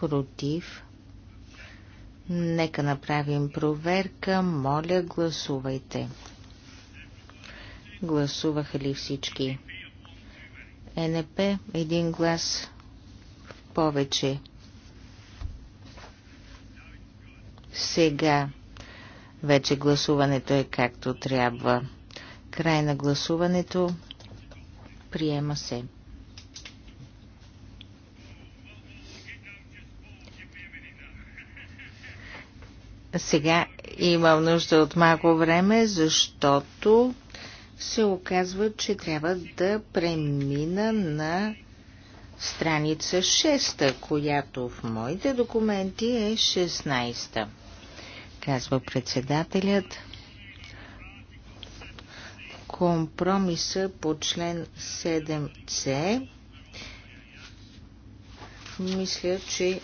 против. Нека направим проверка. Моля, гласувайте. Гласуваха ли всички? Е НП един глас в повече. Сега вече гласуването е както трябва. Край на гласуването приема се. Сега имам нужда от малко време, защото се оказва, че трябва да премина на страница 6, която в моите документи е 16 казва председателят. Компромиса по член 7c мисля, че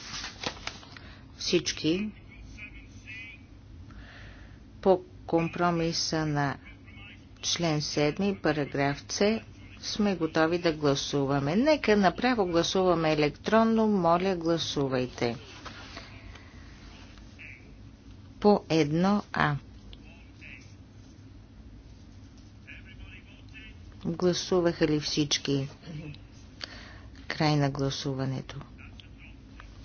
всички по компромиса на член 7, параграф С, сме готови да гласуваме. Нека направо гласуваме електронно. Моля, гласувайте. По едно а Гласуваха ли всички? Край на гласуването.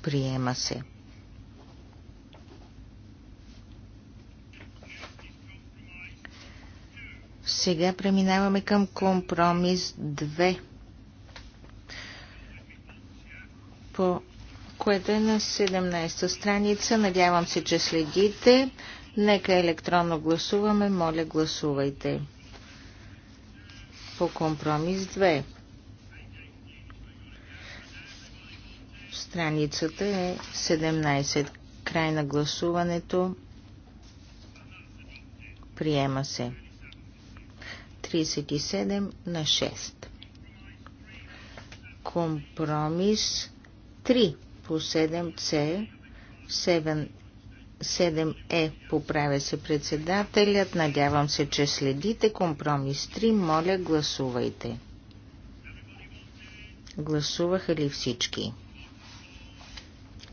Приема се. Сега преминаваме към компромис 2, по което е на 17-та страница. Надявам се, че следите. Нека електронно гласуваме. Моля, гласувайте. По компромис 2. Страницата е 17. Край на гласуването. Приема се. 37 на 6. Компромис 3 по 7C, 7, c 7 e поправя се председателят. Надявам се, че следите. Компромис 3. Моля, гласувайте. Гласуваха ли всички?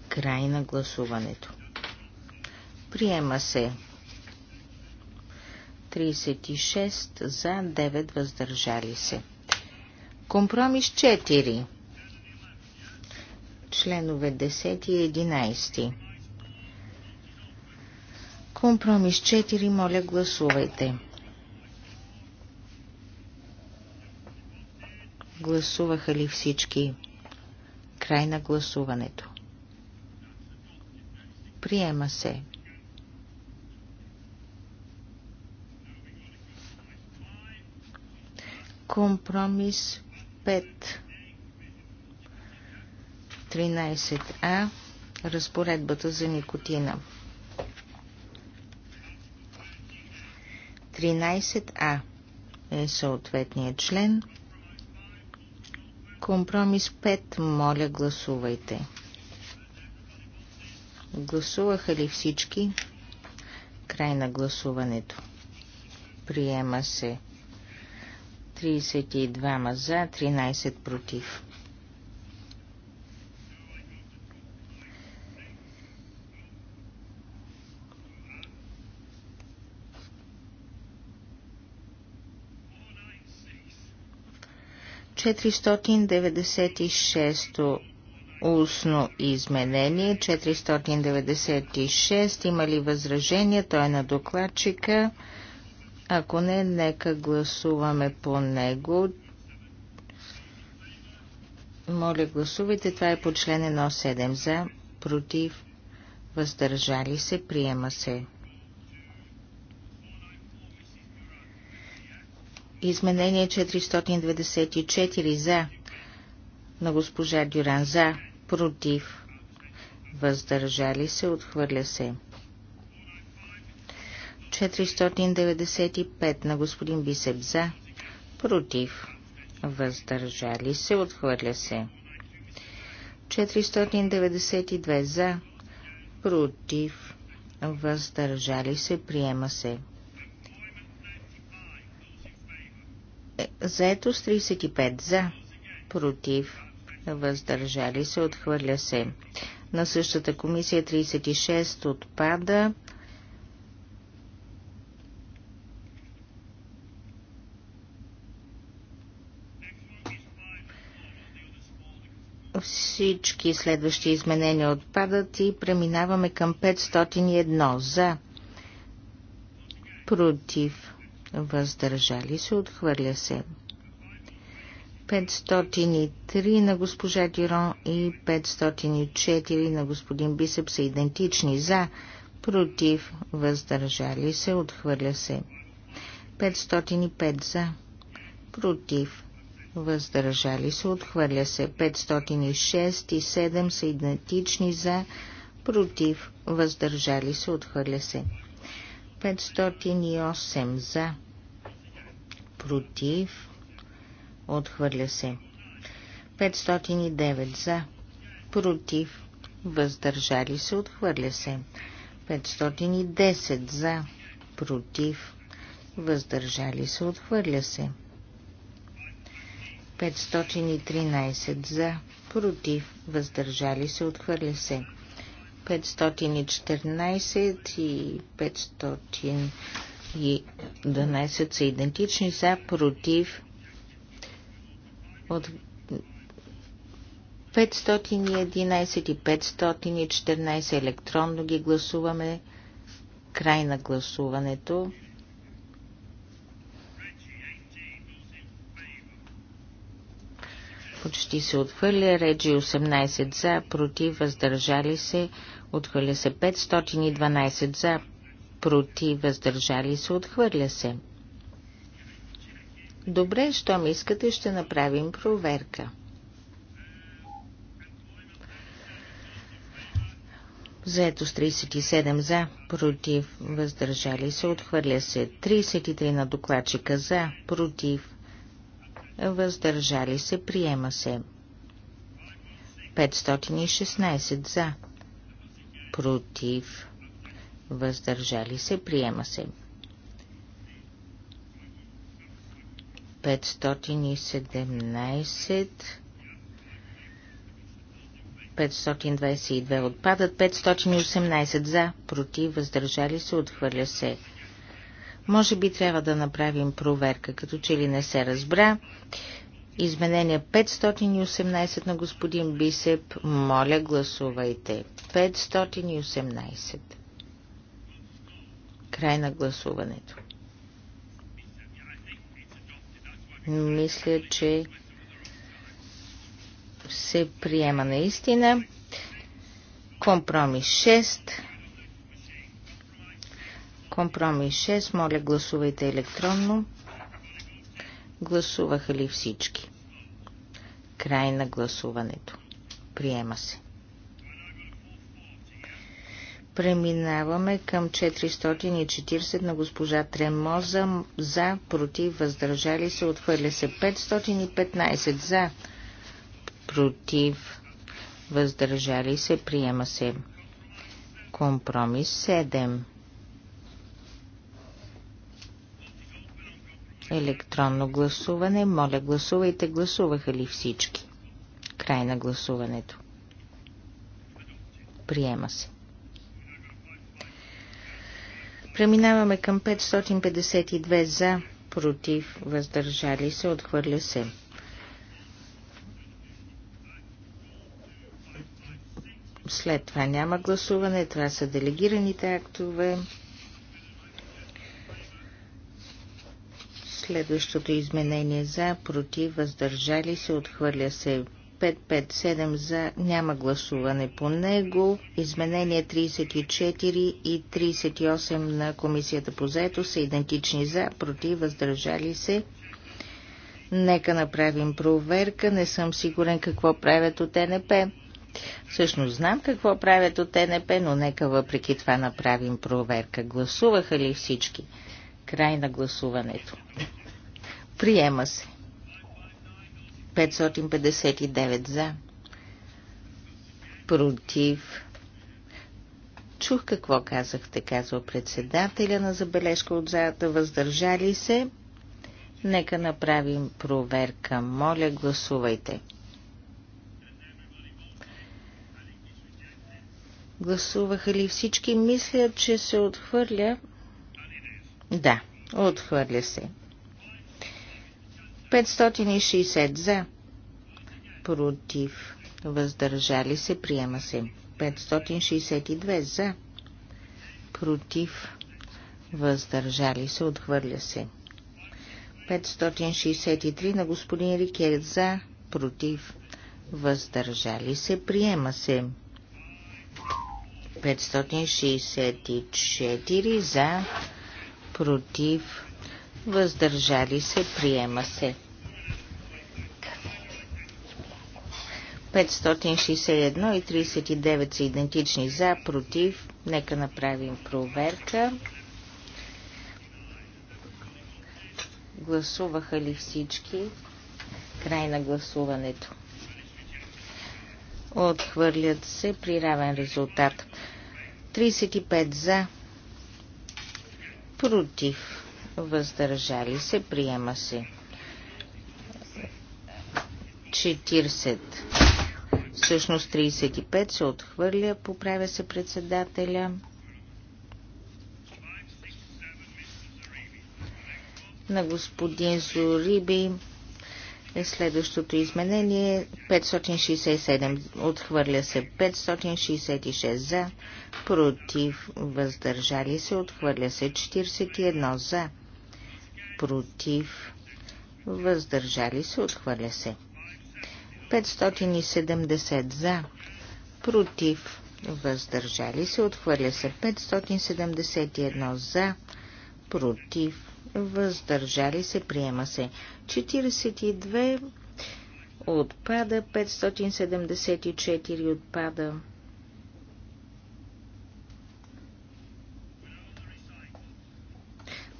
Край на гласуването. Приема се 36 за 9 въздържали се. Компромис 4. Членове 10 и 11. Компромис 4, моля гласувайте. Гласуваха ли всички? Край на гласуването. Приема се. Компромис 5. 13а. Разпоредбата за никотина. 13а е съответният член. Компромис 5. Моля, гласувайте. Гласуваха ли всички? Край на гласуването. Приема се 32 за, 13 против. Четиристотин деведесет и шесто устно изменение Четиристотин деведесет и шест. Има ли възражение? Той е на докладчика. Ако не, нека гласуваме по него. Моля, гласувайте. Това е по член 1.7 за, против, въздържали се, приема се. Изменение 494 за на госпожа Дюран за, против, въздържали се, отхвърля се. 495 на господин Бисеп за, против, въздържали се, отхвърля се. 492 за, против, въздържали се, приема се. Заето с 35 за, против, въздържали се, отхвърля се. На същата комисия 36 отпада, Всички следващи изменения отпадат и преминаваме към 501 за против въздържали се, отхвърля се. 503 на госпожа Дирон и 504 на господин Бисеп са идентични за, против, въздържали се, отхвърля се. 505 за, против, въздържали се, отхвърля се 506 и 7 са идентични за, против, въздържали се, отхвърля се 508 за, против, отхвърля се 509 за, против, въздържали се, отхвърля се 510 за, против, въздържали се, отхвърля се 513 за, против, въздържали се, отхвърля се. 514 и 512 са идентични за, против, от 511 и 514 електронно ги гласуваме. Край на гласуването. почти се отхвърля, реджи 18 за, против, въздържали се, отхвърля се 512 за, против, въздържали се, отхвърля се. Добре, щом искате, ще направим проверка. Заето с 37 за, против, въздържали се, отхвърля се 33 на докладчика за, против, въздържали се, приема се. 516 за, против, въздържали се, приема се. 517 522 отпадат, 518 за, против, въздържали се, отхвърля се. Може би трябва да направим проверка, като че ли не се разбра. Изменение 518 на господин Бисеп. Моля, гласувайте. 518. Край на гласуването. Мисля, че се приема наистина. Компромис 6 Компромис 6. Моля, гласувайте електронно. Гласуваха ли всички? Край на гласуването. Приема се. Преминаваме към 440 на госпожа Тремоза за, против, въздържали се, отхвърля се 515 за, против, въздържали се, приема се. Компромис 7 Електронно гласуване. Моля, гласувайте. Гласуваха ли всички? Край на гласуването. Приема се. Преминаваме към 552 за, против, въздържали се, отхвърля се. След това няма гласуване, това са делегираните актове. Следващото изменение за, против, въздържали се, отхвърля се 557 за, няма гласуване по него. Изменения 34 и 38 на Комисията по заето са идентични за, против, въздържали се. Нека направим проверка, не съм сигурен какво правят от ТНП. Всъщност знам какво правят от ТНП, но нека въпреки това направим проверка. Гласуваха ли всички? Край на гласуването. Приема се. 559 за. Против. Чух какво казахте, казва председателя на забележка от заята. Въздържали се. Нека направим проверка. Моля, гласувайте. Гласуваха ли всички? Мисля, че се отхвърля, да, отхвърля се. 560 за. Против. Въздържали се. Приема се. 562 за. Против. Въздържали се. Отхвърля се. 563 на господин Рикерт за. Против. Въздържали се. Приема се. 564 за против, въздържали се, приема се. 561 и 39 са идентични за, против. Нека направим проверка. Гласуваха ли всички? Край на гласуването. Отхвърлят се при равен резултат. 35 за, против, въздържали се, приема се. 40. Всъщност 35 се отхвърля, поправя се председателя. На господин Зориби Следващото изменение 567 е отхвърля се 566 за, против въздържали се отхвърля се 41 за, против въздържали се отхвърля се 570 за, против въздържали се отхвърля се 571 за, против въздържали се, приема се. 42 отпада, 574 отпада.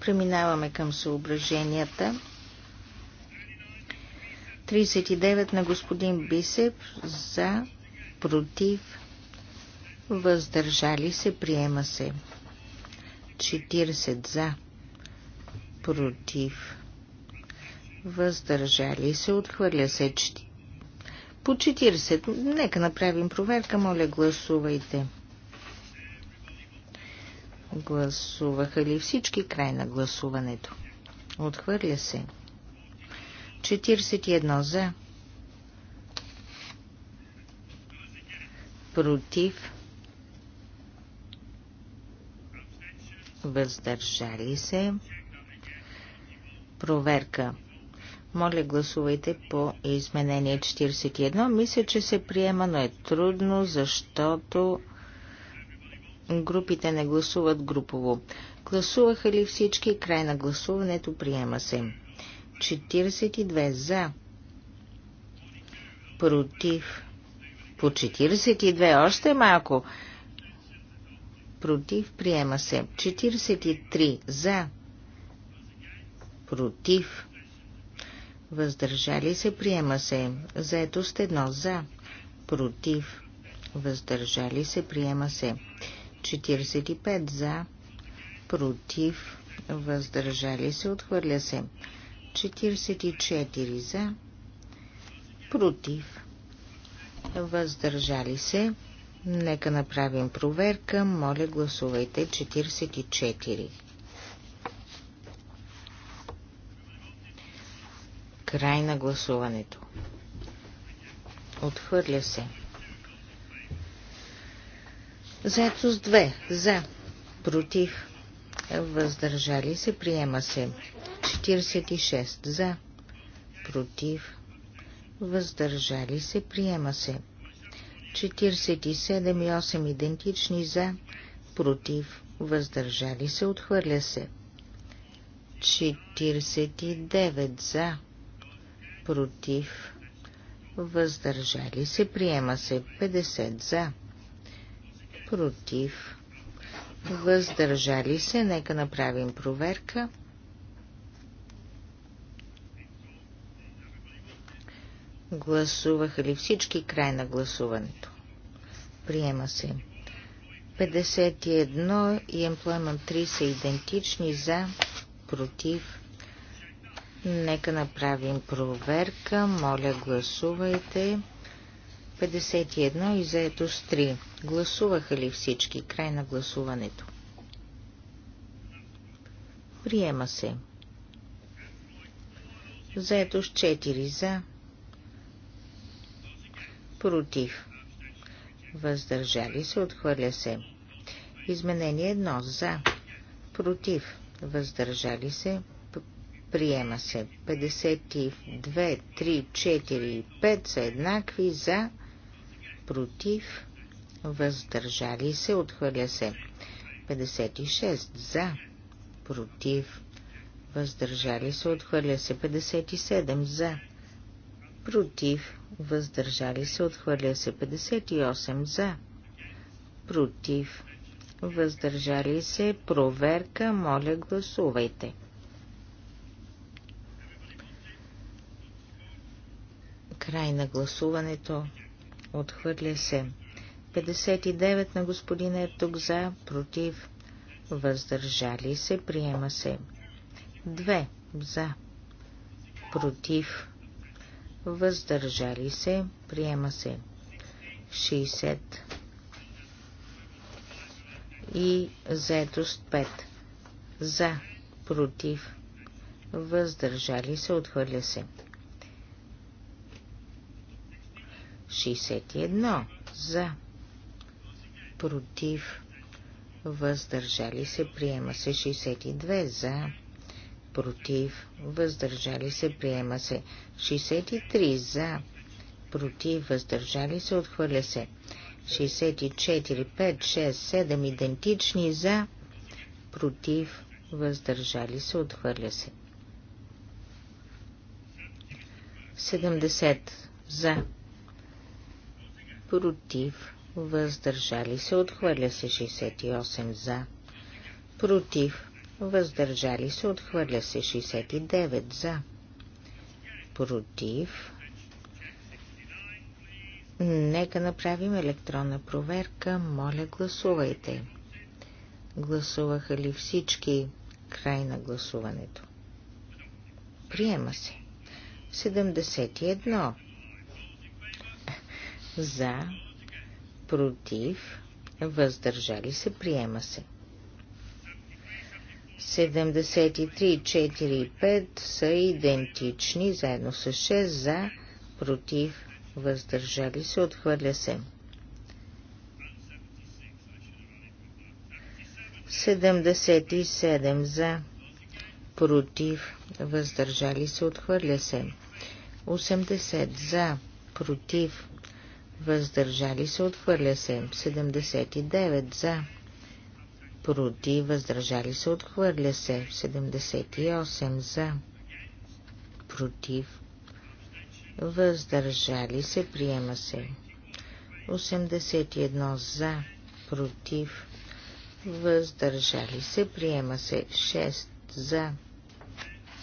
Преминаваме към съображенията. 39 на господин Бисев за, против, въздържали се, приема се. 40 за, против, въздържали се, отхвърля се по 40. Нека направим проверка, моля гласувайте. Гласуваха ли всички край на гласуването? Отхвърля се. 41 за. Против. Въздържали се проверка. Моля, гласувайте по изменение 41. Мисля, че се приема, но е трудно, защото групите не гласуват групово. Гласуваха ли всички? Край на гласуването приема се. 42 за. Против. По 42 още малко. Против приема се. 43 за против, въздържали се, приема се. Заетост едно за, против, въздържали се, приема се. 45 за, против, въздържали се, отхвърля се. 44 за, против, въздържали се. Нека направим проверка. Моля, гласувайте 44. Край на гласуването. Отхвърля се. с 2. За. Против. Въздържали се. Приема се. 46. За. Против. Въздържали се. Приема се. 47 и 8 идентични за. Против. Въздържали се. Отхвърля се. 49 за против, въздържали се, приема се 50 за, против, въздържали се, нека направим проверка. Гласуваха ли всички край на гласуването? Приема се. 51 и Employment 3 са идентични за, против, Нека направим проверка. Моля, гласувайте. 51 и заето с 3. Гласуваха ли всички? Край на гласуването. Приема се. Заето с 4 за. Против. Въздържали се, отхвърля се. Изменение 1 за. Против. Въздържали се, Приема се 52, 3, 4 и 5 са еднакви за, против, въздържали се, отхвърля се. 56 за, против, въздържали се, отхвърля се. 57 за, против, въздържали се, отхвърля се. 58 за, против, въздържали се, проверка, моля гласувайте. Край на гласуването. Отхвърля се. 59 на господин Ертук за, против, въздържали се, приема се. 2 за, против, въздържали се, приема се. 60 и заетост 5 за, против, въздържали се, отхвърля се. 61 за, против, въздържали се, приема се 62 за, против, въздържали се, приема се 63 за, против, въздържали се, отхвърля се 64, 5, 6, 7 идентични за, против, въздържали се, отхвърля се 70 за, против, въздържали се, отхвърля се 68 за, против, въздържали се, отхвърля се 69 за, против. Нека направим електронна проверка, моля гласувайте. Гласуваха ли всички? Край на гласуването. Приема се. 71 за, против, въздържали се, приема се. 73, 4 и 5 са идентични, заедно с 6 за, против, въздържали се, отхвърля се. 77 за, против, въздържали се, отхвърля се. 80 за, против, въздържали се, отхвърля се. 79 за, против, въздържали се, отхвърля се. 78 за, против, въздържали се, приема се. 81 за, против, въздържали се, приема се. 6 за,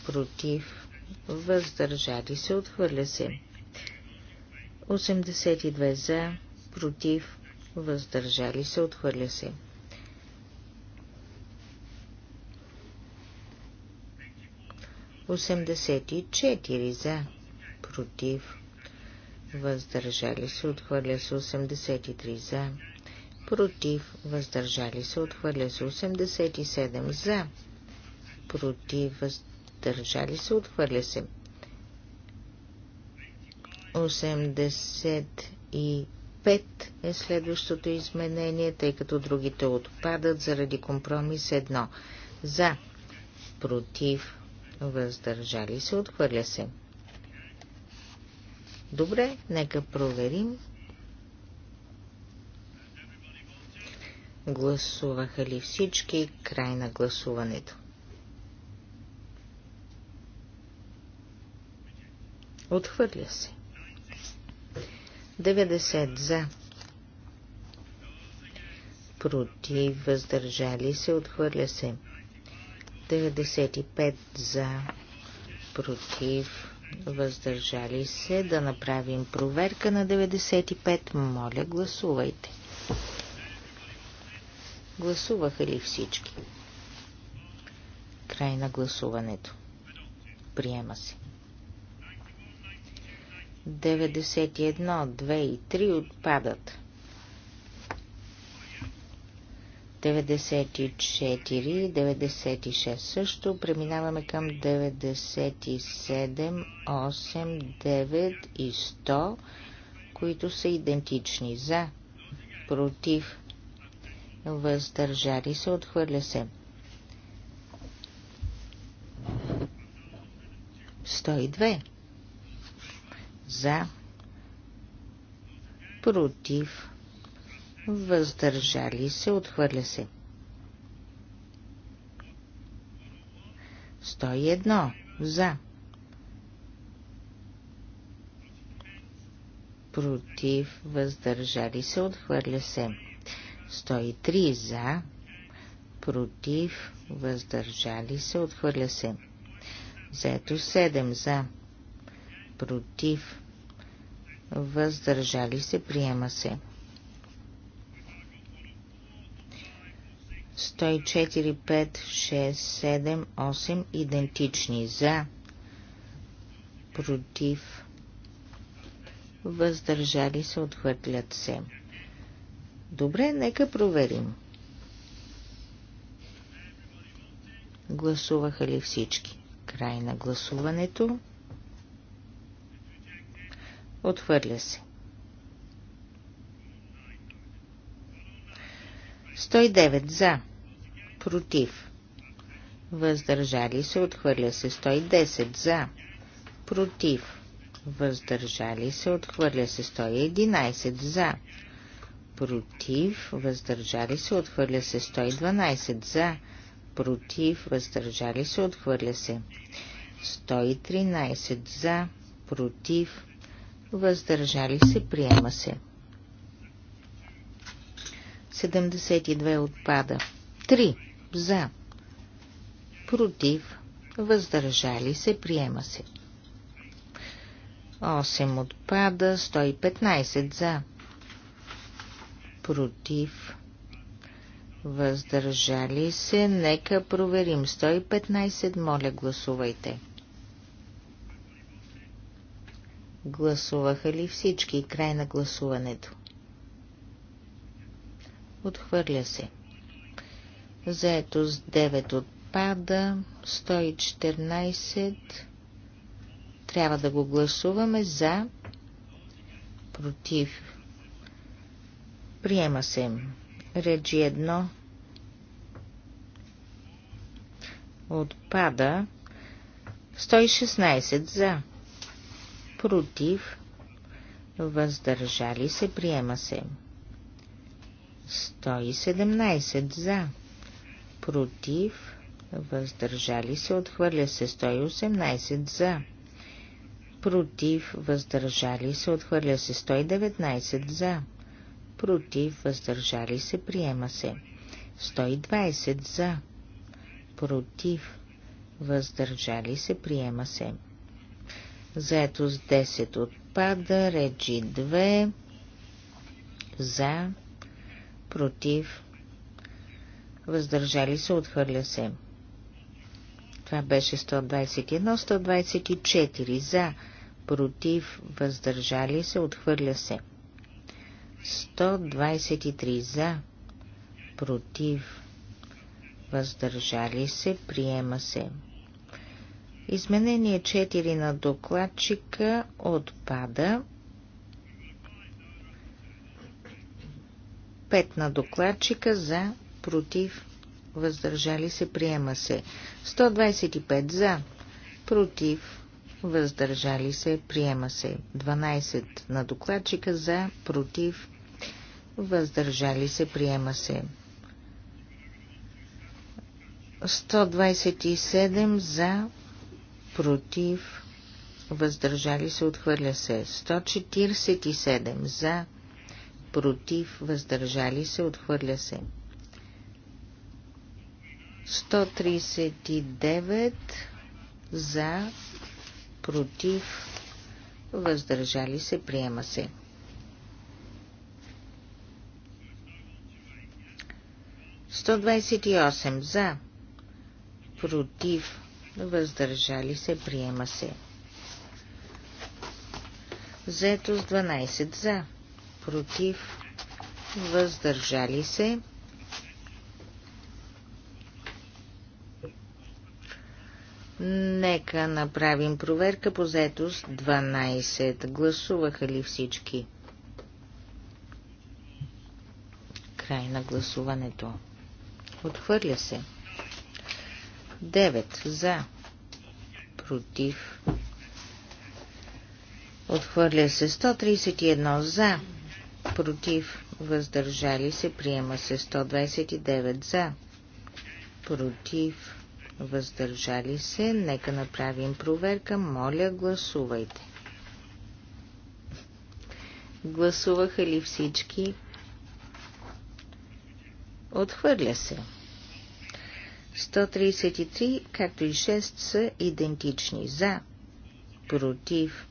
против, въздържали се, отхвърля се. 82 за, против, въздържали се, отхвърля се. Осемдесет и четири за, против, въздържали се, отхвърля се 83 за, против, въздържали се, отхвърля се 87 за, против, въздържали се, отхвърля се 85 е следващото изменение, тъй като другите отпадат заради компромис 1. За, против, въздържали се, отхвърля се. Добре, нека проверим. Гласуваха ли всички? Край на гласуването. Отхвърля се. 90 за. Против, въздържали се, отхвърля се. 95 за. Против, въздържали се. Да направим проверка на 95. Моля, гласувайте. Гласуваха ли всички? Край на гласуването. Приема се. 91, 2 и 3 отпадат. 94, 96 също. Преминаваме към 97, 8, 9 и 100, които са идентични. За, против, въздържали се, отхвърля се. 102 за, против, въздържали се, отхвърля се. 101 за, против, въздържали се, отхвърля се. 103 за, против, въздържали се, отхвърля се. Заето 7 за, против, въздържали се, приема се. 104, 5, 6, 7, 8 идентични за, против, въздържали се, отхвърлят се. Добре, нека проверим. Гласуваха ли всички? Край на гласуването. Отхвърля се. 109 за. Против. Въздържали се. Отхвърля се. 110 за. Против. Въздържали се. Отхвърля се. 111 за. Против. Въздържали се. Отхвърля се. 112 за. Против. Въздържали се. Отхвърля се. 113 за. Против въздържали се, приема се. 72 отпада. 3 за, против, въздържали се, приема се. 8 отпада, 115 за, против, въздържали се, нека проверим. 115, моля гласувайте. Гласуваха ли всички? Край на гласуването. Отхвърля се. Заето с 9 отпада, 114. Трябва да го гласуваме за, против. Приема се. Реджи 1. Отпада. 116 за против, въздържали се, приема се. 117 за, против, въздържали се, отхвърля се 118 за, против, въздържали се, отхвърля се 119 за, против, въздържали се, приема се 120 за, против, въздържали се, приема се Заетост 10 отпада. Реджи 2. За. Против. Въздържали се. Отхвърля се. Това беше 121. 124. За. Против. Въздържали се. Отхвърля се. 123. За. Против. Въздържали се. Приема се. Изменение 4 на докладчика отпада. 5 на докладчика за, против, въздържали се, приема се. 125 за, против, въздържали се, приема се. 12 на докладчика за, против, въздържали се, приема се. 127 за, против, въздържали се, отхвърля се. 147 за, против, въздържали се, отхвърля се. 139 за, против, въздържали се, приема се. Сто двадесет и осем за, против, въздържали се, приема се. Заето с 12 за, против, въздържали се. Нека направим проверка по заетост 12. Гласуваха ли всички? Край на гласуването. Отхвърля се. 9 за, против, отхвърля се 131 за, против, въздържали се, приема се 129 за, против, въздържали се, нека направим проверка, моля гласувайте. Гласуваха ли всички? Отхвърля се. 133, както и 6 са идентични. За, против,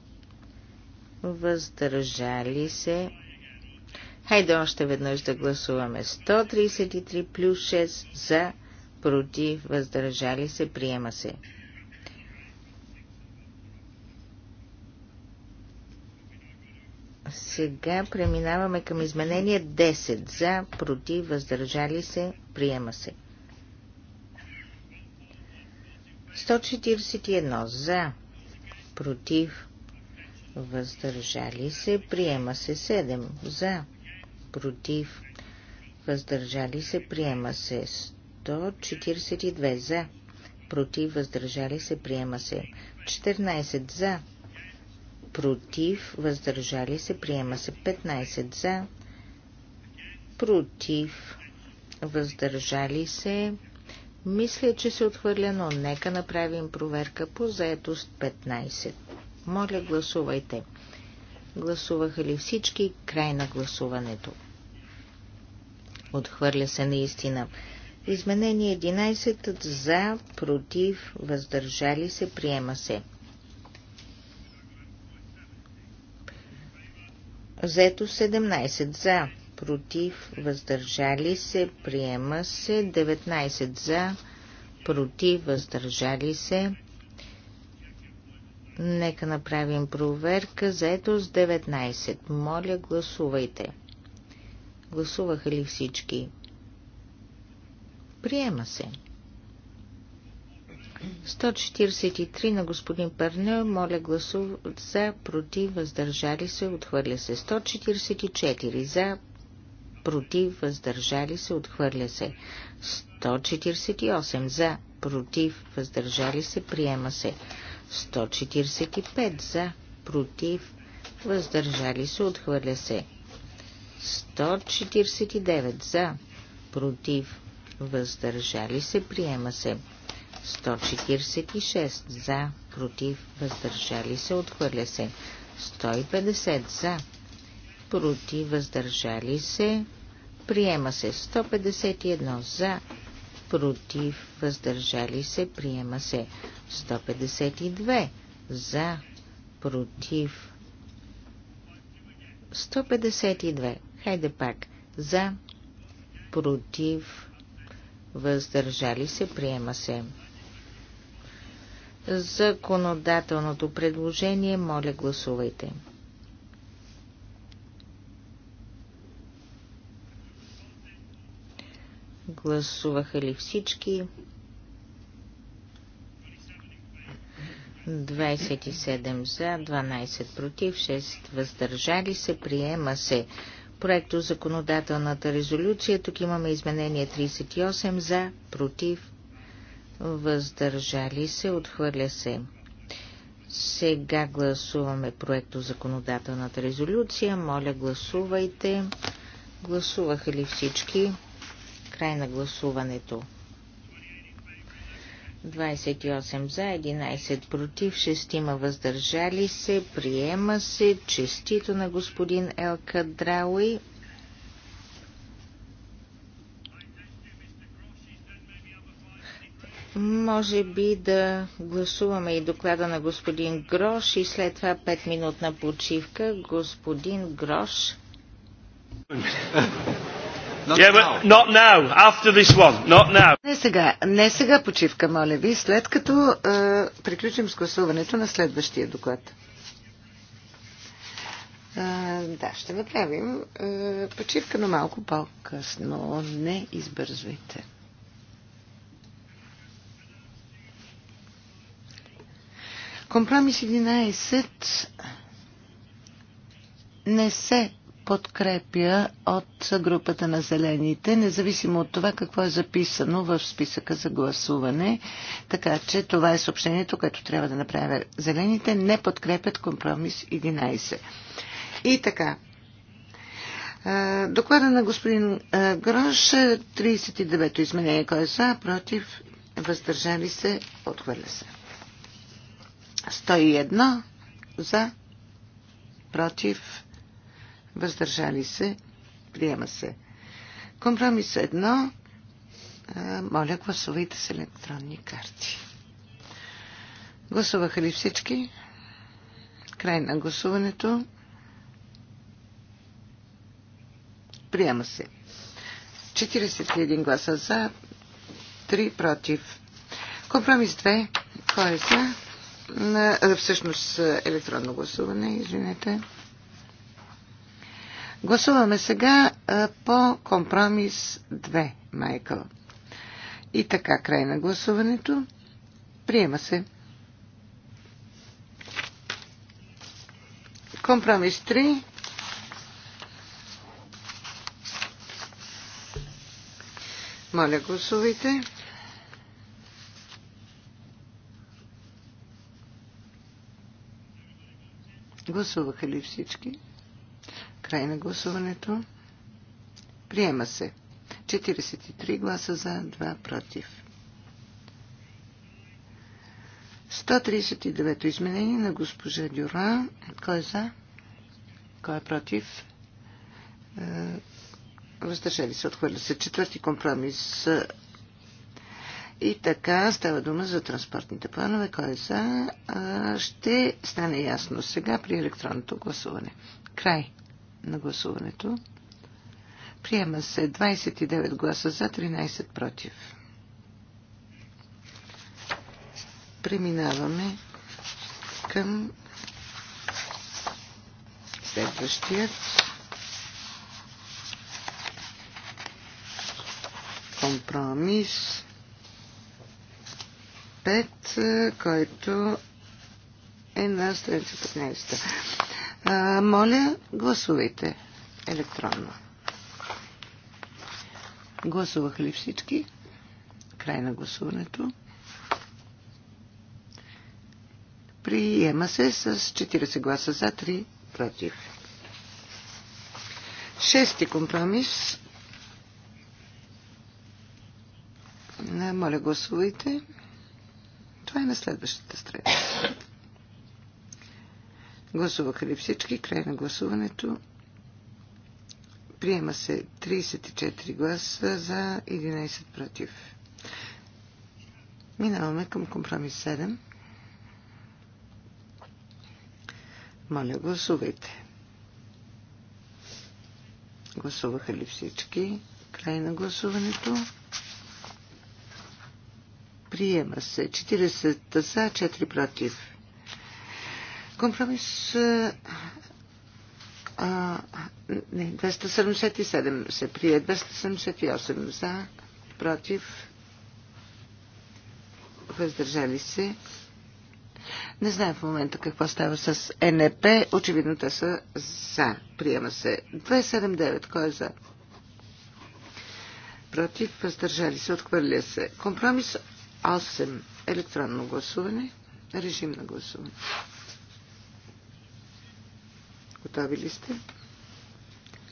въздържали се. Хайде още веднъж да гласуваме. 133 плюс 6 за, против, въздържали се, приема се. Сега преминаваме към изменение 10 за, против, въздържали се, приема се. 141 за, против, въздържали се, приема се 7 за, против, въздържали се, приема се 142 за, против, въздържали се, приема се 14 за, против, въздържали се, приема се 15 за, против, въздържали се, мисля, че се отхвърля, но нека направим проверка по заетост 15. Моля, гласувайте. Гласуваха ли всички? Край на гласуването. Отхвърля се наистина. Изменение 11 за, против, въздържали се, приема се. Зето 17 за, против, въздържали се, приема се, 19 за, против, въздържали се. Нека направим проверка Заетост с 19. Моля, гласувайте. Гласуваха ли всички? Приема се. 143 на господин Пърне, моля гласува за, против, въздържали се, отхвърля се. 144 за, против, въздържали се, отхвърля се. 148 за, против, въздържали се, приема се. 145 за, против, въздържали се, отхвърля се. 149 за, против, въздържали се, приема се. 146 за, против, въздържали се, отхвърля се. 150 за, против, въздържали се. Приема се 151 за, против, въздържали се. Приема се 152 за, против. 152. Хайде пак. За, против, въздържали се. Приема се. Законодателното предложение, моля гласувайте. Гласуваха ли всички? 27 за, 12 против, 6 въздържали се. Приема се проекто законодателната резолюция. Тук имаме изменение 38 за, против, въздържали се, отхвърля се. Сега гласуваме проекто законодателната резолюция. Моля, гласувайте. Гласуваха ли всички? Край на гласуването. 28 за, 11 против, 6 има въздържали се. Приема се честито на господин Елка Драуи. Може би да гласуваме и доклада на господин Грош и след това 5-минутна почивка. Господин Грош. Not yeah, Not now. After this one. Not now. Не сега. Не сега почивка, моля ви, след като е, приключим с гласуването на следващия доклад. Е, да, ще направим е, почивка, но малко по-късно. Не избързвайте. Компромис 11 не се подкрепя от групата на зелените, независимо от това какво е записано в списъка за гласуване. Така че това е съобщението, което трябва да направя. Зелените не подкрепят компромис 11. И така. Доклада на господин Грош, 39-то изменение. Кой е за, против, въздържали се, отхвърля се. 101 за, против, въздържали се, приема се. Компромис 1. Моля, гласувайте с електронни карти. Гласуваха ли всички? Край на гласуването. Приема се. 41 гласа за, 3 против. Компромис 2. Кой е за? На, всъщност електронно гласуване, извинете. Гласуваме сега по компромис 2, Майкъл. И така, край на гласуването. Приема се. Компромис 3. Моля, гласувайте. Гласуваха ли всички? Край на гласуването. Приема се. 43 гласа за, 2 против. 139-то изменение на госпожа Дюра. Кой е за? Кой е против? Е, въздържали се, отхвърля се. Четвърти компромис. И така става дума за транспортните планове. Кой е за? Ще стане ясно сега при електронното гласуване. Край на гласуването. Приема се 29 гласа за, 13 против. Преминаваме към следващият компромис 5, който е на страница 15. А, моля, гласувайте електронно. Гласувах ли всички? Край на гласуването. Приема се с 40 гласа за 3 против. Шести компромис. Моля, гласувайте. Това е на следващата страница. Гласуваха ли всички? Край на гласуването. Приема се 34 гласа за 11 против. Минаваме към компромис 7. Моля, гласувайте. Гласуваха ли всички? Край на гласуването. Приема се 40 за, 4 против. Компромис а, не, 277 се прие. 278 за, против, въздържали се. Не знам в момента какво става с НП. Очевидно те са за. Приема се. 279. Кой е за? Против, въздържали се, отхвърля се. Компромис 8. Електронно гласуване. Режим на гласуване. Готови ли сте?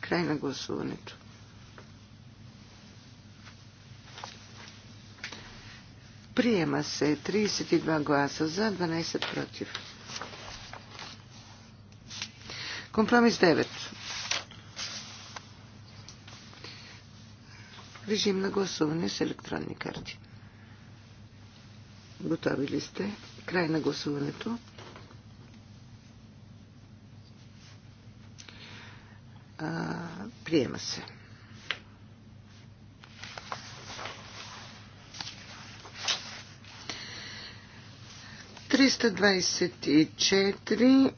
Край на гласуването. Приема се 32 гласа за, 12 против. Компромис 9. Режим на гласуване с електронни карти. Готови ли сте? Край на гласуването. А, приема се. Триста двадесет 2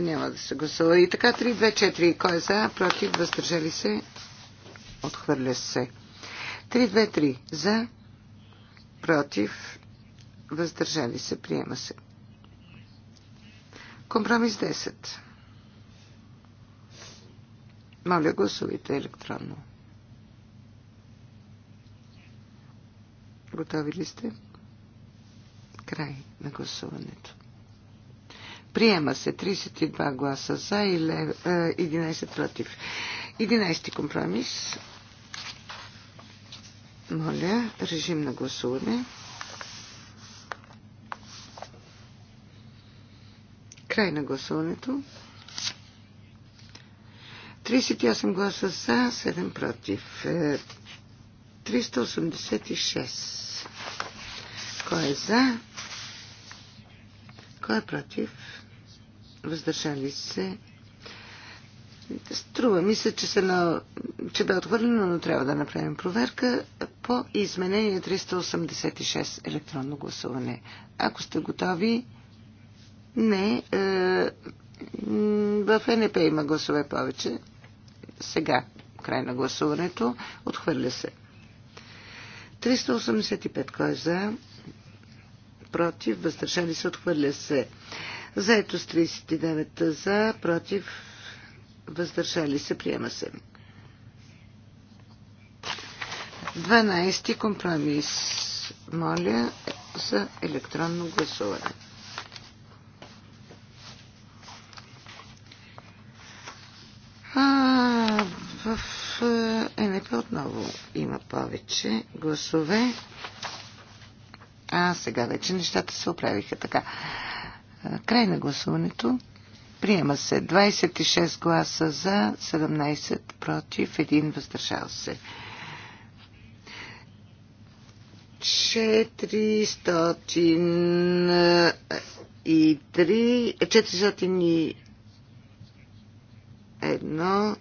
няма да се гласува. И така 324. 4 Кой е за? Против? Въздържали се? Отхвърля се. 3-2-3. За? Против? Въздържали се? Приема се. Компромис 10. Моля, гласувайте електронно. Готови ли сте? Край на гласуването. Приема се 32 гласа за и 11 е, против. 11 компромис. Моля, режим на гласуване. Край на гласуването. 38 гласа за, 7 против. 386. Е, Кой е за? Кой е против? Въздържали се. Струва ми се, че, се на... че бе отхвърлено, но трябва да направим проверка по изменение 386 електронно гласуване. Ако сте готови, не. Е, в НП има гласове повече. Сега, край на гласуването, отхвърля се. 385, кой е за? Против, въздържали се, отхвърля се. Заето с 39 за, против, въздържали се, приема се. 12 компромис. Моля за електронно гласуване. А, в е, ЕНП отново има повече гласове. А, сега вече нещата се оправиха така. Край на гласуването. Приема се 26 гласа за, 17 против, 1 въздържал се. 403, и. Едно,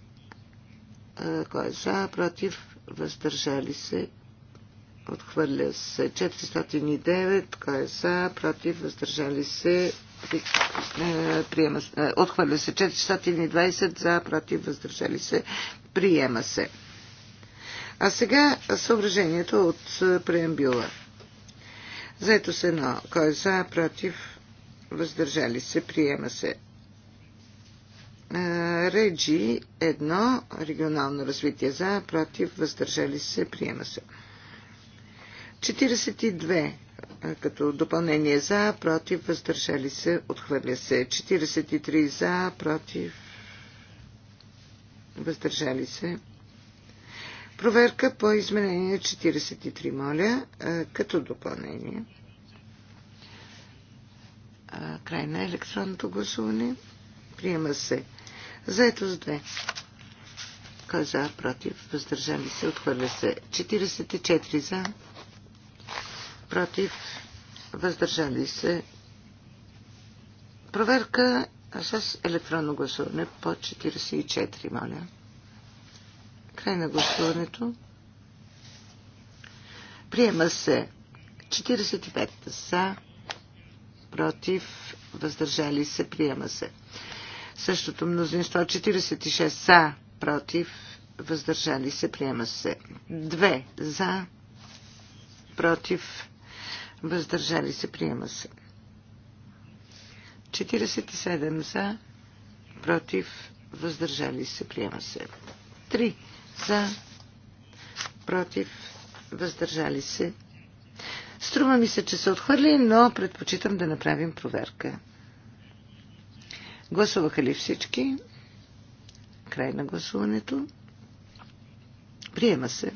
Кой е за? Против? Въздържали се? Отхвърля се. 409. Кой е за? Против? Въздържали се? Приема, отхвърля се. 420 за, против, въздържали се. Приема се. А сега съображението от преамбюла. Заето се едно. Кой е за, против, въздържали се, приема се. Реджи 1. Регионално развитие за, против, въздържали се, приема се. 42 като допълнение за, против, въздържали се, отхвърля се. 43 за, против, въздържали се. Проверка по изменение 43, моля, като допълнение. Край на електронното гласуване. Приема се. Заето с 2. Кой е за, против, въздържали се, отхвърля се. 44 за, против, въздържали се. Проверка с електронно гласуване по 44, моля. Край на гласуването. Приема се 45 за, против, въздържали се, приема се. Същото мнозинство 46 за, против, въздържали се, приема се. 2 за, против, въздържали се, приема се. 47 за, против, въздържали се, приема се. 3 за, против, въздържали се. Струва ми се, че се отхвърли, но предпочитам да направим проверка. Гласуваха ли всички? Край на гласуването. Приема се.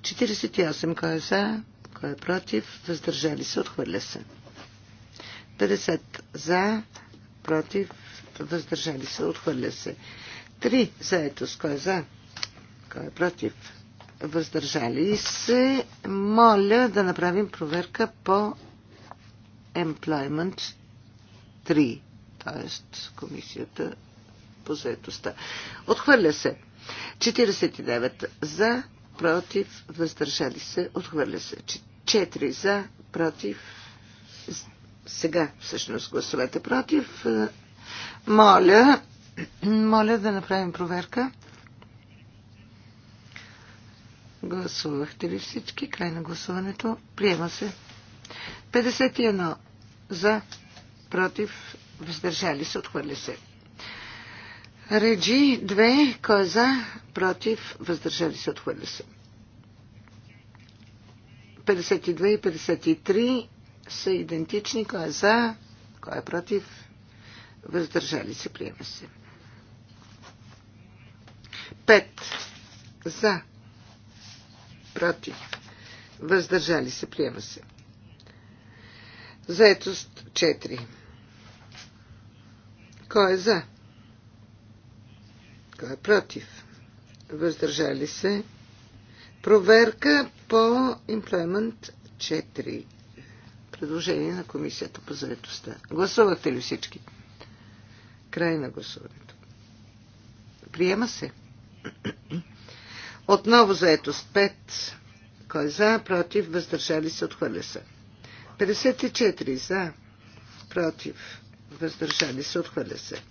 48. Кой е за? Кой е против? Въздържали се? Отхвърля се. 50. За? Против? Въздържали се? Отхвърля се. 3. Заетост. Кой е за? Кой е против? Въздържали се? Моля да направим проверка по Employment 3 т.е. комисията по заедостта. Отхвърля се. 49 за, против, въздържали се, отхвърля се. 4 за, против, сега всъщност гласовете против. Моля, моля да направим проверка. Гласувахте ли всички? Край на гласуването. Приема се. 51 за, против, въздържали се, отхвърля се. Реджи 2, кой е за, против, въздържали се, отхвърля се. 52 и 53 са идентични, кой е за, кой е против, въздържали се, приема се. 5 за, против, въздържали се, приема се. Заетост 4 кой е за? Кой е против? Въздържали се. Проверка по Employment 4. Предложение на Комисията по заедостта. Гласувате ли всички? Край на гласуването. Приема се. Отново заетост 5. Кой е за, против, въздържали се, отхвърля се. 54 за, против, въздържали се, отхвърля се.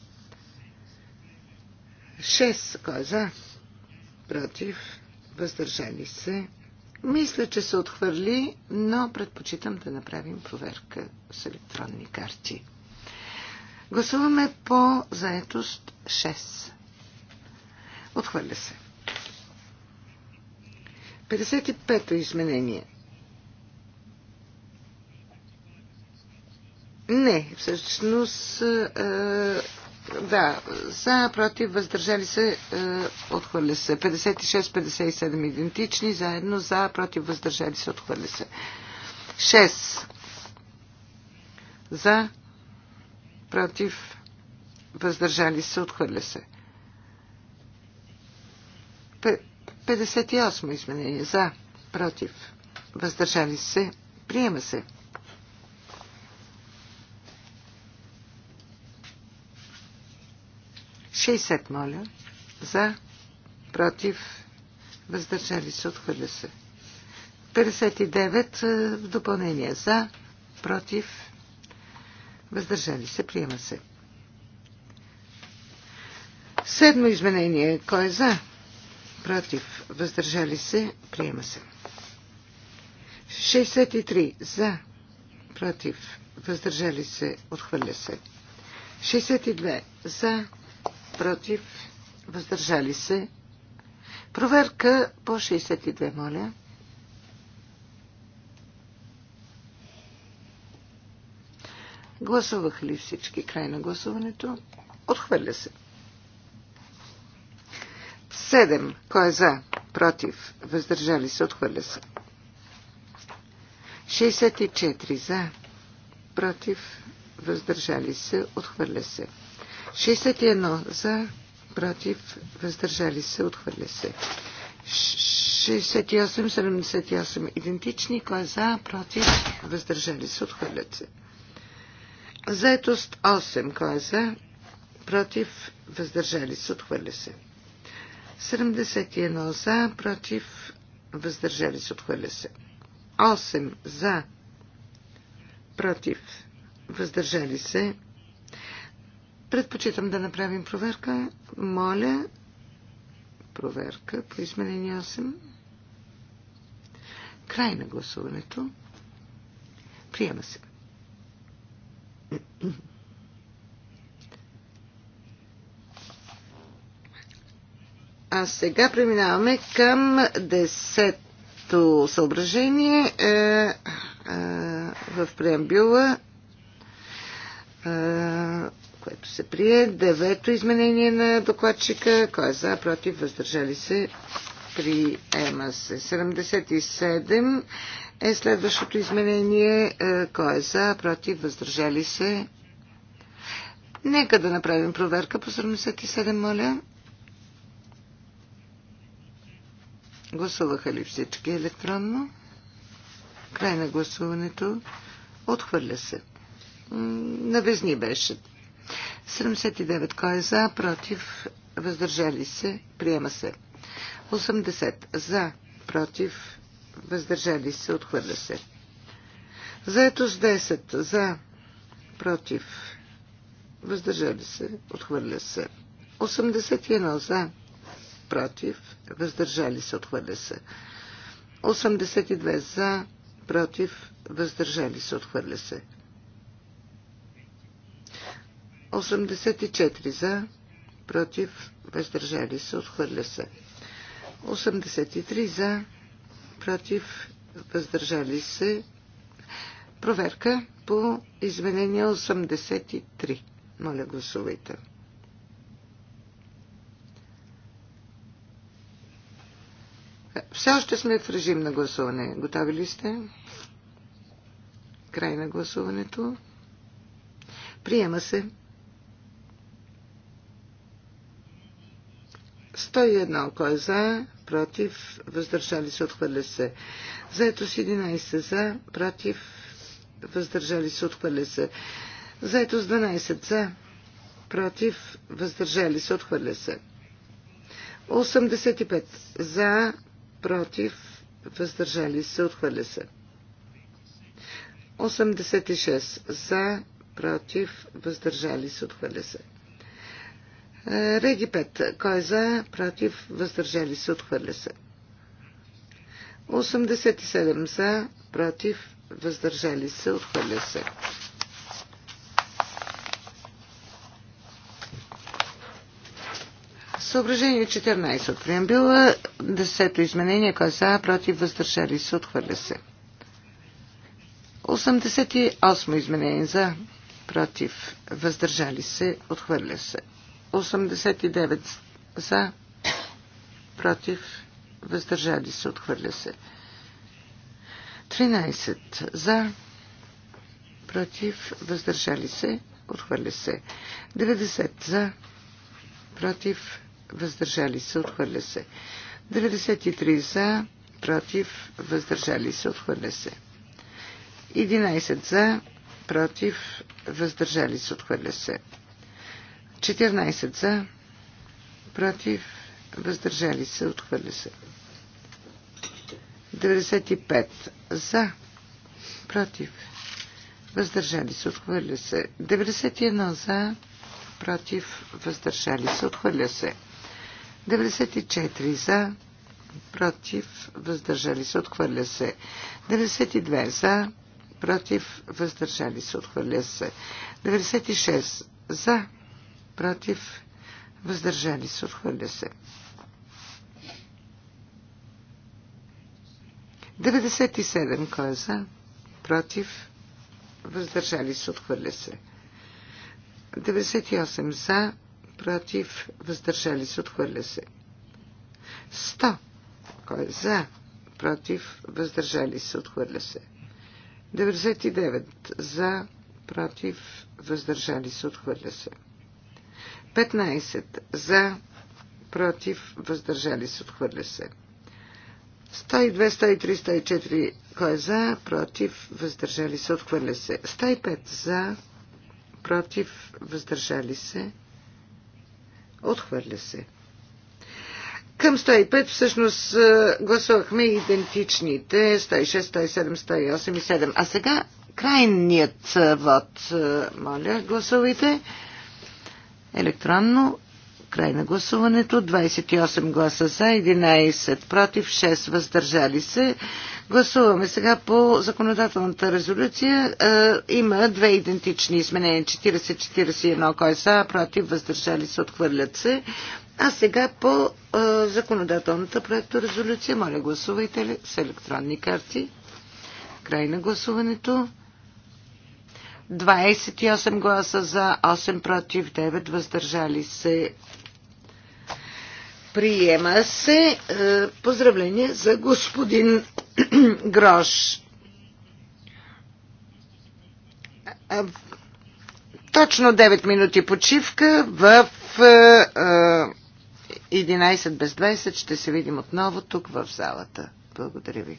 6. Кой е за? Против, въздържали се. Мисля, че се отхвърли, но предпочитам да направим проверка с електронни карти. Гласуваме по заетост 6. Отхвърля се. 55-то изменение. Не, всъщност е, е, да, за, против, въздържали се, е, отхвърля се. 56-57 идентични, заедно за, против, въздържали се, отхвърля се. 6. За, против, въздържали се, отхвърля се. 58 изменение. За, против, въздържали се, приема се. 60, моля. За, против, въздържали се, отхвърля се. 59 е, в допълнение. За, против, въздържали се, приема се. Седмо изменение. Кой е за? Против, въздържали се, приема се. 63 за, против, въздържали се, отхвърля се. 62 за, против, въздържали се. Проверка по 62, моля. Гласуваха ли всички край на гласуването? Отхвърля се. 7. Кой е за? Против. Въздържали се. Отхвърля се. 64. За. Против. Въздържали се. Отхвърля се. 61 за, против, въздържали се, отхвърля се. 68, 78 идентични, кой е за, против, въздържали се, отхвърлят се. Заетост 8, кой е за, против, въздържали се, отхвърля се. 71 за, против, въздържали се, отхвърля се. 8 за, против, въздържали се, Предпочитам да направим проверка. Моля, проверка по изменение 8. Край на гласуването. Приема се. А сега преминаваме към десето съображение е, е, в преамбюла. Е, което се прие. Девето изменение на докладчика. Кой е за, против, въздържали се. Приема се. 77 е следващото изменение. Е, кой е за, против, въздържали се. Нека да направим проверка по 77, моля. Гласуваха ли всички електронно? Край на гласуването. Отхвърля се. Навезни беше. 79. Кой е за? Против? Въздържали се? Приема се. 80. За? Против? Въздържали се? Отхвърля се. Заетост 10. За? Против? Въздържали се? Отхвърля се. 81. За? Против? Въздържали се? Отхвърля се. 82. За? Против? Въздържали се? Отхвърля се. 84 за, против, въздържали се, отхвърля се. 83 за, против, въздържали се. Проверка по изменение 83. Моля, гласувайте. Все още сме в режим на гласуване. Готови ли сте? Край на гласуването. Приема се. 101. Кой е за? Против. Въздържали се. Отхвърля се. Заето с 11. За. Против. Въздържали се. Отхвърля се. Заето с 12. За. Против. Въздържали се. Отхвърля се. 85. За. Против. Въздържали се. Отхвърля се. 86. За. Против. Въздържали се. Отхвърля се. Е, Реги 5. Кой е за? Против? Въздържали се? Отхвърля се. 87 за, против, въздържали се, отхвърля се. Съображение 14 от преамбила. Десето изменение. Кой е за, против, въздържали се, отхвърля се. 88 изменение за, против, въздържали се, отхвърля се. 89 за, против, въздържали се, отхвърля се. 13 за, против, въздържали се, отхвърля се. 90 за, против, въздържали се, отхвърля се. 93 за, против, въздържали се, отхвърля се. 11 за, против, въздържали се, отхвърля се. 14 за, против, въздържали се, отхвърля се. 95 за, против, въздържали се, отхвърля се. 91 за, против, въздържали се, отхвърля се. 94 за, против, въздържали се, отхвърля се. 92 за, против, въздържали се, отхвърля се. 96 за, против, въздържали се, отхвърля се. 97 кой е за, против, въздържали се, отхвърля се. 98 за, против, въздържали се, отхвърля се. 100 кой е за, против, въздържали се, отхвърля се. 99 за, против, въздържали се, отхвърля се. 15 за, против, въздържали се, отхвърля се. 102, 103, 104, кой е за, против, въздържали се, отхвърля се. 105 за, против, въздържали се, отхвърля се. Към 105 всъщност гласувахме идентичните 106, 107, 108 и 7. А сега крайният вод, моля, гласувайте. Електронно. Край на гласуването. 28 гласа за, 11 против, 6 въздържали се. Гласуваме сега по законодателната резолюция. Е, има две идентични изменения. 40-41. Кой са, е против, въздържали се, отхвърлят се. А сега по е, законодателната проекта резолюция. Моля, гласувайте с електронни карти. Край на гласуването. 28 гласа за, 8 против, 9 въздържали се. Приема се е, поздравление за господин Грош. Е, точно 9 минути почивка в 11 е, без 20 ще се видим отново тук в залата. Благодаря ви.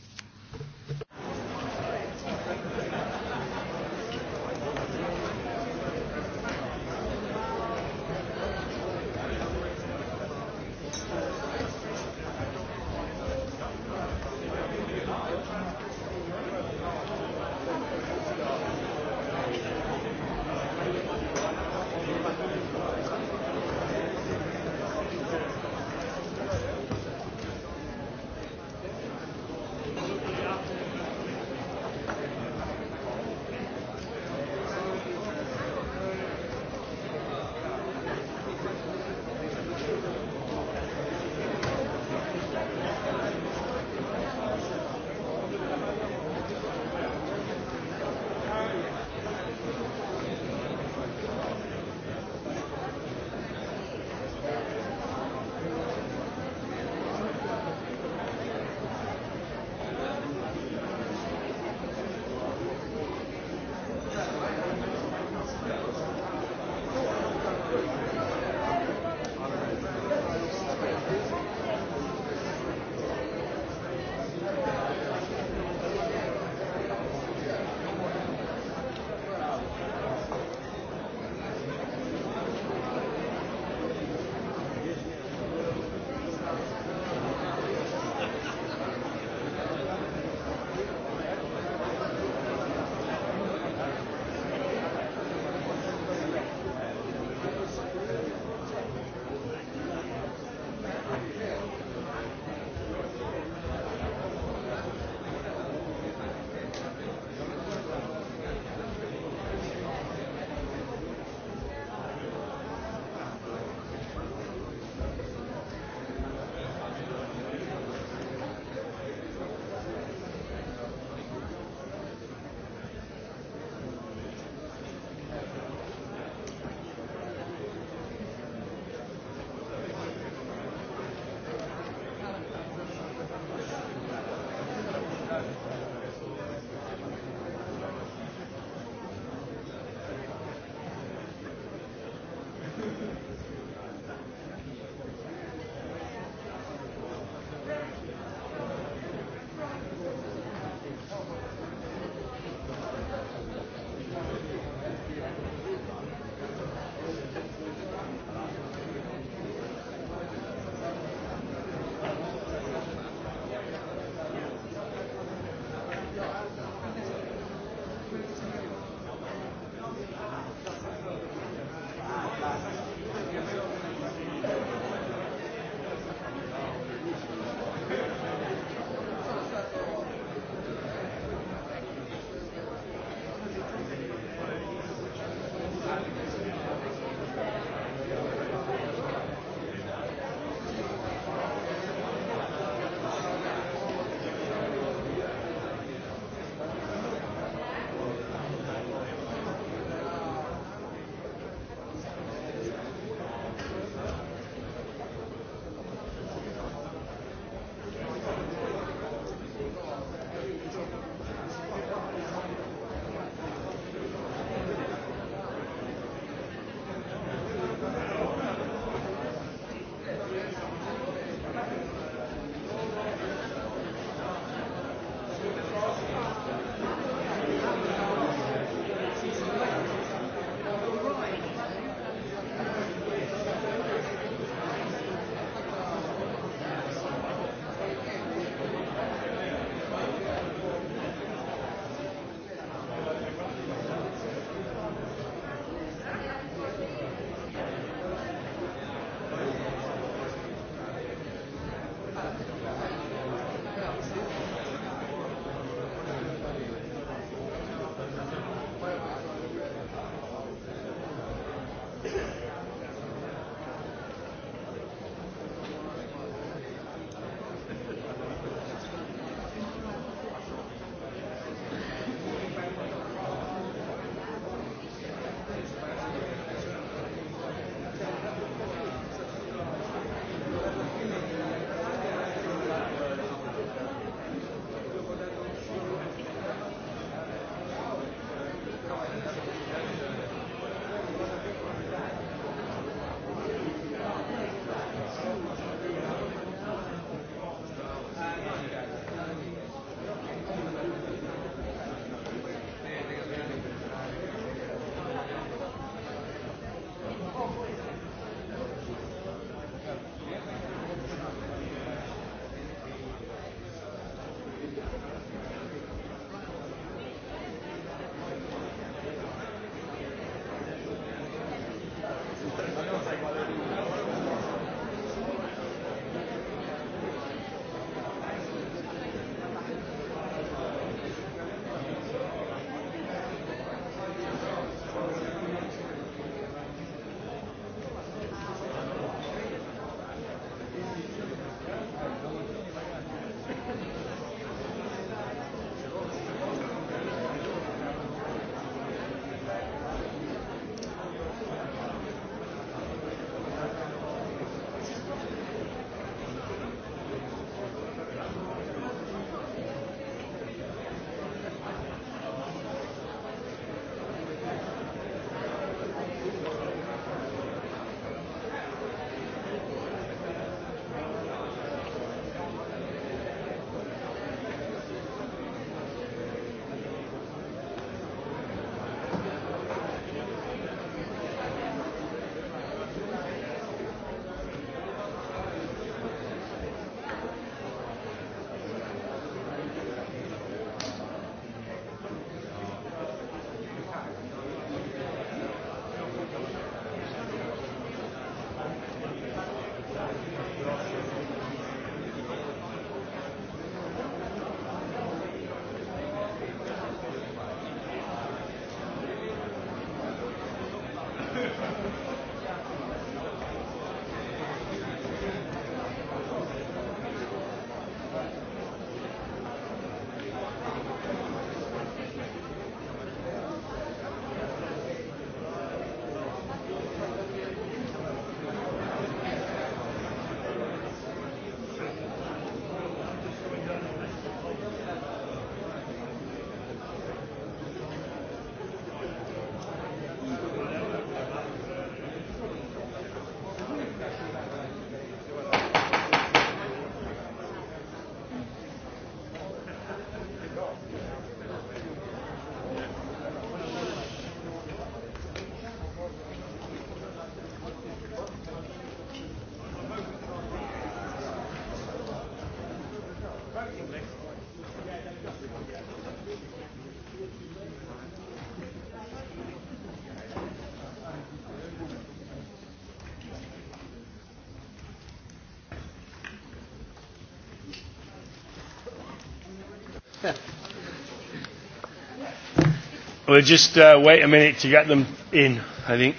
We'll just uh, wait a minute to get them in, I think.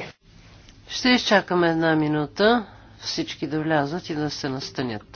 Ще изчакаме една минута всички да влязат и да се настанят.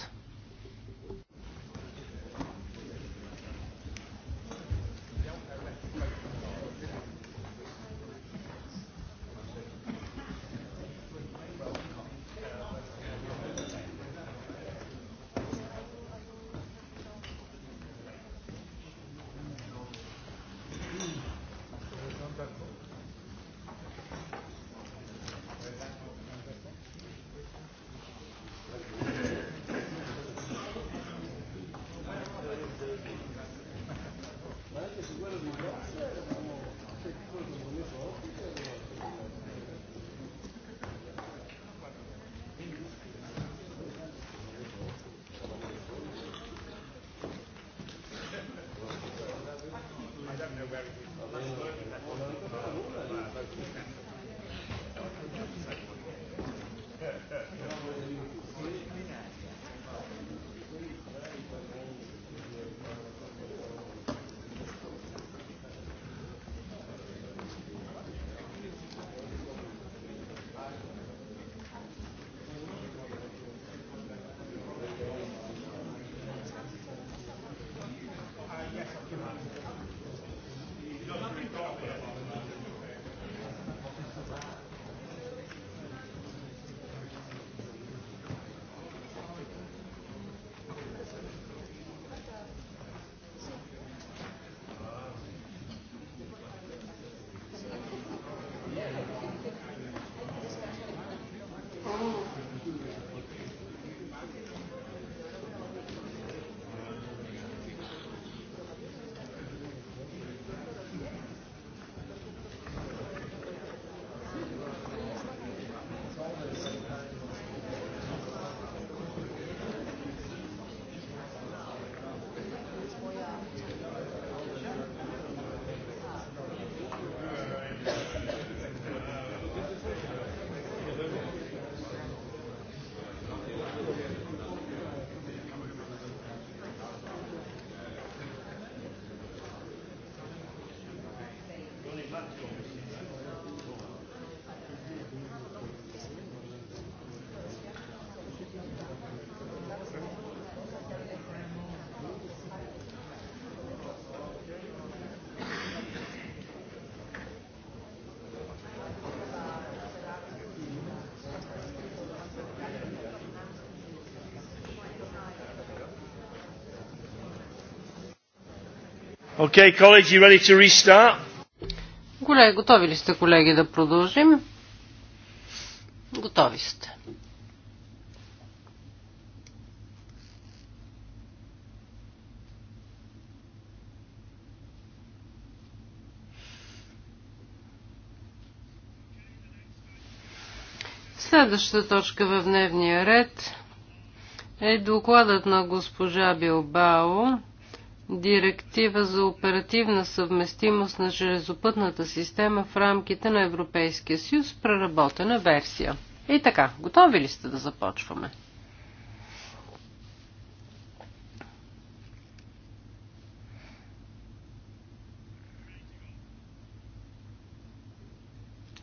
Okay, colleagues, you ready to restart? Колеги, готови ли сте, колеги, да продължим? Готови сте. Следващата точка в дневния ред е докладът на госпожа Билбао директива за оперативна съвместимост на железопътната система в рамките на Европейския съюз, преработена версия. И така, готови ли сте да започваме?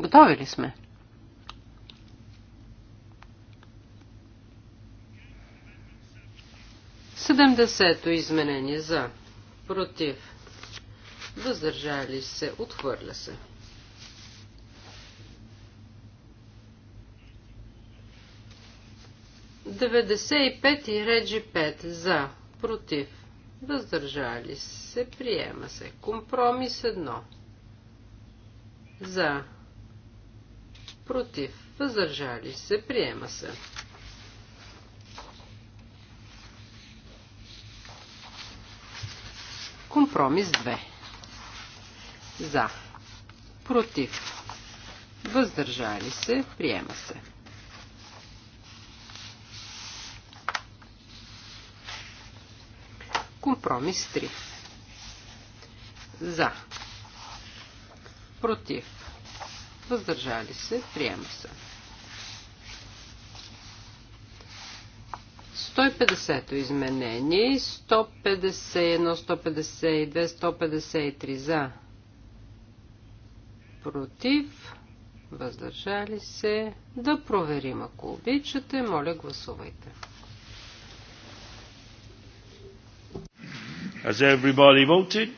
Готови ли сме? 70-то изменение за, против, въздържали се, отхвърля се. Деведесет и пет и реджи пет за, против, въздържали се, приема се. Компромис едно. За, против, въздържали се, приема се. Компромис 2. За. Против. Въздържали се. Приема се. Компромис 3. За. Против. Въздържали се. Приема се. 150 изменени. изменение, 151, 152, 153 за, против, въздържали се. Да проверим, ако обичате. Моля, гласувайте. Has everybody voted?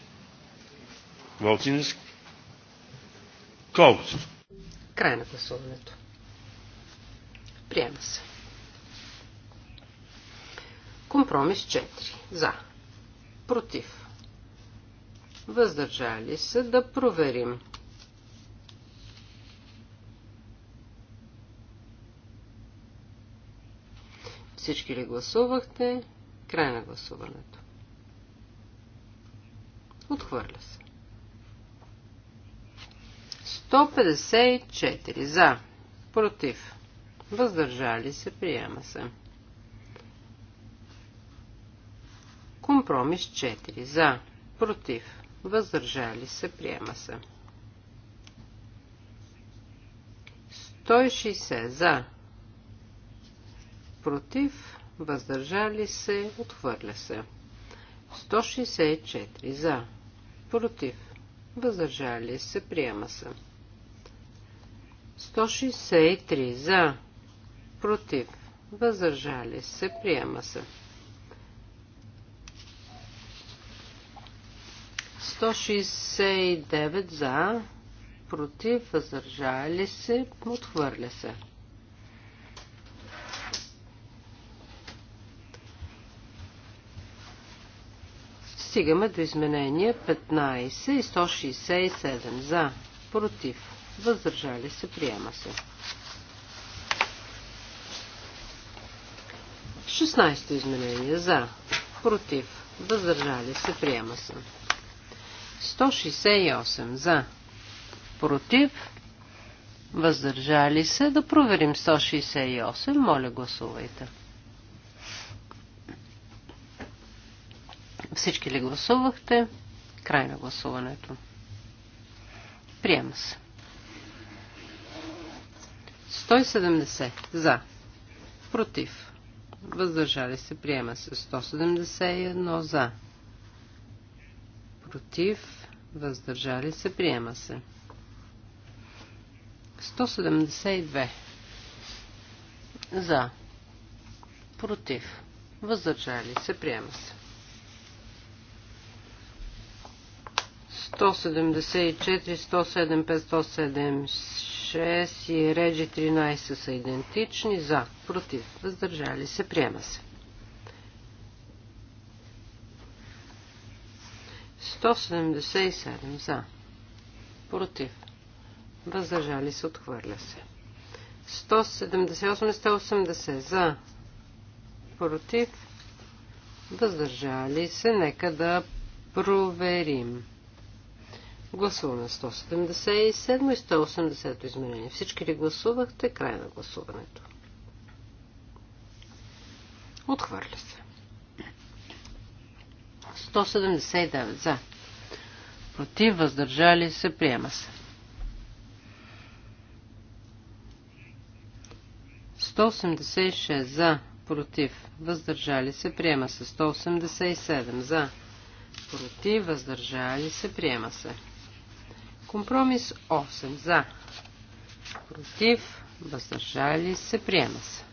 Voting is closed. Край на гласуването. Приема се. Компромис 4. За. Против. Въздържали се да проверим. Всички ли гласувахте? Край на гласуването. Отхвърля се. 154 за. Против. Въздържали се. Приема се. Компромис 4. За. Против. Въздържали се. Приема се. 160. За. Против. Въздържали се. Отхвърля се. 164. За. Против. Въздържали се. Приема се. 163. За. Против. Въздържали се. Приема се. 169 за, против, въздържали се, отхвърля се. Стигаме до изменение 15 и 167 за, против, въздържали се, приема се. 16 изменение за, против, въздържали се, приема се. 168 за. Против. Въздържали се. Да проверим 168. Моля, гласувайте. Всички ли гласувахте? Край на гласуването. Приема се. 170 за. Против. Въздържали се. Приема се. 171 за против, въздържали се, приема се. 172 за, против, въздържали се, приема се. 174, 107, 507, 6 и Реджи 13 са идентични. За, против, въздържали се, приема се. 177 за. Против. Въздържали се. Отхвърля се. 178 и 180 за. Против. Въздържали се. Нека да проверим. Гласуваме 177 и 180 изменение. Всички ли гласувахте? Край на гласуването. Отхвърля се. 179 за. Против, въздържали се, приема се. 186 за. Против, въздържали се, приема се. 187 за. Против, въздържали се, приема се. Компромис 8 за. Против, въздържали се, приема се.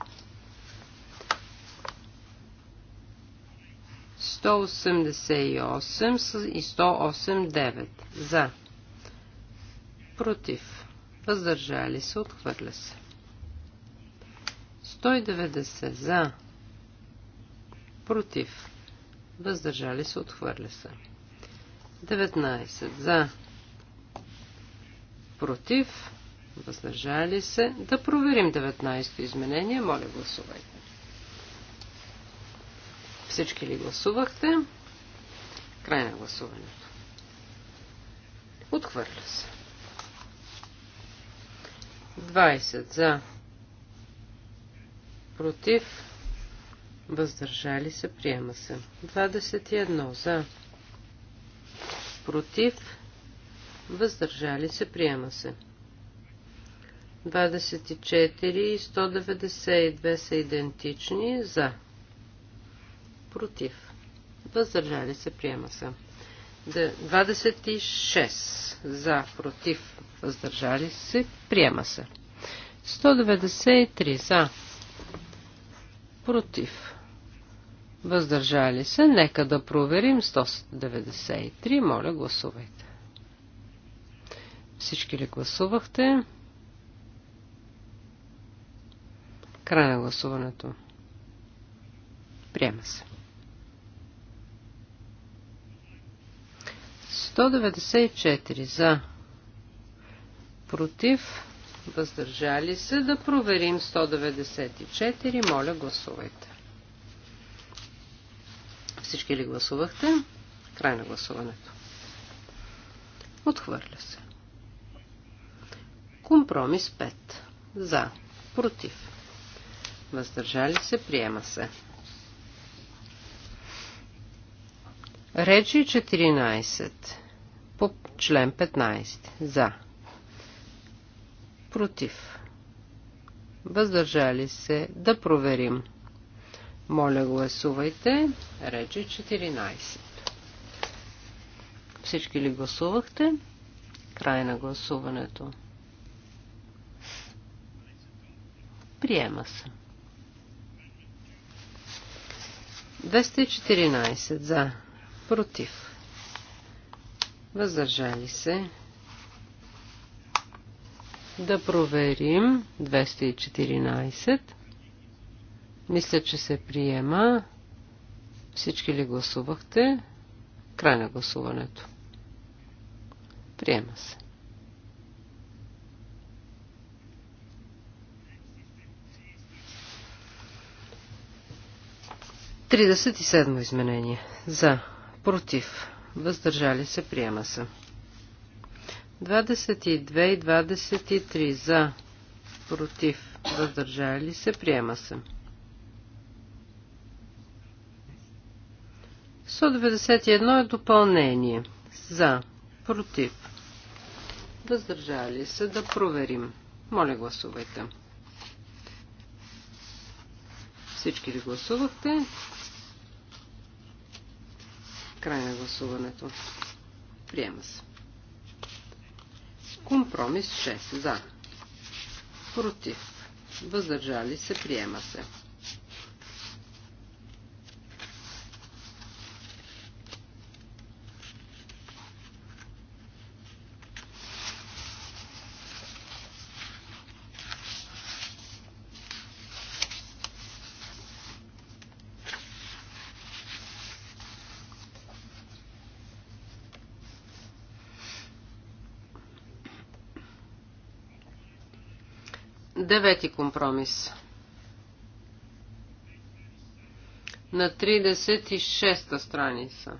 188 и 189 за. Против. Въздържали се. Отхвърля се. 190 за. Против. Въздържали се. Отхвърля се. 19 за. Против. Въздържали се. Да проверим 19-то изменение. Моля гласувайте. Всички ли гласувахте? Край на гласуването. Отхвърля се. 20 за. Против. Въздържали се. Приема се. 21 за. Против. Въздържали се. Приема се. 24 и 192 са идентични. За против. Въздържали се, приема се. 26 за, против, въздържали се, приема се. 193 за, против, въздържали се. Нека да проверим 193. Моля, гласувайте. Всички ли гласувахте? Край на гласуването. Приема се. 194 за, против, въздържали се. Да проверим 194. Моля, гласувайте. Всички ли гласувахте? Край на гласуването. Отхвърля се. Компромис 5. За. Против. Въздържали се. Приема се. Речи 14 по член 15. За. Против. Въздържали се да проверим. Моля гласувайте. Рече 14. Всички ли гласувахте? Край на гласуването. Приема се. 214 за. Против въздържали се. Да проверим 214. Мисля, че се приема. Всички ли гласувахте? Край на гласуването. Приема се. Тридесет и седмо изменение. За. Против въздържали се, приема се. 22 и 23 за, против, въздържали се, приема се. 191 е допълнение. За, против, въздържали се, да проверим. Моля, гласувайте. Всички ли гласувахте? Край на гласуването. Приема се. Компромис 6. За. Против. Въздържали се. Приема се. Девети компромис. На 36-та страница.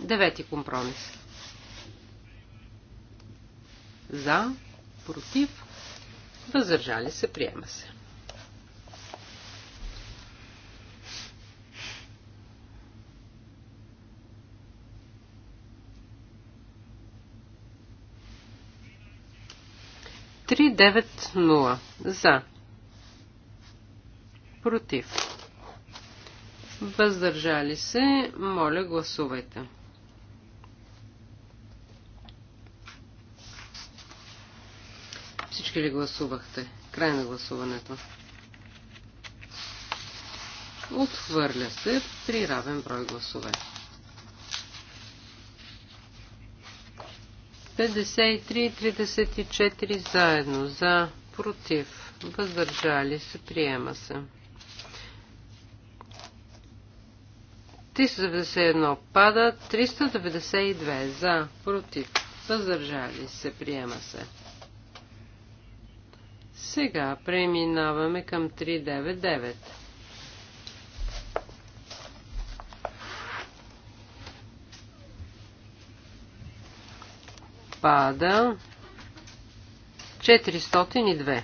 Девети компромис. За, против, въздържали се, приема се. 9-0. за. Против. Въздържали се. Моля, гласувайте. Всички ли гласувахте? Край на гласуването. Отхвърля се при равен брой гласове. 53 34 заедно. За, против, въздържали се, приема се. 391 пада, 392 за, против, въздържали се, приема се. Сега преминаваме към 399. пада 402.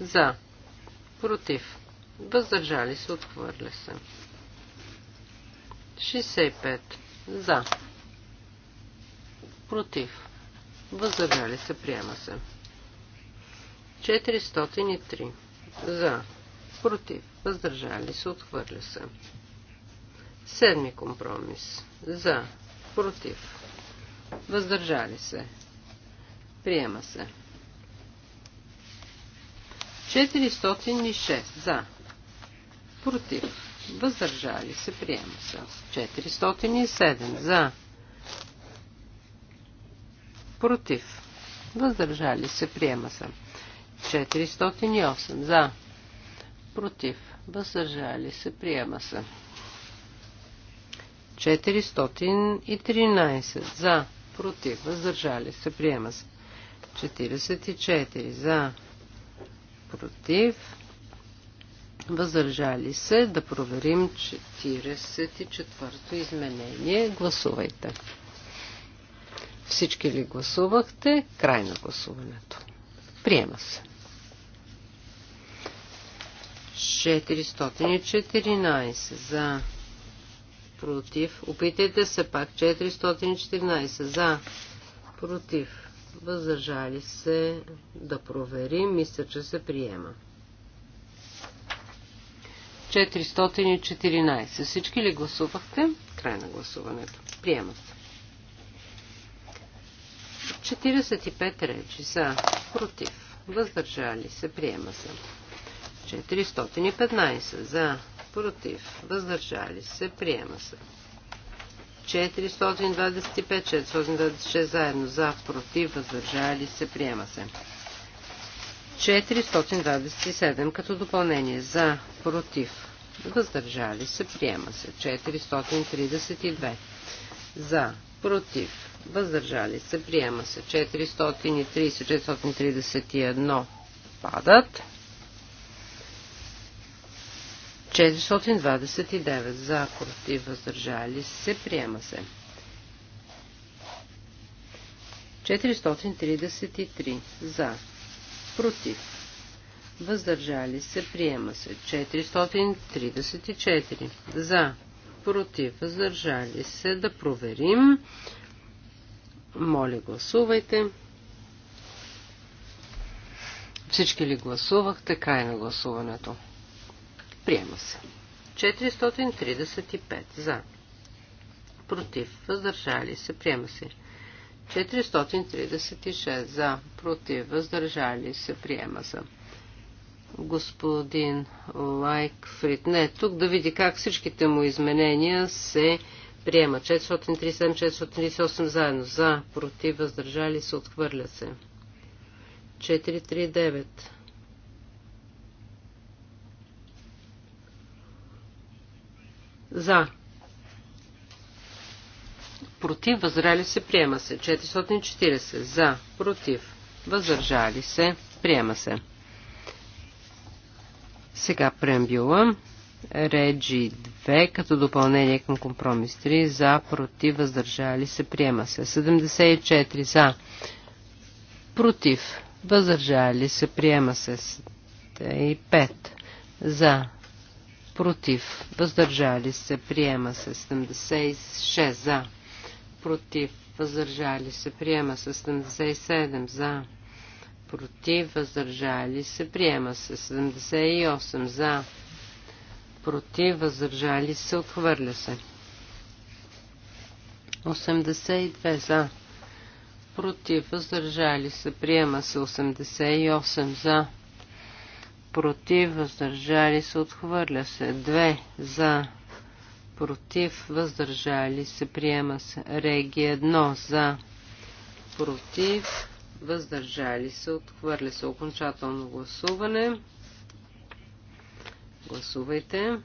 За. Против. Въздържали се. Отхвърля се. 65. За. Против. Въздържали се. Приема се. 403. За. Против. Въздържали се. Отхвърля се. Седми компромис. За. Против. Въздържали се. Приема се. 406 за. Против. Въздържали се. Приема се. 407 за. Против. Въздържали се. Приема се. 408 за. Против. Въздържали се. Приема се. 413 за против, въздържали се, приема се. 44 за, против, въздържали се, да проверим 44-то изменение. Гласувайте. Всички ли гласувахте? Край на гласуването. Приема се. 414 за против. Опитайте се пак. 414 за, против. Въздържали се да проверим. Мисля, че се приема. 414. Всички ли гласувахте? Край на гласуването. Приема се. 45 речи са. против. Въздържали се. Приема се. 415 за, против, въздържали се, приема се. 425, 426 заедно за, против, въздържали се, приема се. 427 като допълнение за, против, въздържали се, приема се. 432 за, против, въздържали се, приема се. 430, 431 падат. 429 за, против, въздържали се, приема се. 433 за, против, въздържали се, приема се. 434 за, против, въздържали се, да проверим. Моля, гласувайте. Всички ли гласувахте? Така е на гласуването. Приема се. 435 за. Против. Въздържали се. Приема се. 436 за. Против. Въздържали се. Приема се. Господин Лайкфрид. Не, тук да види как всичките му изменения се приема. 437, 438 заедно. За. Против. Въздържали се. Отхвърля се. 439 За. Против. Възрали се. Приема се. 440. За. Против. Въздържали се. Приема се. Сега преамбюла. Реджи 2 като допълнение към компромис 3 за, против, въздържали се, приема се. 74 за, против, въздържали се, приема се. 5 за, против, въздържали се, приема се 76 за, против, въздържали се, приема се 77 за, против, въздържали се, приема се 78 за, против, въздържали се, отхвърля се. 82 за, против, въздържали се, приема се 88 за, против, въздържали се, отхвърля се. 2 за, против, въздържали се, приема се. Реги 1 за, против, въздържали се, отхвърля се. Окончателно гласуване. Гласувайте.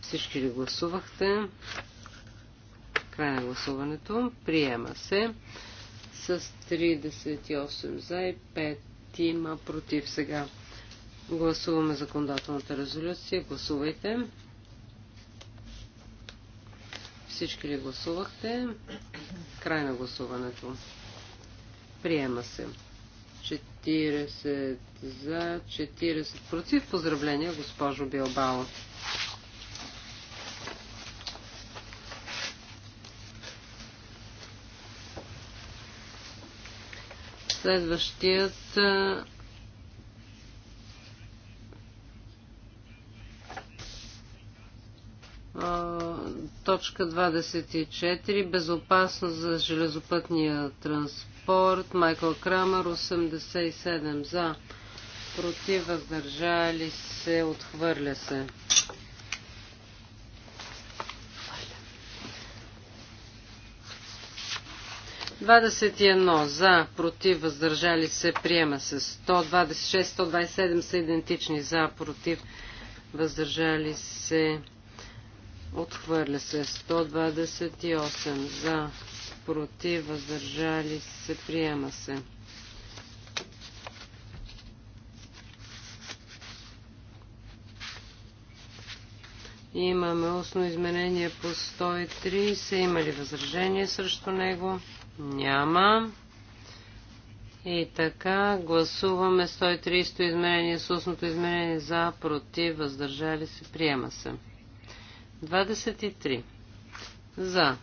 Всички ли гласувахте? Край на гласуването. Приема се с 38 за и 5 има против сега. Гласуваме законодателната резолюция. Гласувайте. Всички ли гласувахте? Край на гласуването. Приема се. 40 за, 40 против. Поздравления, госпожо Билбао. Следващият точка 24 безопасност за железопътния транспорт Майкъл Крамер 87 за против въздържали се отхвърля се 21 за, против, въздържали се, приема се. 126, 127 са идентични за, против, въздържали се, отхвърля се. 128 за, против, въздържали се, приема се. Имаме устно изменение по 130. Има ли възражение срещу него? Няма. И така, гласуваме 130-то измерение, сусното измерение за, против, въздържали се, приема се. 23. За.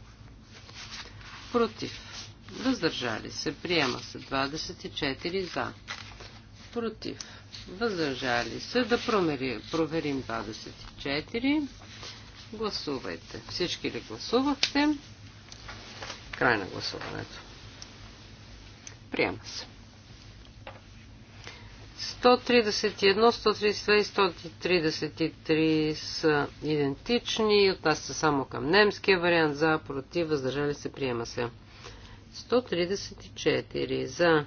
Против. Въздържали се, приема се. 24. За. Против. Въздържали се. Да промери, проверим 24. Гласувайте. Всички ли гласувахте? Край на гласуването. Приема се. 131, 132 и 133 са идентични. Отнася се само към немския вариант. За, против, въздържали се, приема се. 134 за,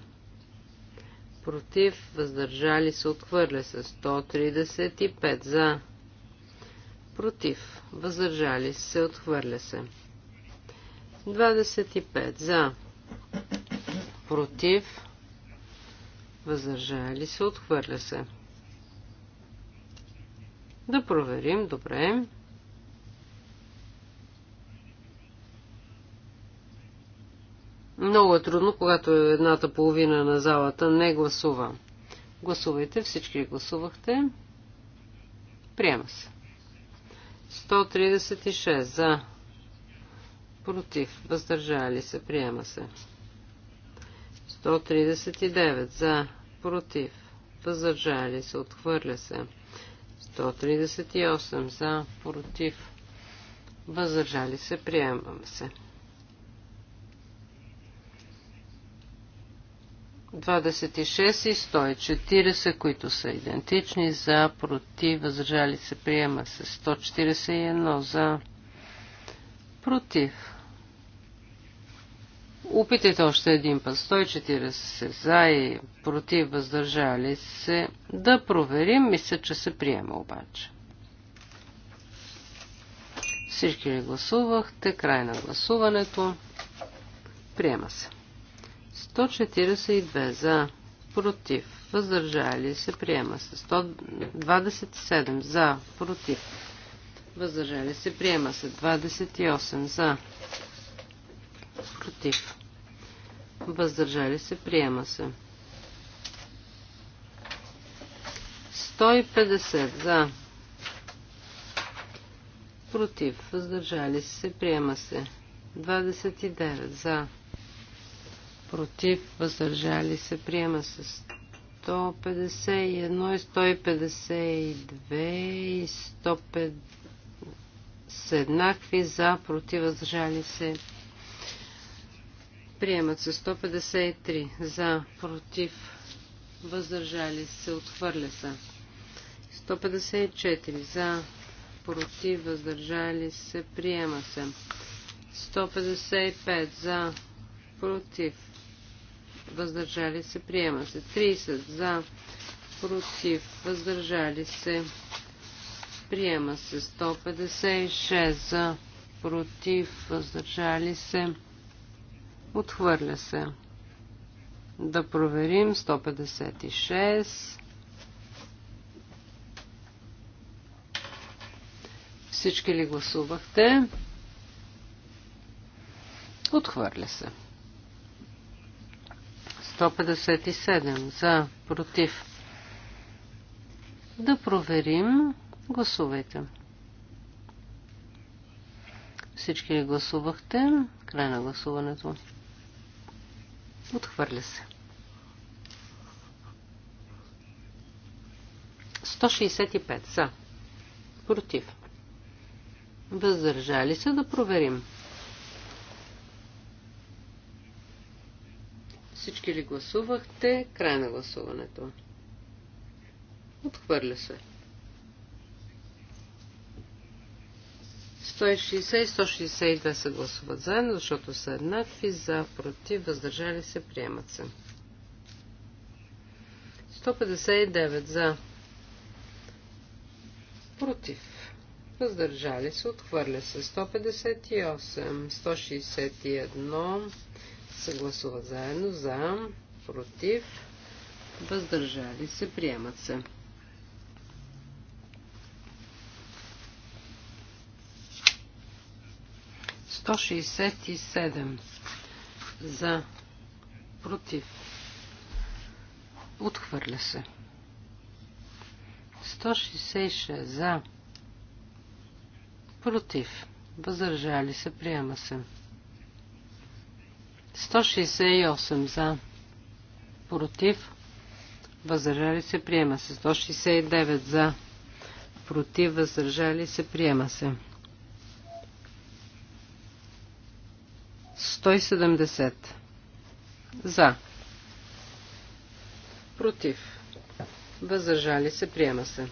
против, въздържали се, отхвърля се. 135 за, против, въздържали се, отхвърля се. 25 за. Против. Въздържали се. Отхвърля се. Да проверим. Добре. Много е трудно, когато едната половина на залата не гласува. Гласувайте, всички гласувахте. Приема се. 136 за против, въздържали се, приема се. 139 за, против, въздържали се, отхвърля се. 138 за, против, въздържали се, приемаме се. 26 и 140, които са идентични, за, против, въздържали се, приема се. 141 за, против, Опитайте още един път. 140 за и против въздържали се. Да проверим. Мисля, че се приема обаче. Всички ли гласувахте? Край на гласуването. Приема се. 142 за, против, въздържали се, приема се. 127 за, против, въздържали се, приема се. 28 за, против, въздържали се, приема се. 150 за, против, въздържали се, приема се. 29 за, против, въздържали се, приема се. 151 и 152 и 150 еднакви за, против, въздържали се, Приемат се 153 за, против, въздържали се, отхвърля се. 154 за, против, въздържали се, приема се. 155 за, против, въздържали се, приема се. 30 за, против, въздържали се, приема се. 156 за, против, въздържали се, приема се. Отхвърля се. Да проверим 156. Всички ли гласувахте? Отхвърля се. 157 за, против. Да проверим. Гласувайте. Всички ли гласувахте? Край на гласуването. Отхвърля се. 165 са. Против. Въздържали се да проверим. Всички ли гласувахте? Край на гласуването. Отхвърля се. 160 и 162 се гласуват заедно, защото са еднакви. За, против, въздържали се, приемат се. 159 за, против, въздържали се, отхвърля се. 158, 161 се гласуват заедно, за, против, въздържали се, приемат се. 167 за против. Отхвърля се. 166 за против. Въздържали се. Приема се. 168 за против. Въздържали се. Приема се. 169 за против. Въздържали се. Приема се. 170. За. Против. Въздържали се. Приема се.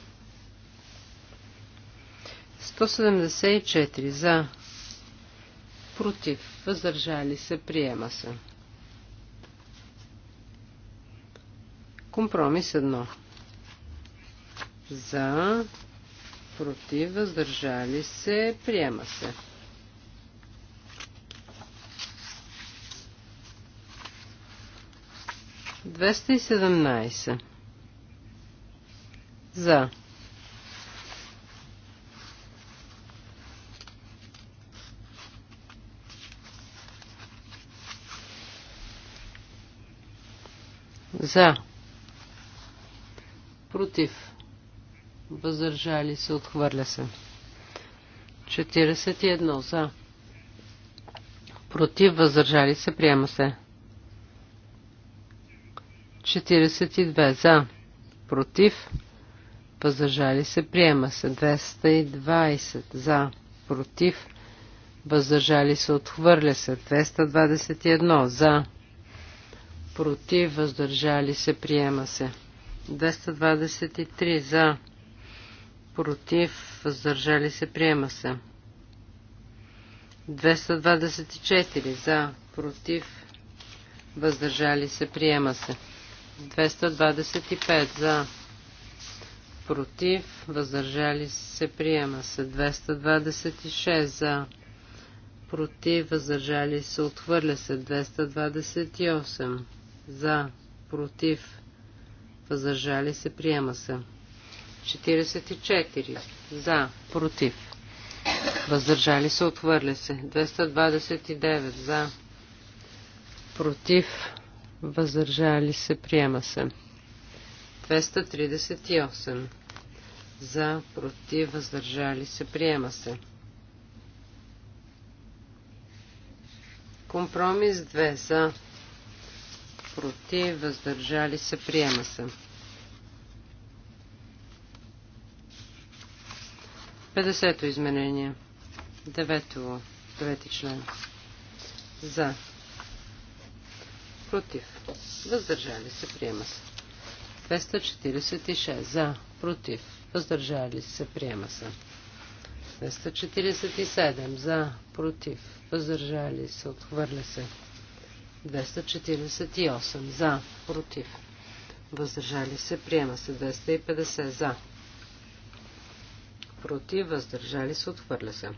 174. За. Против. Въздържали се. Приема се. Компромис 1. За. Против. Въздържали се. Приема се. 217. За. За. Против. Въздържали се. Отхвърля се. 41. За. Против. Въздържали се. Приема се. 42 за, против, въздържали се, приема се 220 за, против, въздържали се, отхвърля се 221 за, против, въздържали се, приема се 223 за, против, въздържали се, приема се 224 за, против, въздържали се, приема се 225 за. Против. Въздържали се. Приема се. 226 за. Против. Въздържали се. Отхвърля се. 228 за. Против. Въздържали се. Приема се. 44 за. Против. Въздържали се. Отхвърля се. 229 за. Против въздържали се, приема се. 238 за, против, въздържали се, приема се. Компромис 2 за, против, въздържали се, приема се. 50-то изменение. 9-то, 9 член. За, против, въздържали се, приема се. 246 за, против, въздържали се, приема се. 247 за, против, въздържали се, отхвърля се. 248 за, против, въздържали се, приема се. 250 за, против, въздържали се, отхвърля се.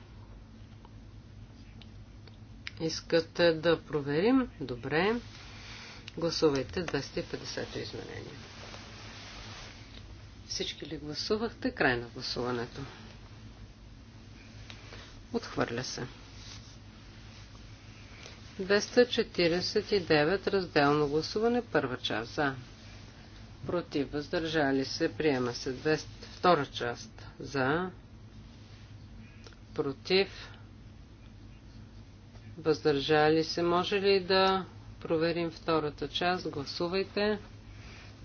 Искате да проверим? Добре. Гласувайте 250 изменения. Всички ли гласувахте? Край на гласуването. Отхвърля се. 249 разделно гласуване, първа част за. Против, въздържали се, приема се. 200, втора част за. Против, въздържали се. Може ли да проверим втората част. Гласувайте.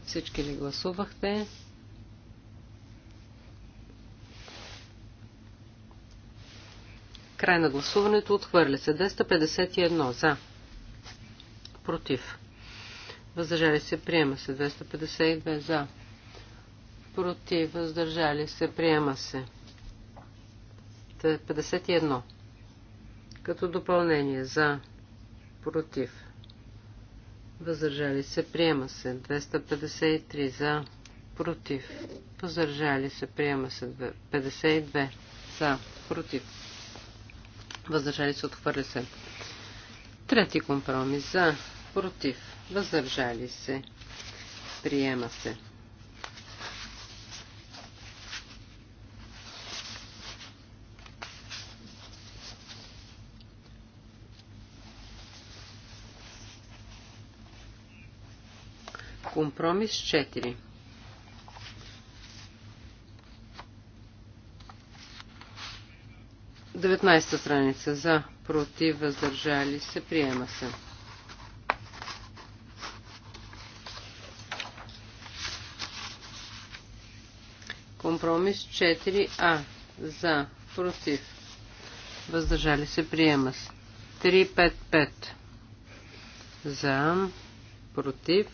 Всички ли гласувахте? Край на гласуването отхвърля се. 251 за. Против. Въздържали се. Приема се. 252 за. Против. Въздържали се. Приема се. 51. Като допълнение за. Против Въздържали се. Приема се. 253 за. Против. Въздържали се. Приема се. 52 за. Против. Въздържали се. Отхвърля се. Трети компромис за. Против. Въздържали се. Приема се. Компромис 4. Деветнайста страница. За, против, въздържали се, приема се. Компромис 4А. За, против, въздържали се, приема се. 355. За, против,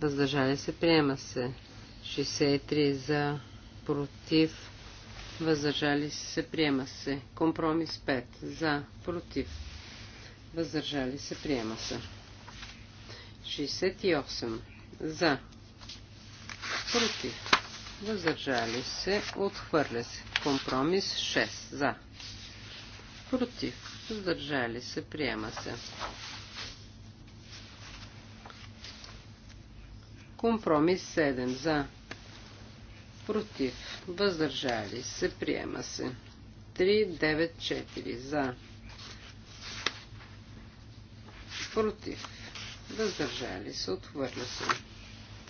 въздържали се, приема се. 63 за, против, въздържали се, приема се. Компромис 5 за, против, въздържали се, приема се. 68 за, против, въздържали се, отхвърля се. Компромис 6 за, против, въздържали се, приема се. Компромис 7 за. Против. Въздържали се. Приема се. 394 за. Против. Въздържали се. Отхвърля се.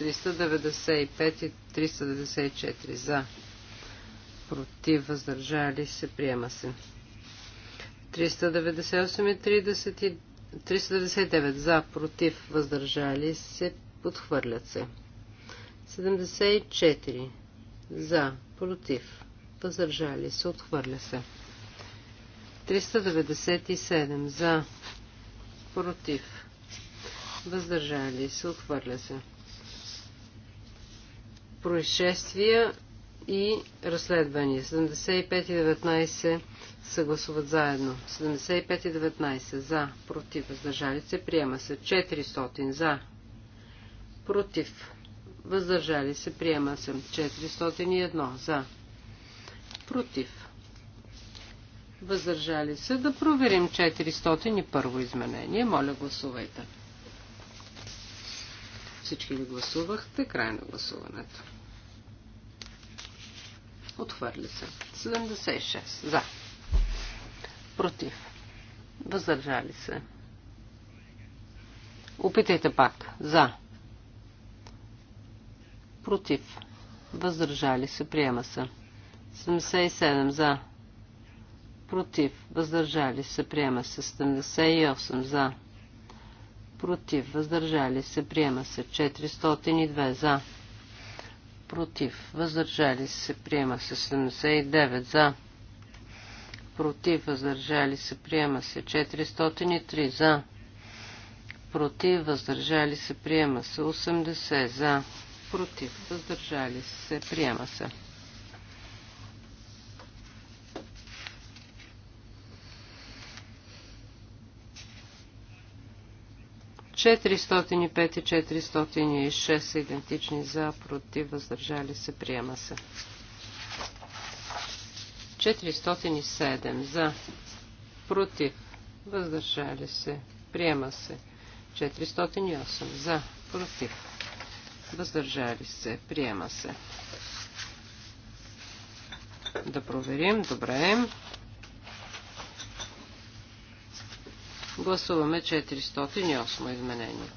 395 и 394 за. Против. Въздържали се. Приема се. 398 и 30 399 за, против, въздържали се, Отхвърлят се. 74. За. Против. Въздържали се. Отхвърля се. 397. За. Против. Въздържали се. Отхвърля се. Происшествия и разследвания. 75 и 19 се гласуват заедно. 75 и 19 за, против, въздържали се, приема се. 400 за, Против. Въздържали се. Приема се. 401. За. Против. Въздържали се. Да проверим 401 изменение. Моля, гласувайте. Всички ли гласувахте? Край на гласуването. Отхвърли се. 76. За. Против. Въздържали се. Опитайте пак. За против, въздържали се, приема се. 77 за, против, въздържали се, приема се. 78 за, против, въздържали се, приема се. 402 за, против, въздържали се, приема се. 79 за, против, въздържали се, приема се. 403 за, против, въздържали се, приема се. 80 за, против, въздържали се, приема се. Четиристотини и пет и идентични за, против, въздържали се, приема се. 407 за, против, въздържали се, приема се. 408 за, против, въздържали се, приема се. Да проверим, добре. Гласуваме 408 изменение.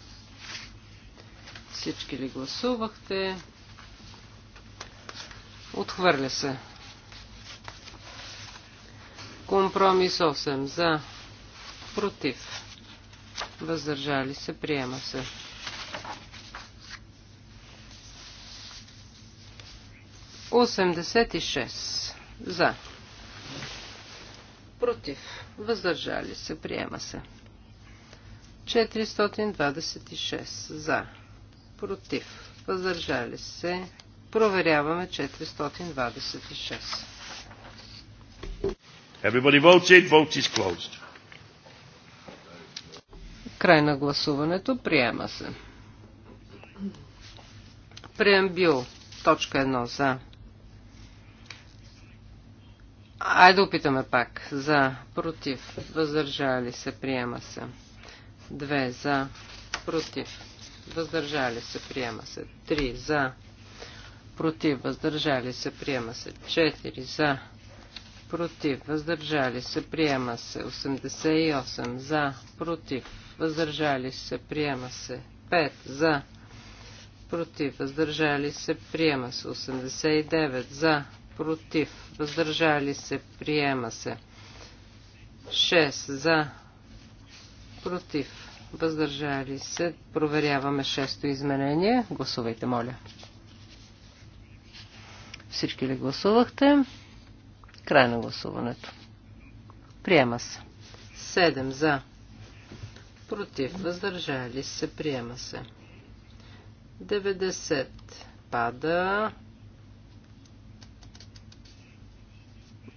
Всички ли гласувахте? Отхвърля се. Компромис 8 за. Против. Въздържали се. Приема се. 86. За. Против. Въздържали се. Приема се. 426. За. Против. Въздържали се. Проверяваме 426. Everybody votes it. Vote is closed. Край на гласуването. Приема се. Преамбил. Точка 1 за Айде да опитаме пак. За, против, въздържали се, приема се. Две, за, против, въздържали се, приема се. Три, за, против, въздържали се, приема се. Четири, за, против, въздържали се, приема се. 88, за, против, въздържали се, приема се. Пет за, против, въздържали се, приема се. 89, за, против, въздържали се, приема се. 6 за, против, въздържали се. Проверяваме 6 изменение. Гласувайте, моля. Всички ли гласувахте? Край на гласуването. Приема се. 7 за. Против. Въздържали се. Приема се. 90. Пада.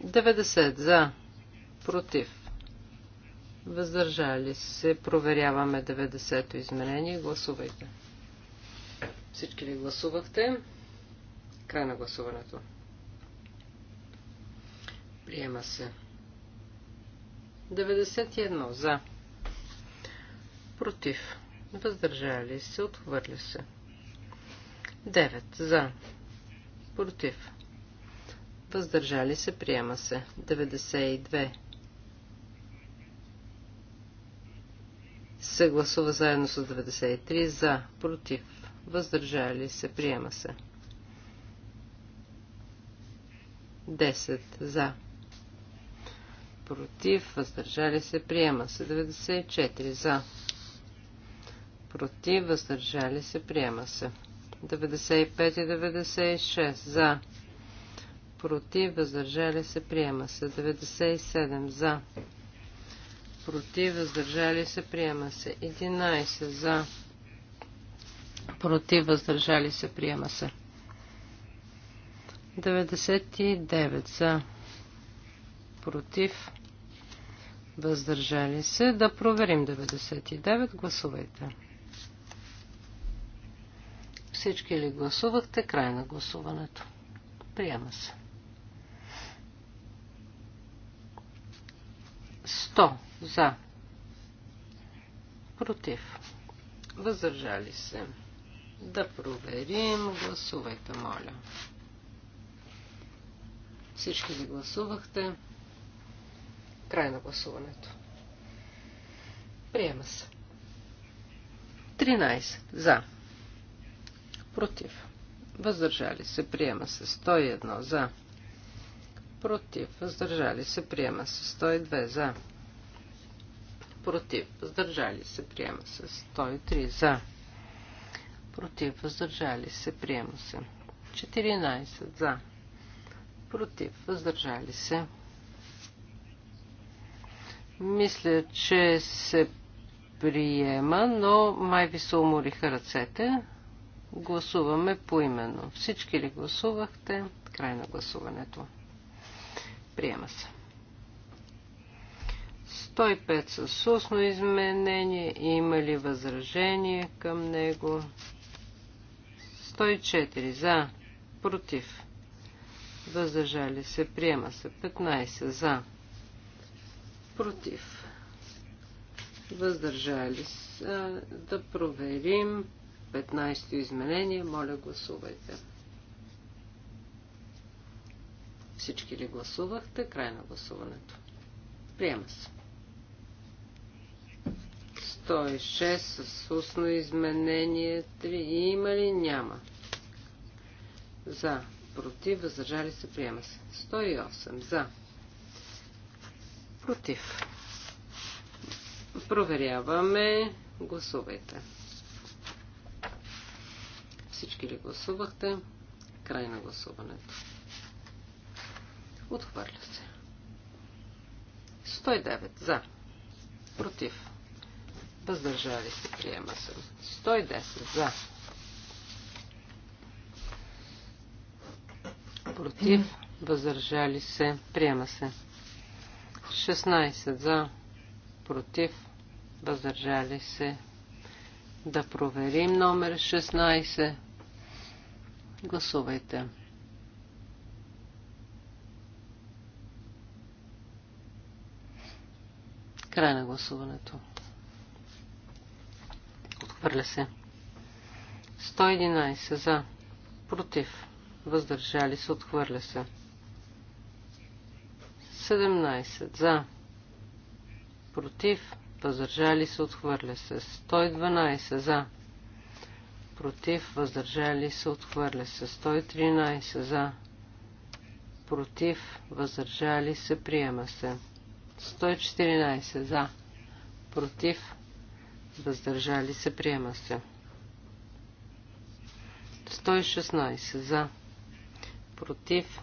90 за, против, въздържали се. Проверяваме 90-то изменение. Гласувайте. Всички ли гласувахте? Край на гласуването. Приема се. 91 за. Против. Въздържали се. Отхвърля се. 9 за. Против въздържали се, приема се. 92. Се гласува заедно с 93. За, против, въздържали се, приема се. 10. За. Против, въздържали се, приема се. 94. За. Против, въздържали се, приема се. 95 и 96. За против, въздържали се, приема се. 97 за, против, въздържали се, приема се. 11 за, против, въздържали се, приема се. 99 за, против, въздържали се. Да проверим 99. Гласувайте. Всички ли гласувахте? Край на гласуването. Приема се. 100 за. Против. Въздържали се. Да проверим. Гласувайте, моля. Всички ги гласувахте? Край на гласуването. Приема се. 13 за. Против. Въздържали се. Приема се. 101 за. Против. Въздържали се. Приема се. 102 за против, въздържали се, приема се. 103 за, против, въздържали се, приема се. 14 за, против, въздържали се. Мисля, че се приема, но май ви се умориха ръцете. Гласуваме поименно. Всички ли гласувахте? Край на гласуването. Приема се. 105 с устно изменение. Има ли възражение към него? 104 за. Против. Въздържали се. Приема се. 15 за. Против. Въздържали се. Да проверим. 15 изменение. Моля, гласувайте. Всички ли гласувахте? Край на гласуването. Приема се. 106 с устно изменение 3. Има ли? Няма. За. Против. Въздържали се. Приема се. 108. За. Против. Проверяваме. Гласувайте. Всички ли гласувахте? Край на гласуването. Отхвърля се. 109. За. Против. Въздържали се. Приема се. 110 за. Против. Въздържали се. Приема се. 16 за. Против. Въздържали се. Да проверим номер 16. Гласувайте. Край на гласуването. Отхвърля се. 111 за. Против. Въздържали се. Отхвърля се. 17 за. Против. Въздържали се. Отхвърля се. 112 за. Против. Въздържали се. Отхвърля се. 113 за. Против. Въздържали се. Приема се. 114 за. Против въздържали се, приема се. 116 за, против,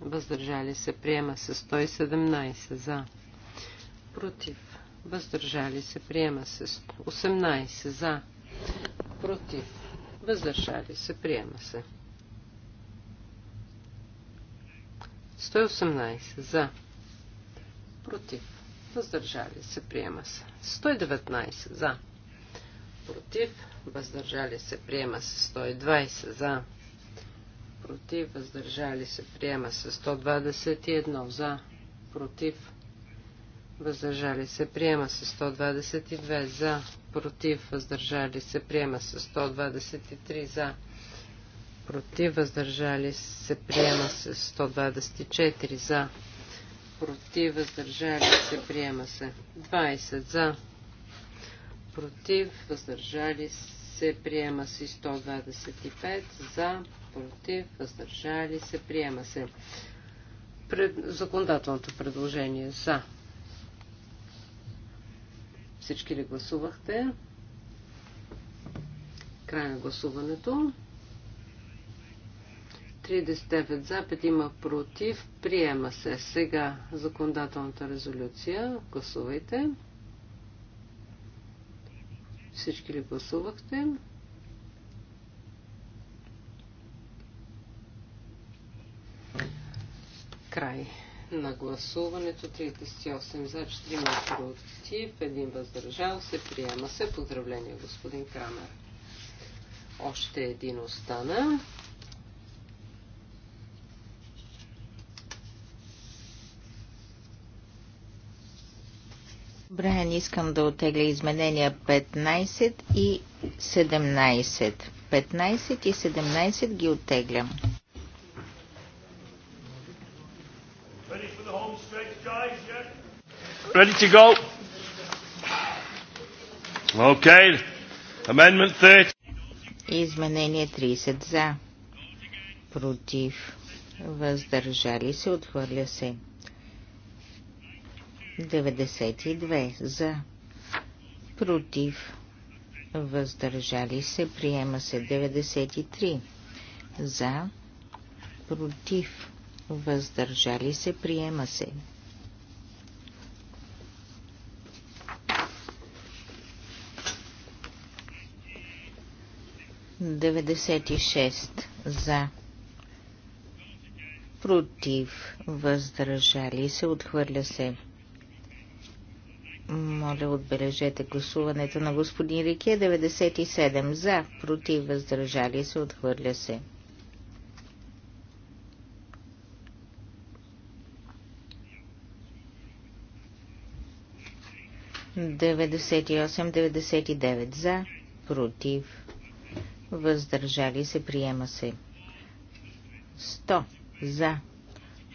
въздържали се, приема се. 117 за, против, въздържали се, приема се. 18 за, против, въздържали се, приема се. 118 за, против, въздържали се, приема се. 119 за, против, въздържали се, приема се. 120 за, против, въздържали се, приема се. 121 за, против, въздържали се, приема се. 122 за, против, въздържали се, приема се. 123 за, против, въздържали се, приема се. 124 за, против, въздържали се, приема се. 20 за, против, въздържали се, приема се. 125 за, против, въздържали се, приема се. Пред... Законодателното предложение за. Всички ли гласувахте? Край на гласуването. 39 за, 5 има против. Приема се сега законодателната резолюция. Гласувайте. Всички ли гласувахте? Край на гласуването. 38 за, 4 против, 1 въздържал се. Приема се. Поздравление, господин Крамер. Още един остана. Брайан, искам да отегля изменения 15 и 17. 15 и 17 ги оттеглям. Ready to go? Okay. Amendment 30. Изменение 30 за. Против. Въздържали се. Отхвърля се. 92 за, против, въздържали се, приема се 93 за, против, въздържали се, приема се. Деведесет и шест за против, въздържали се, отхвърля се. Моля, отбележете гласуването на господин Рике. 97 за, против, въздържали се, отхвърля се. Деведесет и за, против, въздържали се, приема се. Сто за,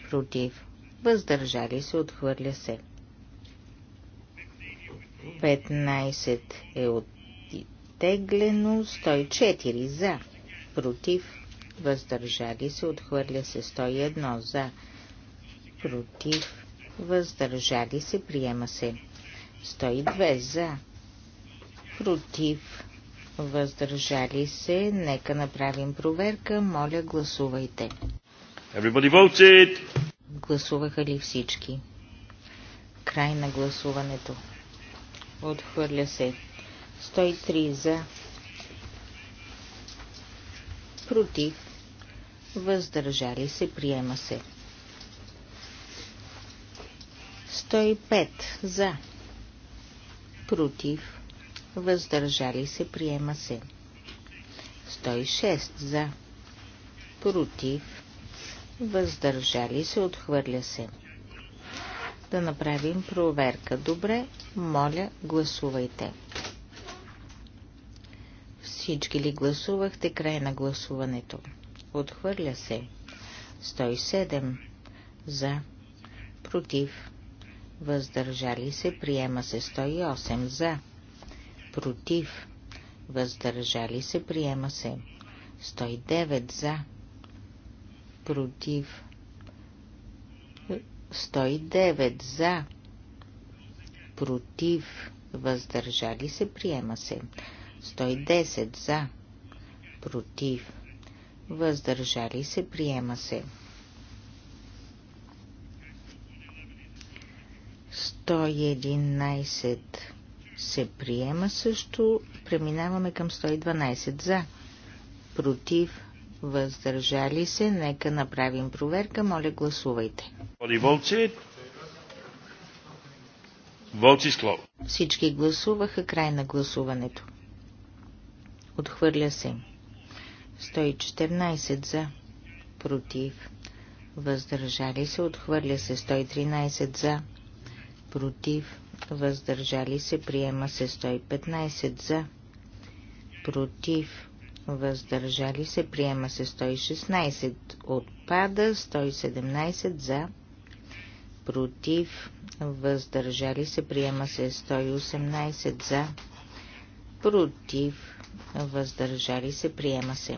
против, въздържали се, отхвърля се. 15 е оттеглено, 104 за, против, въздържали се, отхвърля се 101 за, против, въздържали се, приема се 102 за, против, въздържали се, нека направим проверка, моля гласувайте. Everybody voted. Гласуваха ли всички? Край на гласуването. Отхвърля се. 103 за. Против. Въздържали се. Приема се. 105 за. Против. Въздържали се. Приема се. 106 за. Против. Въздържали се. Отхвърля се да направим проверка. Добре, моля, гласувайте. Всички ли гласувахте край на гласуването? Отхвърля се. 107 за, против, въздържали се, приема се 108 за, против, въздържали се, приема се 109 за, против, 109 за, против, въздържали се, приема се. 110 за, против, въздържали се, приема се. 111 се приема също. Преминаваме към 112 за, против, въздържали се. Нека направим проверка. Моля, гласувайте. Всички гласуваха край на гласуването. Отхвърля се. 114 за. Против. Въздържали се. Отхвърля се. 113 за. Против. Въздържали се. Приема се. 115 за. Против въздържали се, приема се 116, отпада 117 за, против, въздържали се, приема се 118 за, против, въздържали се, приема се.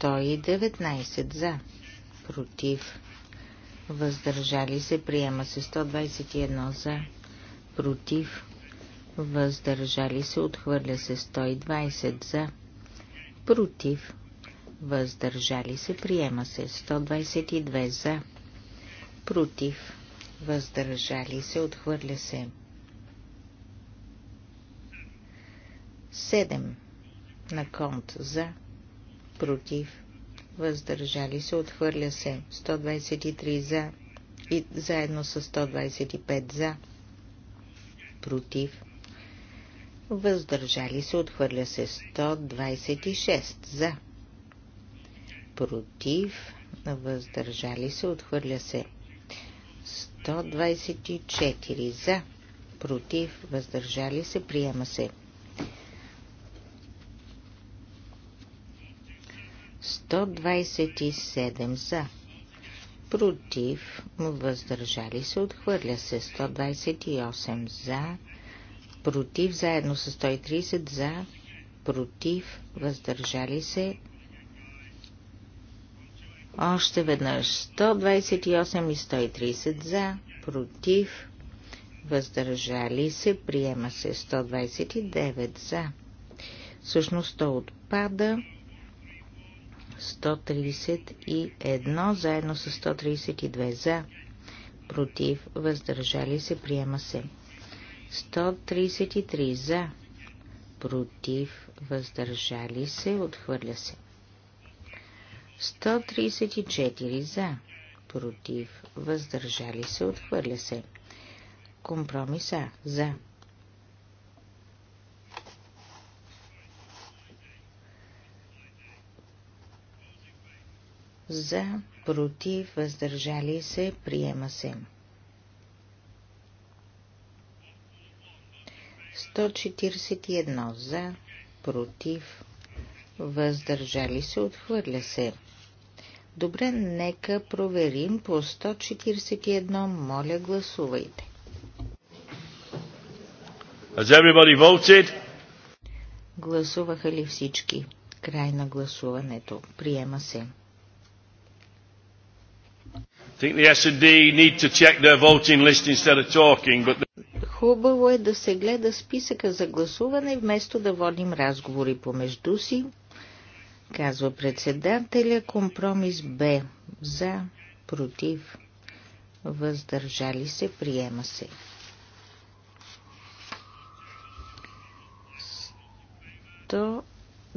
119 за, против, въздържали се, приема се 121 за, против, въздържали се, отхвърля се 120 за, против, въздържали се, приема се 122 за, против, въздържали се, отхвърля се 7 на конт за, против, въздържали се, отхвърля се 123 за и заедно с 125 за, против, въздържали се, отхвърля се 126 за, против, въздържали се, отхвърля се 124 за, против, въздържали се, приема се 127 за, против, въздържали се, отхвърля се 128 за, против, заедно с 130 за, против, въздържали се. Още веднъж 128 и 130 за, против, въздържали се, приема се 129 за. Всъщност то отпада 131 заедно с 132 за, против, въздържали се, приема се 133 за, против, въздържали се, отхвърля се. 134 за, против, въздържали се, отхвърля се. Компромиса за. За, против, въздържали се, приема се. 141 за, против, въздържали се, отхвърля се. Добре, нека проверим по 141. Моля, гласувайте. Has everybody voted? Гласуваха ли всички? Край на гласуването. Приема се. Think the S&D need to check their voting list instead of talking, but Хубаво е да се гледа списъка за гласуване, вместо да водим разговори помежду си, казва председателя. Компромис Б. За, против, въздържали се, приема се. То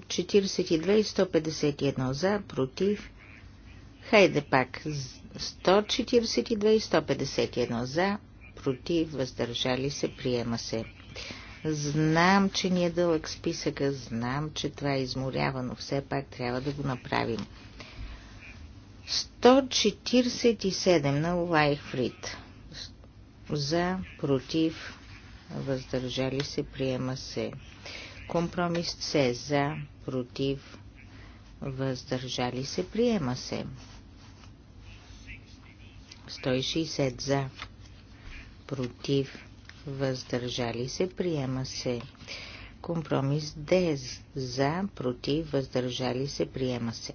42 и 151 за, против. Хайде пак. 142 и 151 за, против, въздържали се, приема се. Знам, че ни е дълъг списъка, знам, че това е изморява, но все пак трябва да го направим. 147 на Лайфрид. За, против, въздържали се, приема се. Компромис С. за, против, въздържали се, приема се. 160 за, против, въздържали се, приема се. Компромис Д за, против, въздържали се, приема се.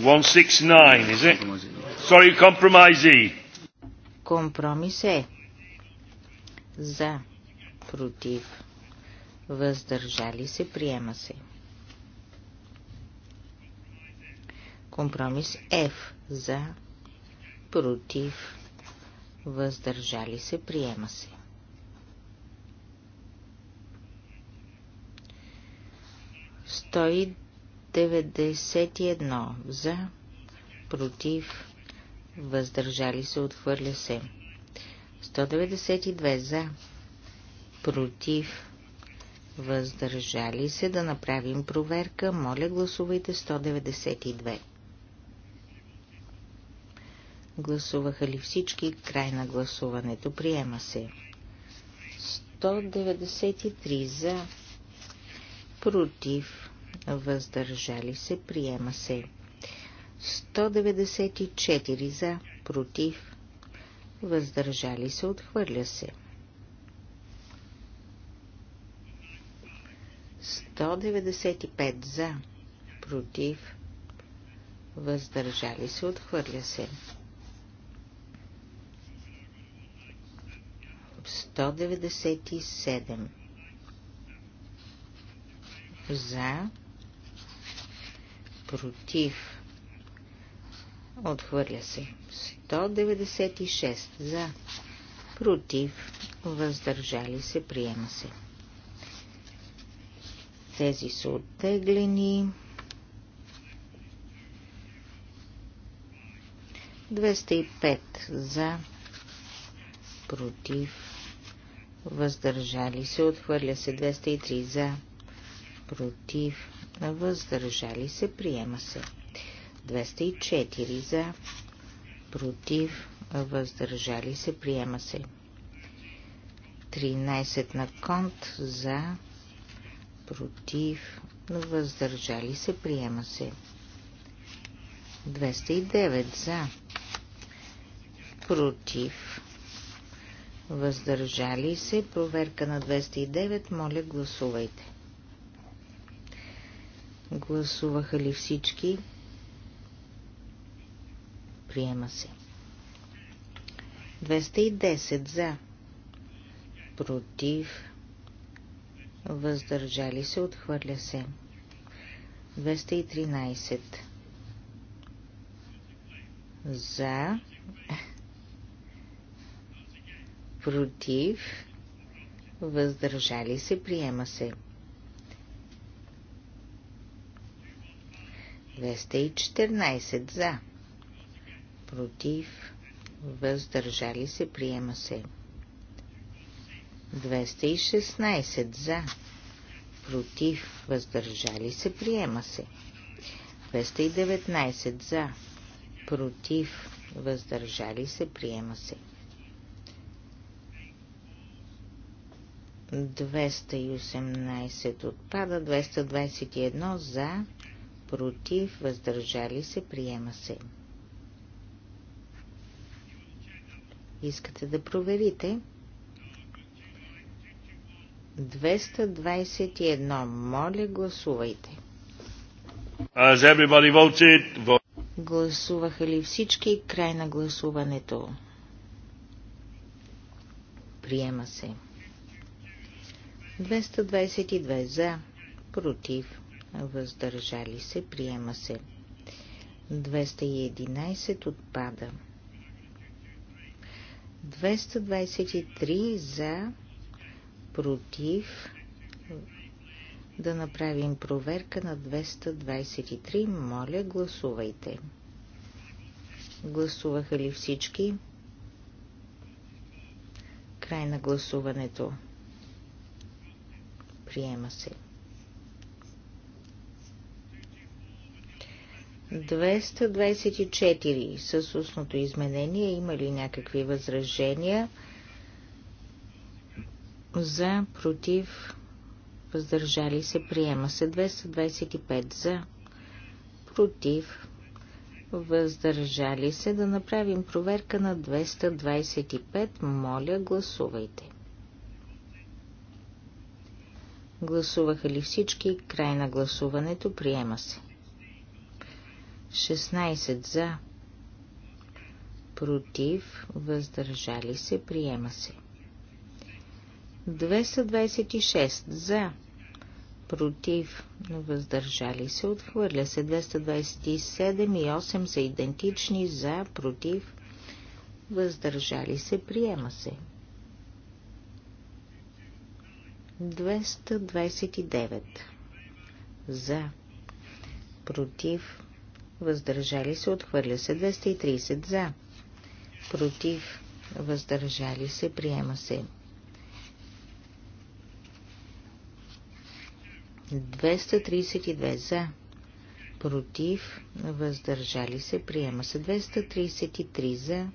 169, is it? Sorry, compromise E. Компромис е. За, против, въздържали се, приема се. Компромис F за, против, въздържали се, приема се. Стои 91 за, против, въздържали се, отхвърля се. 192 за, против, въздържали се, да направим проверка, моля гласувайте 192. Гласуваха ли всички? Край на гласуването. Приема се. 193 за. Против. Въздържали се. Приема се. 194 за. Против. Въздържали се. Отхвърля се. 195 за. Против. Въздържали се. Отхвърля се. 197 за против отхвърля се 196 за против въздържали се приема се тези са оттеглени 205 за против въздържали се, отхвърля се 203 за, против, въздържали се, приема се 204 за, против, въздържали се, приема се 13 на конт за, против, въздържали се, приема се 209 за, против, въздържали се. Проверка на 209. Моля, гласувайте. Гласуваха ли всички? Приема се. 210 за. Против. Въздържали се. Отхвърля се. 213 за против, въздържали се, приема се. 214 за, против, въздържали се, приема се. 216 за, против, въздържали се, приема се. 219 за, против, въздържали се, приема се. 218 отпада, 221 за, против, въздържали се, приема се. Искате да проверите? 221. Моля, гласувайте. Гласуваха ли всички? Край на гласуването. Приема се. 222 за, против, въздържали се, приема се. 211 отпада. 223 за, против, да направим проверка на 223. Моля, гласувайте. Гласуваха ли всички? Край на гласуването. Приема се. 224 с устното изменение. Има ли някакви възражения за, против, въздържали се, приема се 225 за, против, въздържали се, да направим проверка на 225, моля гласувайте. Гласуваха ли всички? Край на гласуването. Приема се. 16 за. Против. Въздържали се. Приема се. 226 за. Против. Въздържали се. Отхвърля се. 227 и 8 са идентични. За. Против. Въздържали се. Приема се. 228 229 за, против, въздържали се, отхвърля се 230 за, против, въздържали се, приема се 232 за, против, въздържали се, приема се 233 за,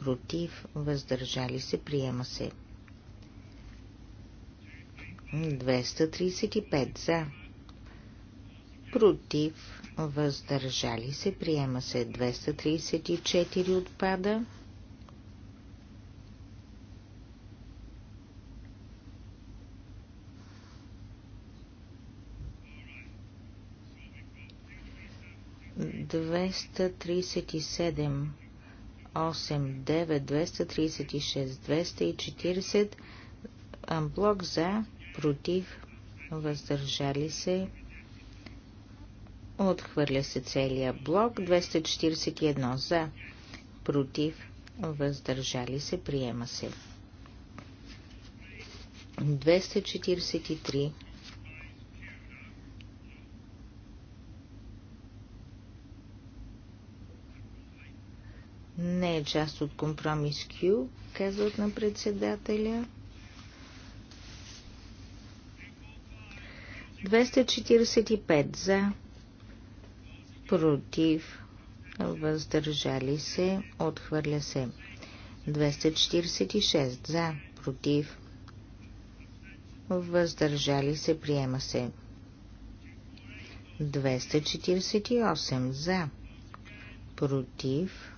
против, въздържали се, приема се 235 за. Против, въздържали се, приема се 234 отпада. Двеста тридесет и седем, осем, девет, двеста тридесет и шест, двеста и четиридесет, блок за, против, въздържали се. Отхвърля се целият блок. 241 за, против, въздържали се, приема се. 243 не е част от компромис Q, казват на председателя. 245 за, против, въздържали се, отхвърля се. 246 за, против, въздържали се, приема се. 248 за, против,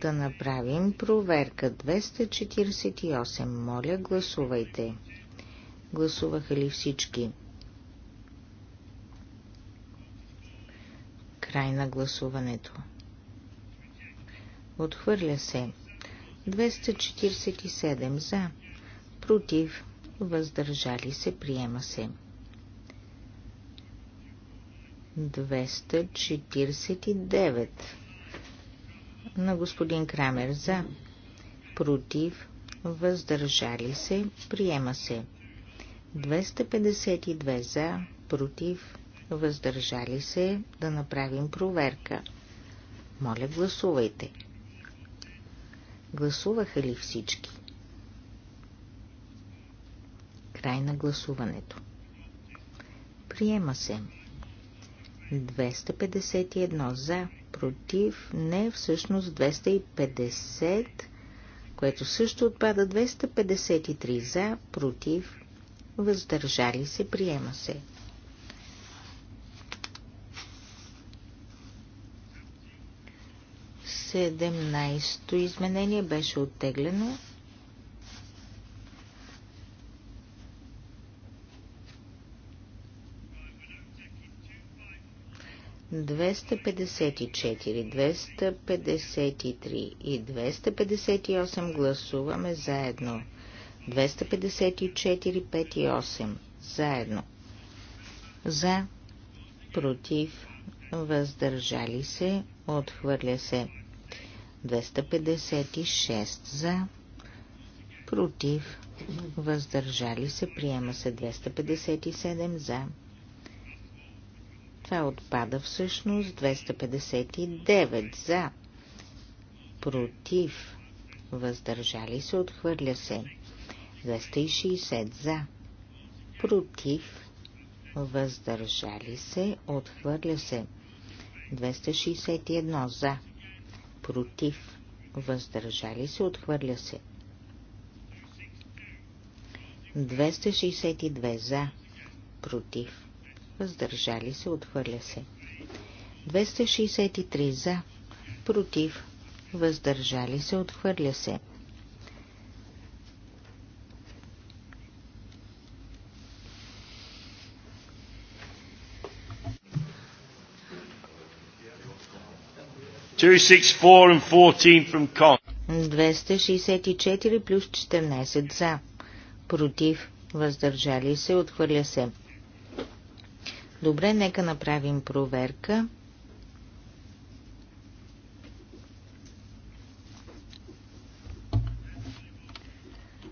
да направим проверка. 248, моля гласувайте. 248. Гласуваха ли всички? Край на гласуването. Отхвърля се. 247 за. Против. Въздържали се. Приема се. 249 на господин Крамер за. Против. Въздържали се. Приема се. 252 за, против, въздържали се, да направим проверка. Моля, гласувайте. Гласуваха ли всички? Край на гласуването. Приема се. 251 за, против, не, всъщност 250, което също отпада 253 за, против, въздържали се, приема се. Седемнайсто изменение беше оттеглено. Двеста пятьдесят и четири, двеста пятьдесят и три и двеста пятьдесят и осем гласуваме заедно. 254, 5 и 8. Заедно. За, против, въздържали се, отхвърля се. 256 за, против, въздържали се, приема се 257 за. Това отпада всъщност 259 за, против, въздържали се, отхвърля се. 260 за. Против. Въздържали се. Отхвърля се. 261 за. Против. Въздържали се. Отхвърля се. 262 за. Против. Въздържали се. Отхвърля се. 263 за. Против. Въздържали се. Отхвърля се. 264 264 плюс 14 за. Против. Въздържали се. Отхвърля се. Добре, нека направим проверка.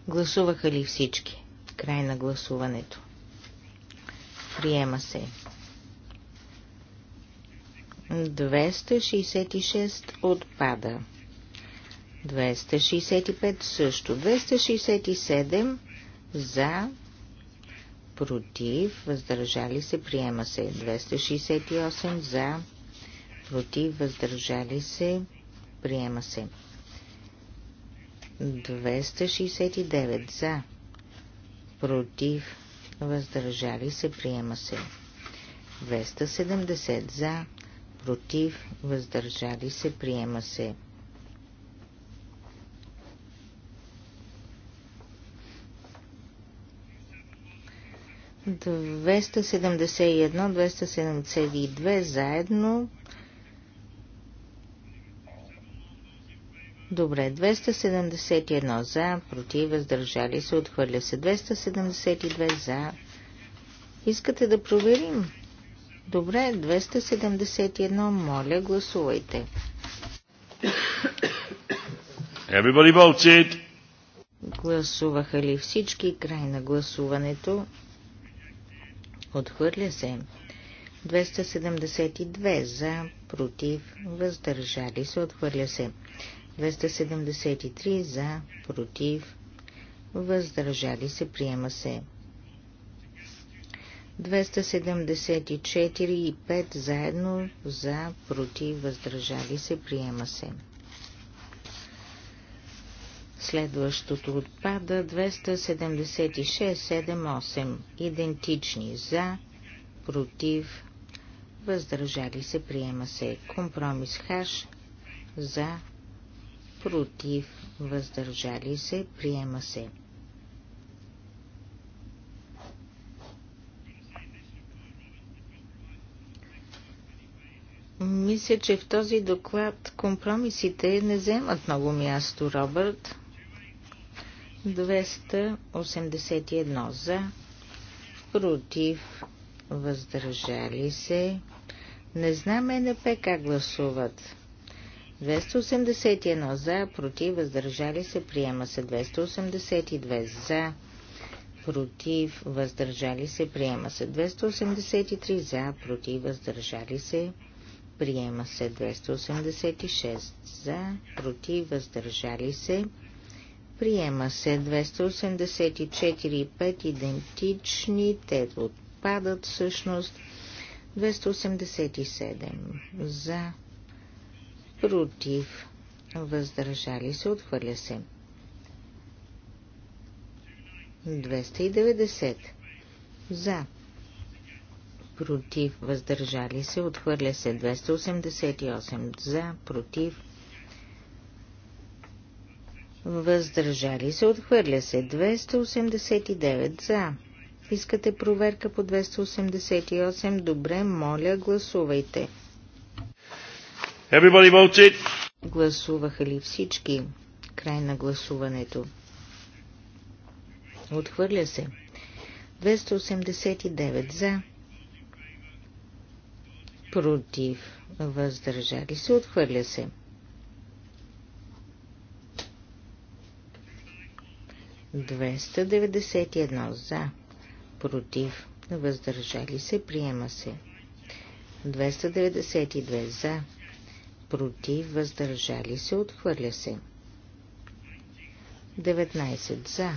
Гласуваха ли всички? Край на гласуването. Приема се. 266 отпада. 265 също. 267 за, против, въздържали се, приема се. 268 за, против, въздържали се, приема се. 269 за, против, въздържали се, приема се. 270 за, против, въздържали се, приема се. Двеста седемдесет и едно, двеста седемдесет и две заедно. Добре, 271 за, против, въздържали се, отхвърля се 272 за. Искате да проверим? Добре, 271, моля, гласувайте. Everybody voted. Гласуваха ли всички? Край на гласуването. Отхвърля се. 272 за, против, въздържали се, отхвърля се. 273 за, против, въздържали се, приема се. 274 и 5 заедно за, против, въздържали се, приема се. Следващото отпада 276, 7, 8. Идентични за, против, въздържали се, приема се. Компромис хаш за, против, въздържали се, приема се. Мисля, че в този доклад компромисите не вземат много място, Робърт. 281 за, против, въздържали се. Не знам НП как гласуват. 281 за, против, въздържали се, приема се 282 за, против, въздържали се, приема се 283 за, против, въздържали се, Приема се 286 за, против, въздържали се. Приема се 284 и 5 идентични, те отпадат всъщност. 287 за, против, въздържали се, отхвърля се. 290 за, против, въздържали се, отхвърля се 288 за, против, въздържали се, отхвърля се 289 за. Искате проверка по 288? Добре, моля, гласувайте. Everybody voted. Гласуваха ли всички? Край на гласуването. Отхвърля се. 289 за против, въздържали се, отхвърля се. Двеста деветдесет едно за, против, въздържали се, приема се. 292 за, против, въздържали се, отхвърля се. 19 за,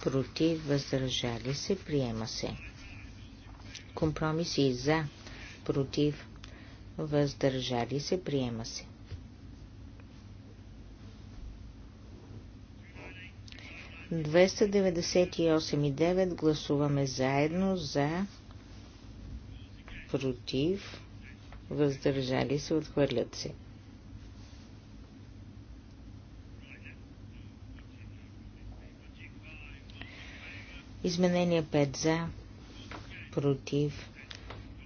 против, въздържали се, приема се. Компромиси за, против, въздържали се, приема се. 298 и 9 гласуваме заедно за, против, въздържали се, отхвърлят се. Изменение 5 за, против,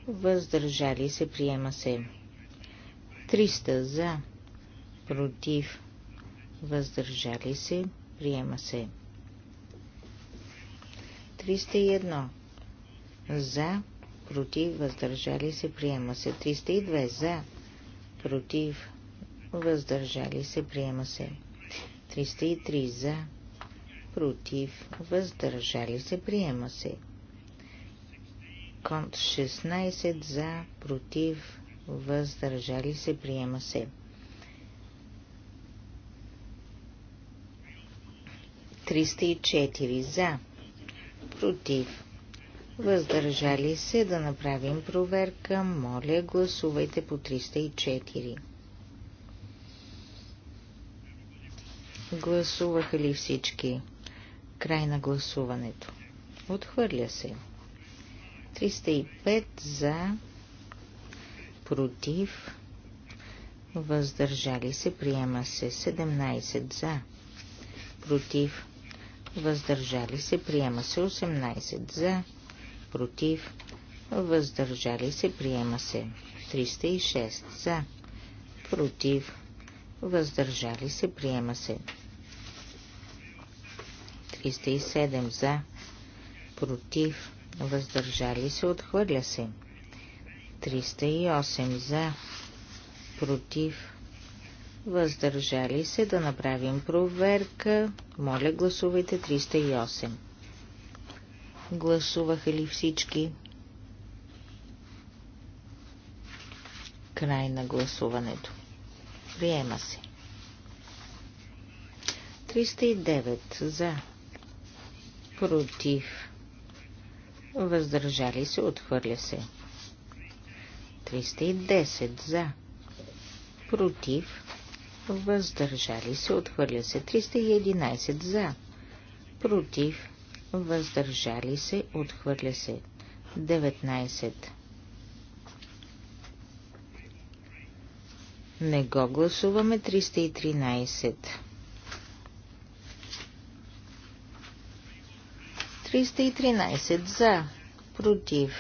въздържали се, приема се. 300 за, против, въздържали се, приема се. 301 за, против, въздържали се, приема се. 302 за, против, въздържали се, приема се. 303 за, против, въздържали се, приема се. 304 Конт 16 за, против, въздържали се, приема се. 304 за, против, въздържали се да направим проверка. Моля, гласувайте по 304. Гласуваха ли всички? Край на гласуването. Отхвърля се. 305 за, против, въздържали се, приема се 17 за, против, въздържали се, приема се 18 за, против, въздържали се, приема се 306 за, против, въздържали се, приема се 307 за, против, въздържали се, отхвърля се. 308 за, против, въздържали се, да направим проверка. Моля, гласувайте 308. Гласуваха ли всички? Край на гласуването. Приема се. 309 за, против, въздържали се, отхвърля се. 310 за, против, въздържали се, отхвърля се. 311 за, против, въздържали се, отхвърля се. 19 Не го гласуваме 313. 313 за, против,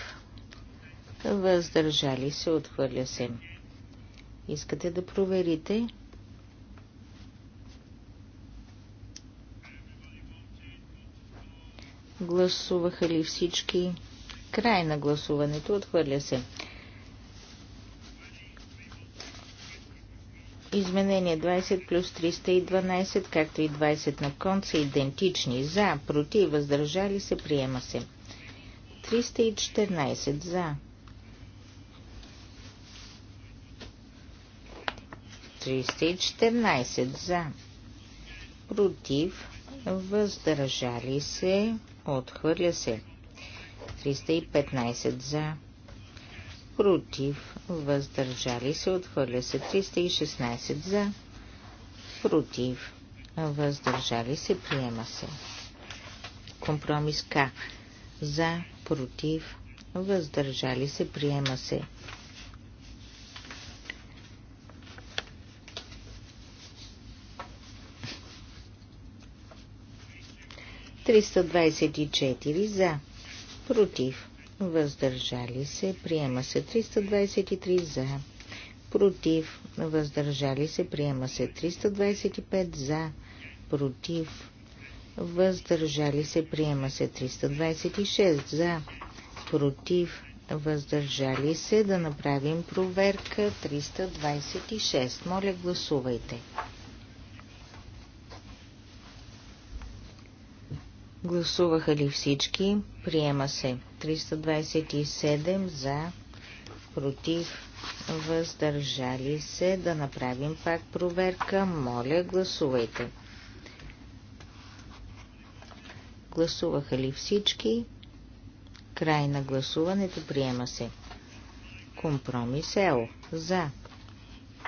въздържали се, отхвърля се. Искате да проверите? Гласуваха ли всички? Край на гласуването отхвърля се. Изменение 20 плюс 312, както и 20 на кон са идентични. За, против, въздържали се, приема се. 314 за. 314 за. Против, въздържали се, отхвърля се. 315 за против, въздържали се, отхвърля се 316 за, против, въздържали се, приема се. Компромис К. За, против, въздържали се, приема се. Триста за, против, въздържали се, приема се 323 за, против, въздържали се, приема се 325 за, против, въздържали се, приема се 326 за, против, въздържали се, да направим проверка 326. Моля, гласувайте. Гласуваха ли всички? Приема се. 327 за, против, въздържали се. Да направим пак проверка. Моля, гласувайте. Гласуваха ли всички? Край на гласуването приема се. Компромис Л. Е. За.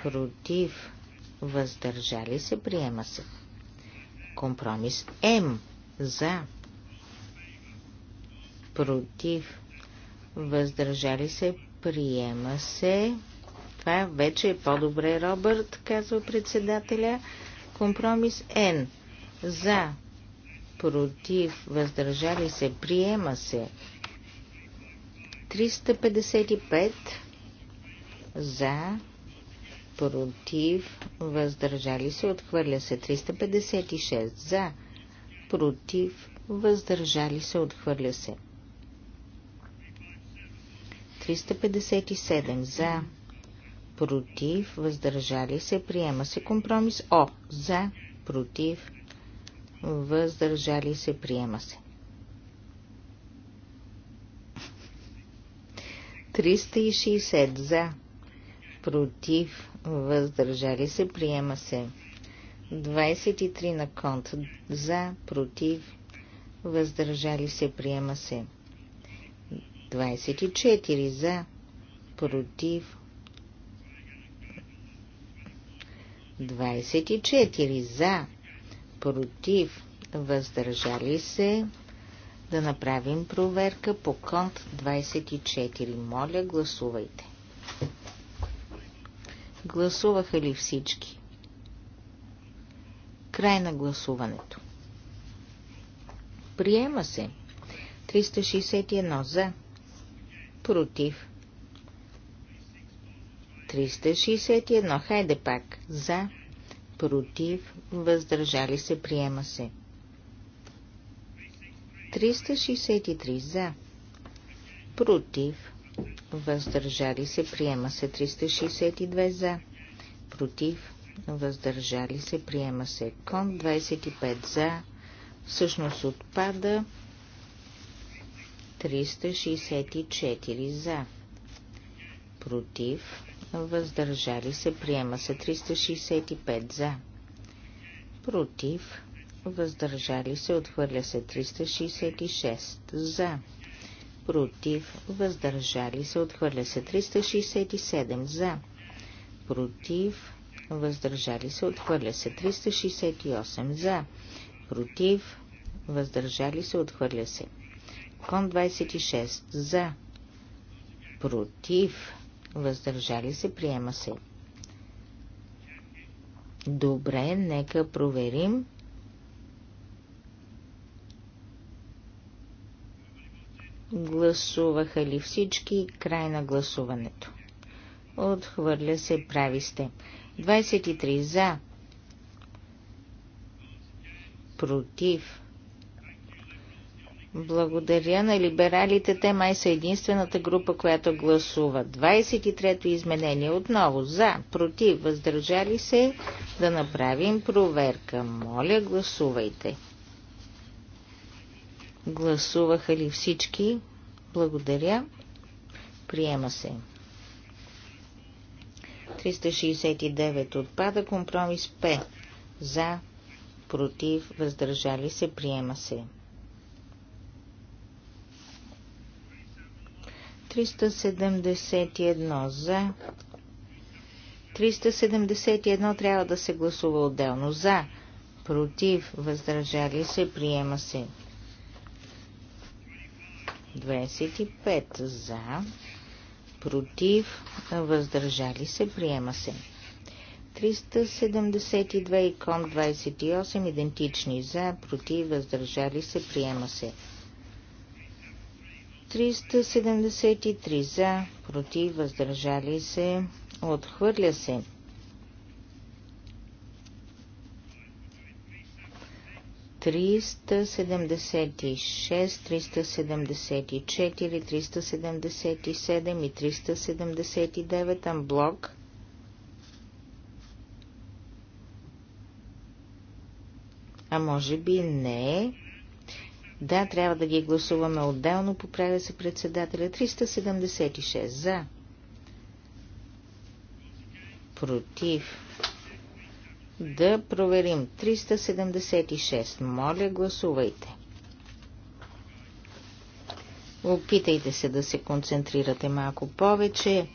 Против. Въздържали се приема се. Компромис М за, против, въздържали се, приема се. Това вече е по-добре, Робърт, казва председателя. Компромис Н. За, против, въздържали се, приема се. 355 за, против, въздържали се, отхвърля се. 356 за, против, въздържали се, отхвърля се. 357 за, против, въздържали се, приема се компромис О. За, против, въздържали се, приема се. 360 за, против, въздържали се, приема се. 23 на конт. За, против, въздържали се, приема се. 24 за, против, 24 за, против, въздържали се, да направим проверка по конт 24. Моля, гласувайте. Гласуваха ли всички? Край на гласуването. Приема се. 361 за. Против. 361. Хайде пак. За. Против. Въздържали се. Приема се. 363 за. Против. Въздържали се. Приема се. 362 за. Против въздържали се, приема се. Кон 25 за, всъщност отпада 364 за, против, въздържали се, приема се 365 за, против, въздържали се, отхвърля се 366 за, против, въздържали се, отхвърля се 367 за, против, въздържали се, отхвърля се 368 за, против, въздържали се, отхвърля се. Кон 26 за, против, въздържали се, приема се. Добре, нека проверим. Гласуваха ли всички край на гласуването? Отхвърля се, прави сте. 23 за, против. Благодаря на либералите, те май са единствената група, която гласува. 23-то изменение отново за, против, въздържали се да направим проверка. Моля, гласувайте. Гласуваха ли всички? Благодаря. Приема се. 369 отпада. Компромис П. За, против, въздържали се, приема се. 371 за. 371 трябва да се гласува отделно. За, против, въздържали се, приема се. 25 за, против, въздържали се, приема се. 372 и кон 28 идентични за, против, въздържали се, приема се. 373 за, против, въздържали се, отхвърля се. 376, 374, 377 и 379 амблок. А може би не. Да, трябва да ги гласуваме отделно, поправя се председателя. 376 за. Против да проверим. 376. Моля, гласувайте. Опитайте се да се концентрирате малко повече.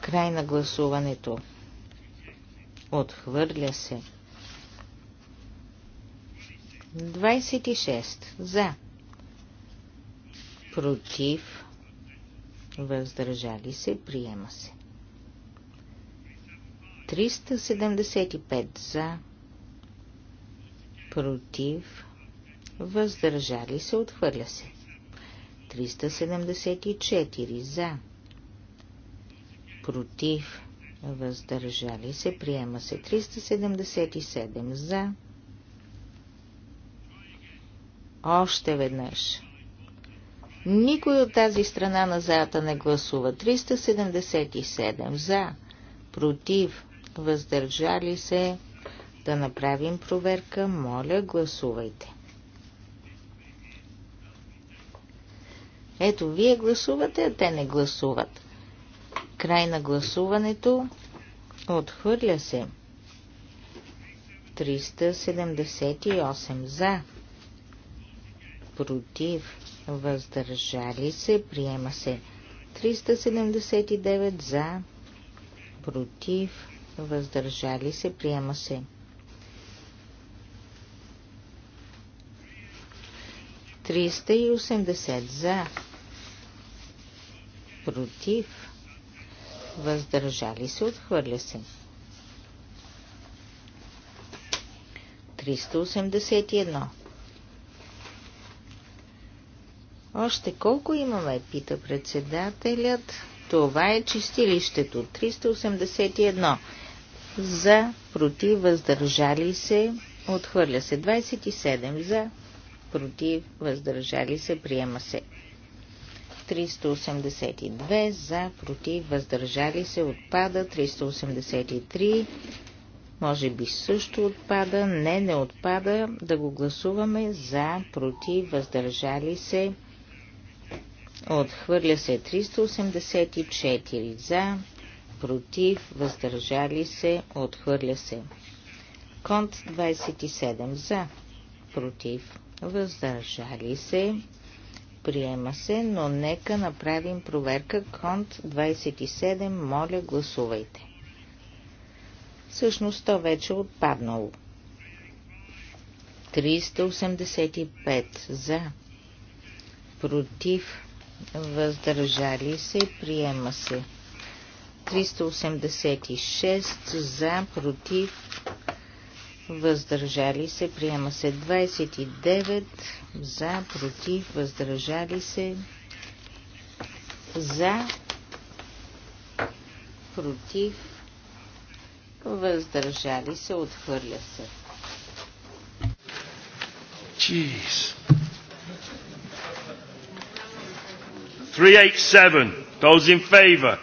Край на гласуването. Отхвърля се. 26. За. Против. Въздържали се. Приема се. 375 за, против, въздържали се, отхвърля се. 374 за, против, въздържали се, приема се. 377 за, още веднъж. Никой от тази страна на заята не гласува. 377 за, против, въздържали се, да направим проверка. Моля, гласувайте. Ето, вие гласувате, а те не гласуват. Край на гласуването. Отхвърля се. 378 за. Против. Въздържали се. Приема се. 379 за. Против въздържали се, приема се. 380 за, против, въздържали се, отхвърля се. 381 Още колко имаме, пита председателят. Това е чистилището. 381 за, против, въздържали се, отхвърля се. 27 за, против, въздържали се, приема се. 382 за, против, въздържали се, отпада. 383 може би също отпада. Не, не отпада. Да го гласуваме за, против, въздържали се. Отхвърля се 384 за, против, въздържали се, отхвърля се. Конт 27 за, против, въздържали се, приема се, но нека направим проверка. Конт 27, моля гласувайте. Всъщност то вече е отпаднало. 385 за, против, въздържали се, приема се. 386 за, против, въздържали се, приема се 29 за, против, въздържали се, за, против, въздържали се, отхвърля се. Jeez. 387. Those in favor.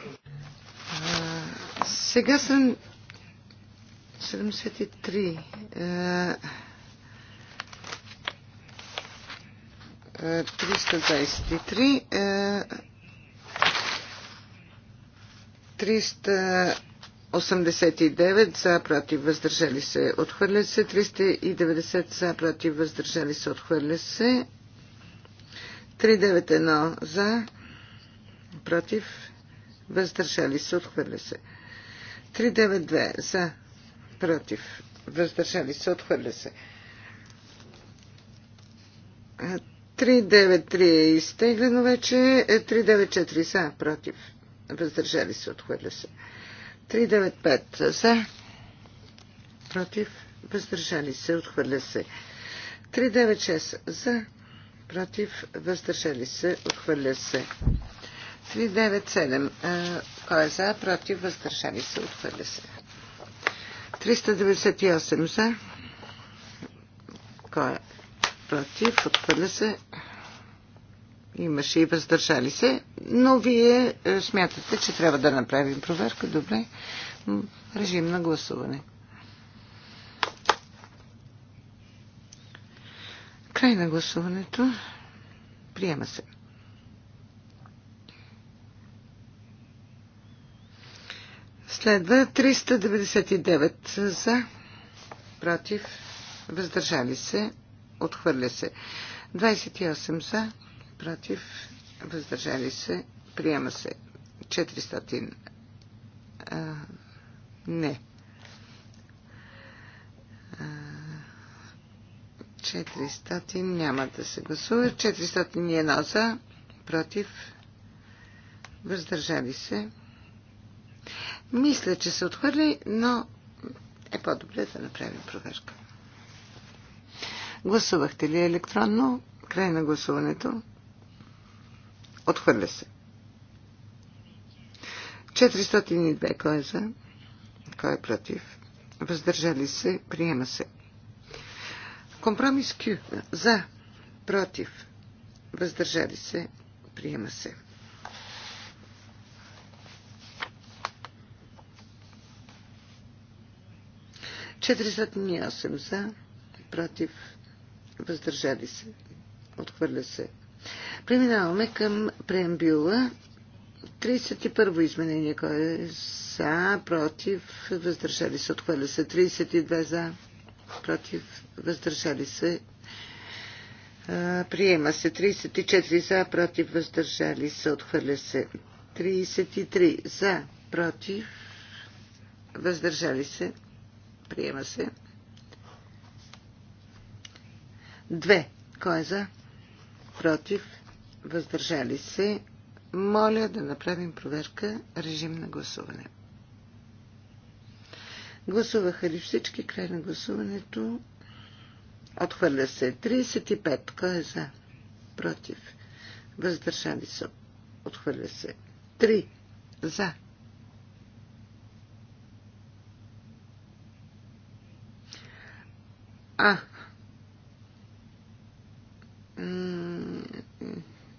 Сега съм 73. 323. 389 за против въздържали се отхвърля се. 390 за против въздържали се отхвърля се. 391 за против въздържали се отхвърля се. 392 за, против, въздържали се, отхвърля се. 393 е изтеглено вече, 394 за, против, въздържали се, отхвърля се. 395 за, против, въздържали се, отхвърля се. 396 за, против, въздържали се, отхвърля се. 397 кой е за? Против? Въздържали се? Отхвърля се. 398 за. Кой е против? Отхвърля се. Имаше и въздържали се. Но вие е, смятате, че трябва да направим проверка. Добре. Режим на гласуване. Край на гласуването. Приема се. Следва 399 за, против, въздържали се, отхвърля се. 28 за, против, въздържали се, приема се. 400. А, не. 400 няма да се гласува. 401 за, против, въздържали се. Мисля, че се отхвърли, но е по-добре да направим проверка. Гласувахте ли електронно? Край на гласуването. Отхвърля се. 402. Кой е за? Кой е против? Въздържали се. Приема се. Компромис Q. За. Против. Въздържали се. Приема се. 408 за, против, въздържали се, отхвърля се. Преминаваме към преамбюла. 31 изменение, кой е за, против, въздържали се, отхвърля се. 32 за, против, въздържали се, Приема се 34 за, против, въздържали се, отхвърля се 33 за, против, въздържали се, Приема се. Две. Кой е за? Против. Въздържали се. Моля да направим проверка. Режим на гласуване. Гласуваха ли всички? Край на гласуването. Отхвърля се. 35. Кой е за? Против. Въздържали се. Отхвърля се. 3. За. А.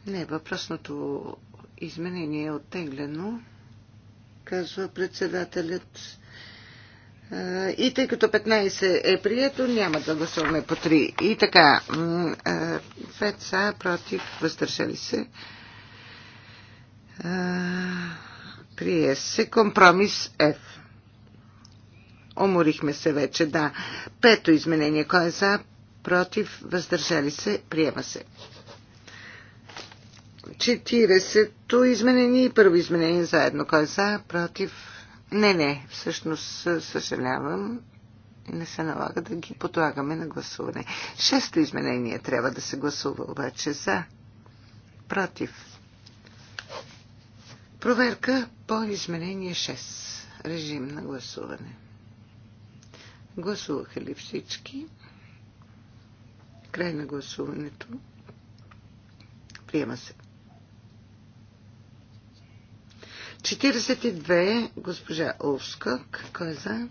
Не, въпросното изменение е оттеглено, казва председателят. И тъй като 15 е прието, няма да гласуваме по 3. И така, 5 са против, въздържали се. Прие се компромис F. Оморихме се вече, да. Пето изменение. Кой е за? Против? Въздържали се? Приема се. 40-то изменение и първо изменение заедно. Кой е за? Против? Не, не. Всъщност, е, съжалявам. Не се налага да ги подлагаме на гласуване. Шесто изменение трябва да се гласува обаче за. Против. Проверка по изменение 6. Режим на гласуване. Гласуваха ли всички? Край на гласуването. Приема се. 42. Госпожа Олскок. Кой е за?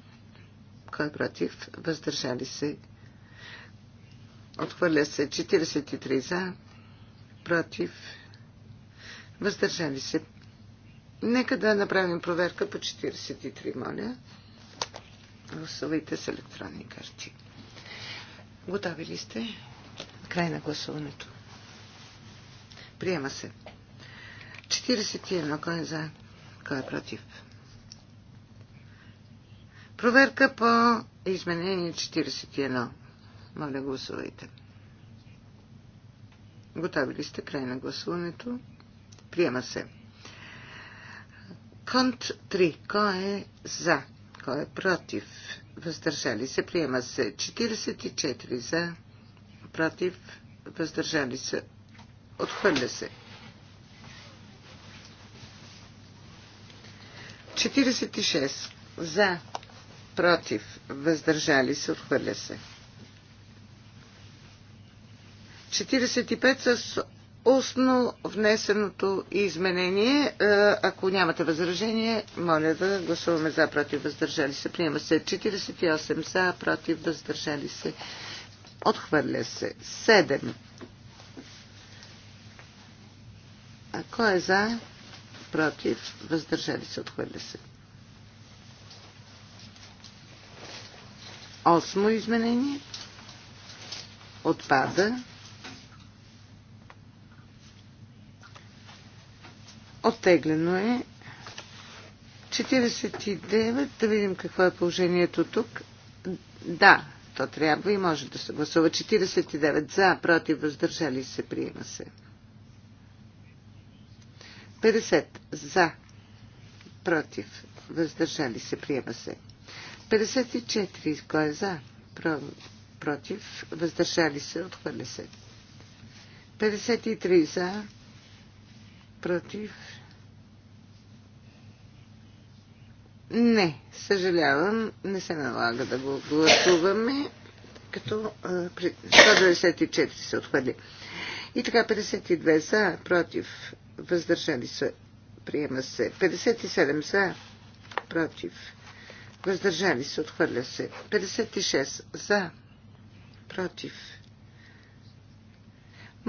Кой е против? Въздържали се. Отхвърля се. 43 за. Против. Въздържали се. Нека да направим проверка по 43, моля. Гласувайте с електронни карти. Готови ли сте? Край на гласуването. Приема се. 41. Кой е за? Кой е против? Проверка по изменение 41. Моля, гласувайте. Готови ли сте? Край на гласуването. Приема се. Конт 3. Кой е за? Кой е против? Въздържали се. Приема се. 44 за. Против. Въздържали се. Отхвърля се. 46 за. Против. Въздържали се. Отхвърля се. 45 с устно внесеното изменение. Е, ако нямате възражение, моля да гласуваме за, против, въздържали се. Приема се 48 за, против, въздържали се. Отхвърля се 7. А кой е за? Против, въздържали се, отхвърля се. Осмо изменение. Отпада. Оттеглено е. 49. Да видим какво е положението тук. Да, то трябва и може да се гласува. 49 за, против, въздържали се, приема се. 50 за, против, въздържали се, приема се. 54 кой е за, против, въздържали се, отхвърля се. 53 за, против, Не, съжалявам, не се налага да го гласуваме, като 194 се отхвърли. И така 52 за, против, въздържали се, приема се. 57 за, против, въздържали се, отхвърля се. 56 за, против,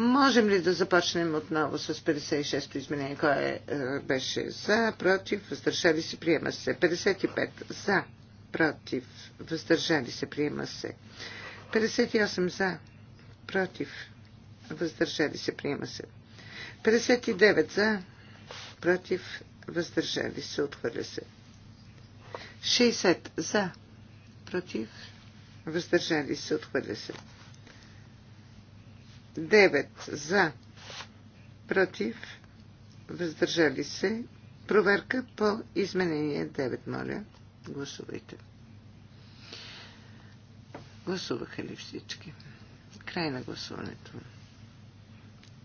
Можем ли да започнем отново с 56-то изменение? Кой е, е, беше за, против, въздържали се, приема се. 55 за, против, въздържали се, приема се. 58 за, против, въздържали се, приема се. 59 за, против, въздържали се, отхвърля се. 60 за, против, въздържали се, отхвърля се. 9 за, против, въздържали се. Проверка по изменение 9, моля. Гласувайте. Гласуваха ли всички? Край на гласуването.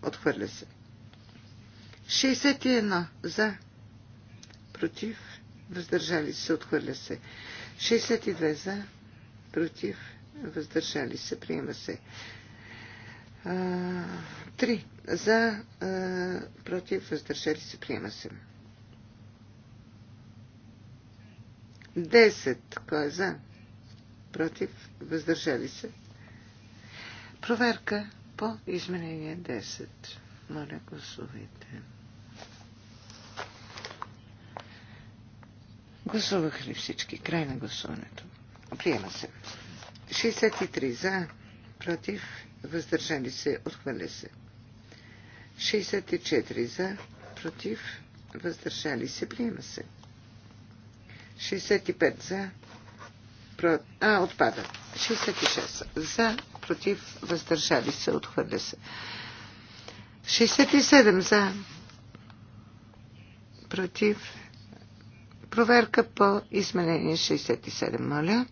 Отхвърля се. 61 за, против, въздържали се, отхвърля се. 62 за, против, въздържали се, приема се. 3. За, против, въздържали се, приема се. Десет. Кой е за? Против, въздържали се. Проверка по изменение 10. Моля, гласувайте. Гласувах ли всички? Край на гласуването. Приема се. 63 за, против, въздържали се, отхвърля се. 64 за, против, въздържали се, приема се. 65 за, про... а, отпада. 66 за, против, въздържали се, отхвърля се. 67 за, против, проверка по изменение 67, моля.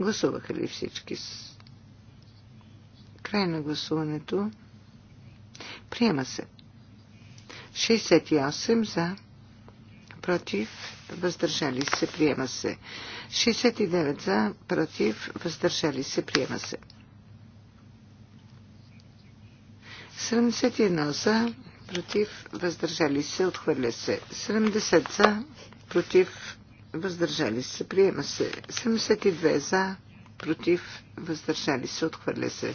Гласуваха ли всички? С... Край на гласуването. Приема се. 68 за. Против. Въздържали се. Приема се. 69 за. Против. Въздържали се. Приема се. 71 за. Против. Въздържали се. Отхвърля се. 70 за. Против. Въздържали се. Приема се. 72 за. Против. Въздържали се. Отхвърля се.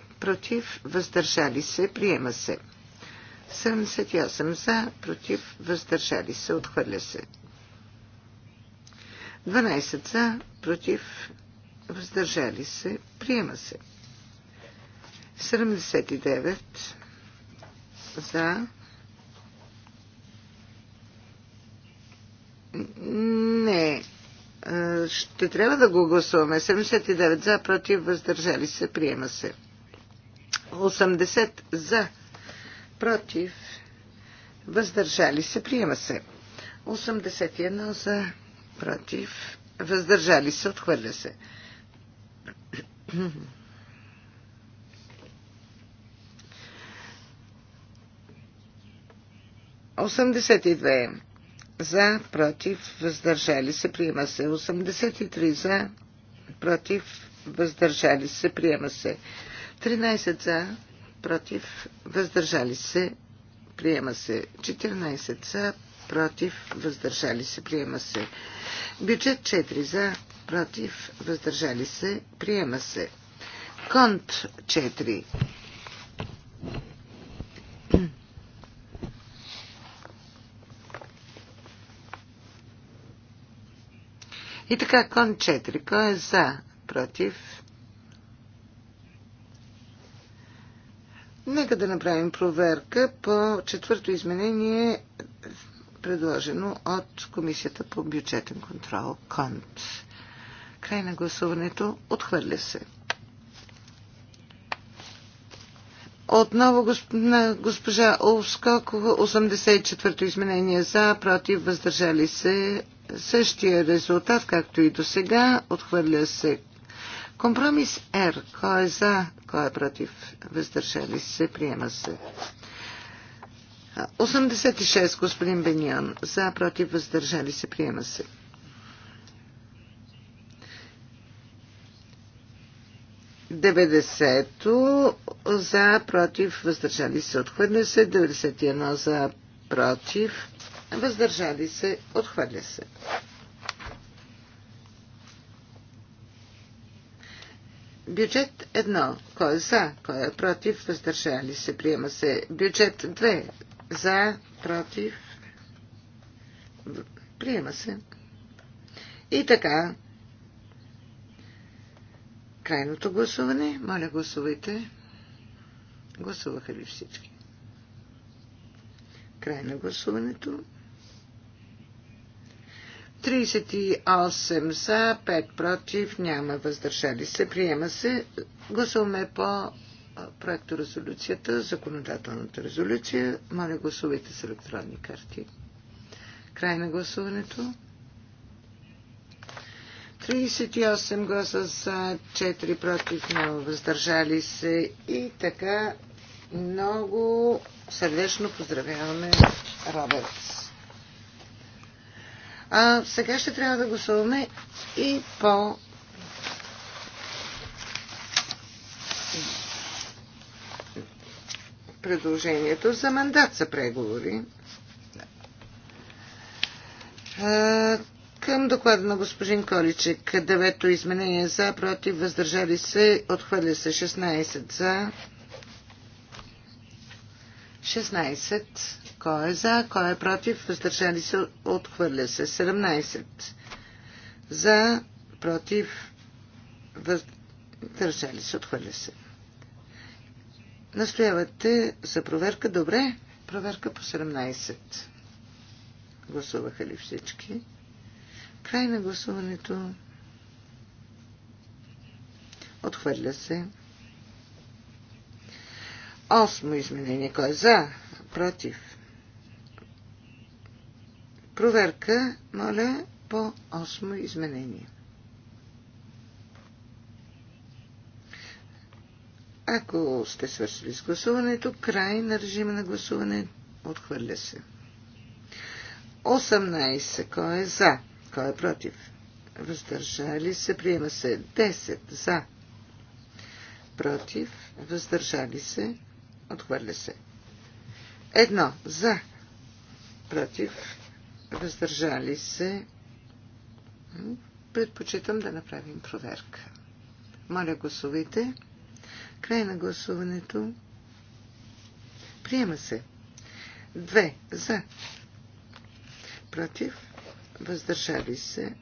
против, въздържали се, приема се. 78 за, против, въздържали се, отхвърля се. 12 за, против, въздържали се, приема се. 79 за. Не. Ще трябва да го гласуваме. 79 за, против, въздържали се, приема се. 80 за, против, въздържали се, приема се. 81 за, против, въздържали се, отхвърля се. 82 за, против, въздържали се, приема се. 83 за, против, въздържали се, приема се. 13 за, против, въздържали се, приема се. 14 за, против, въздържали се, приема се. Бюджет 4 за, против, въздържали се, приема се. Конт 4. И така, кон 4. Кой е за? Против? Нека да направим проверка по четвърто изменение, предложено от Комисията по бюджетен контрол, КОНТ. Край на гласуването. Отхвърля се. Отново госп... на госпожа Олскокова 84-то изменение за, против, въздържали се. Същия резултат, както и до сега. Отхвърля се Компромис Р. Кой е за, кой е против, въздържали се, приема се. 86, господин Бениан. За, против, въздържали се, приема се. Деветдесето за, против, въздържали се, отхвърля се. 91 за, против, въздържали се, отхвърля се. Бюджет 1. Кой е за? Кой е против? Въздържали се. Приема се. Бюджет 2. За, против. Приема се. И така. Крайното гласуване. Моля, гласувайте. Гласуваха ли всички? Край на гласуването. 38 за, 5 против, няма въздържали се. Приема се. Гласуваме по проекта резолюцията, законодателната резолюция. Моля, гласувайте с електронни карти. Край на гласуването. 38 гласа за, 4 против, няма въздържали се. И така много сърдечно поздравяваме Робертс. А сега ще трябва да гласуваме и по предложението за мандат за преговори. Към доклада на господин Количек, девето изменение за, против, въздържали се, отхвърля се 16 за, 16 кой е за? Кой е против? Въздържали се? Отхвърля се. 17. За, против, въздържали се? Отхвърля се. Настоявате за проверка? Добре. Проверка по 17. Гласуваха ли всички? Край на гласуването. Отхвърля се. Осмо изменение. Кой е за? Против? Проверка, моля, по осмо изменение. Ако сте свършили с гласуването, край на режима на гласуване отхвърля се. 18. Кой е за? Кой е против? Въздържали се. Приема се 10. За. Против. Въздържали се. Отхвърля се. Едно. За. Против въздържали се. Предпочитам да направим проверка. Моля, гласувайте. Край на гласуването. Приема се. Две. За. Против. Въздържали се.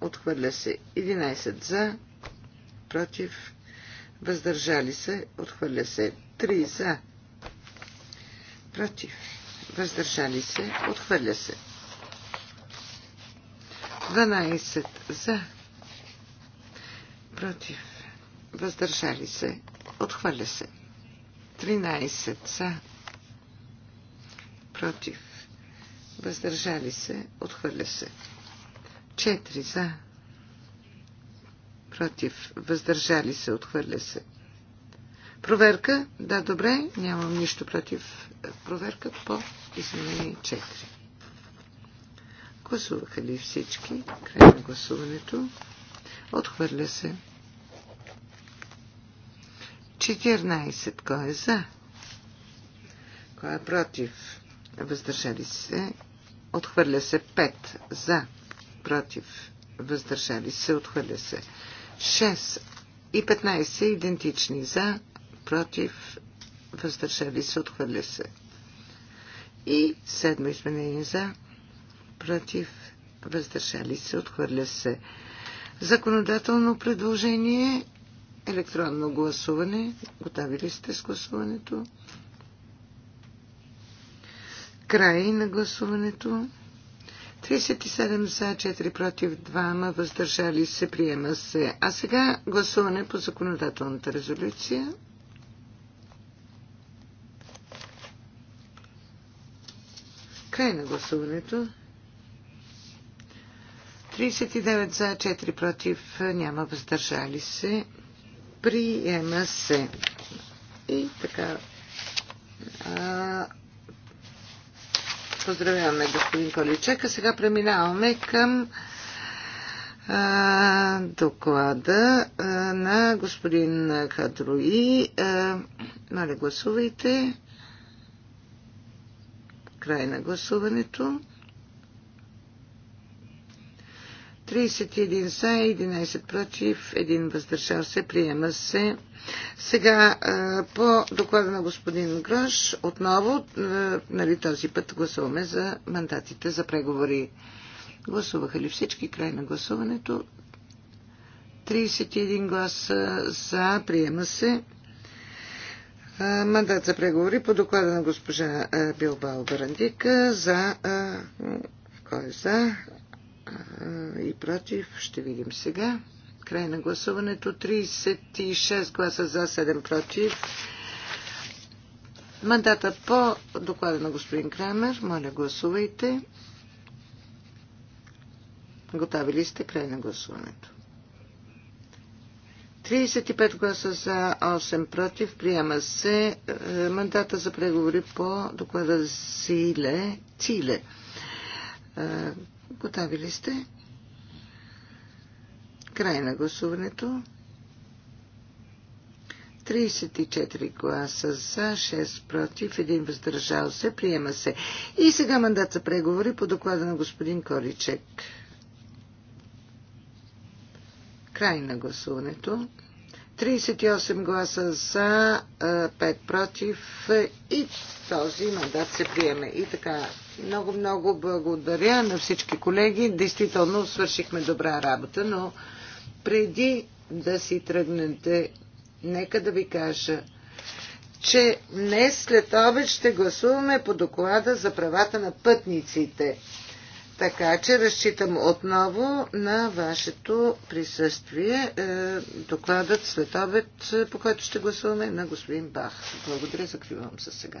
Отхвърля се. 11 за. Против. Въздържали се. Отхвърля се. 3 за. Против. Въздържали се. Отхвърля се. 12 за. Против. Въздържали се. Отхвърля се. 13 за. Против. Въздържали се. Отхвърля се. 4 за. Против. Въздържали се. Отхвърля се. Проверка. Да, добре. Нямам нищо против проверка по изменение 4. Гласуваха ли всички? Край на гласуването. Отхвърля се. 14. Кой е за? Кой е против? Въздържали се. Отхвърля се 5. За. Против. Въздържали се. Отхвърля се. 6 и 15 идентични. За. Против. Въздържали се. Отхвърля се. И 7 изменение за против, въздържали се, отхвърля се. Законодателно предложение, електронно гласуване. Готови ли сте с гласуването? Край на гласуването. 37 за, 4 против, 2 въздържали се, приема се. А сега гласуване по законодателната резолюция. Край на гласуването. 39 за, 4 против, няма въздържали се. Приема се. И така. А, поздравяваме господин Количек. А сега преминаваме към а, доклада а, на господин Хадруи. Моля, гласувайте. Край на гласуването. 31 за, 11 против, 1 въздържал се, приема се. Сега по доклада на господин Грош, отново, нали този път гласуваме за мандатите за преговори. Гласуваха ли всички? Край на гласуването. 31 гласа за, приема се. Мандат за преговори по доклада на госпожа Билбао Барандика за кой е за? и против. Ще видим сега. Край на гласуването. 36 гласа за, 7 против. Мандата по доклада на господин Крамер. Моля, гласувайте. Готови ли сте? Край на гласуването. 35 гласа за, 8 против. Приема се е, мандата за преговори по доклада Силе, Циле. Е, Готови ли сте? Край на гласуването. 34 гласа за, 6 против, 1 въздържал се. Приема се. И сега мандат за преговори по доклада на господин Коричек. Край на гласуването. 38 гласа за, 5 против и този мандат се приеме. И така много-много благодаря на всички колеги. Действително свършихме добра работа, но преди да си тръгнете, нека да ви кажа, че днес след обед ще гласуваме по доклада за правата на пътниците. Така че разчитам отново на вашето присъствие. Е, докладът след обед, е, по който ще гласуваме, е на господин Бах. Благодаря, закривам се сега.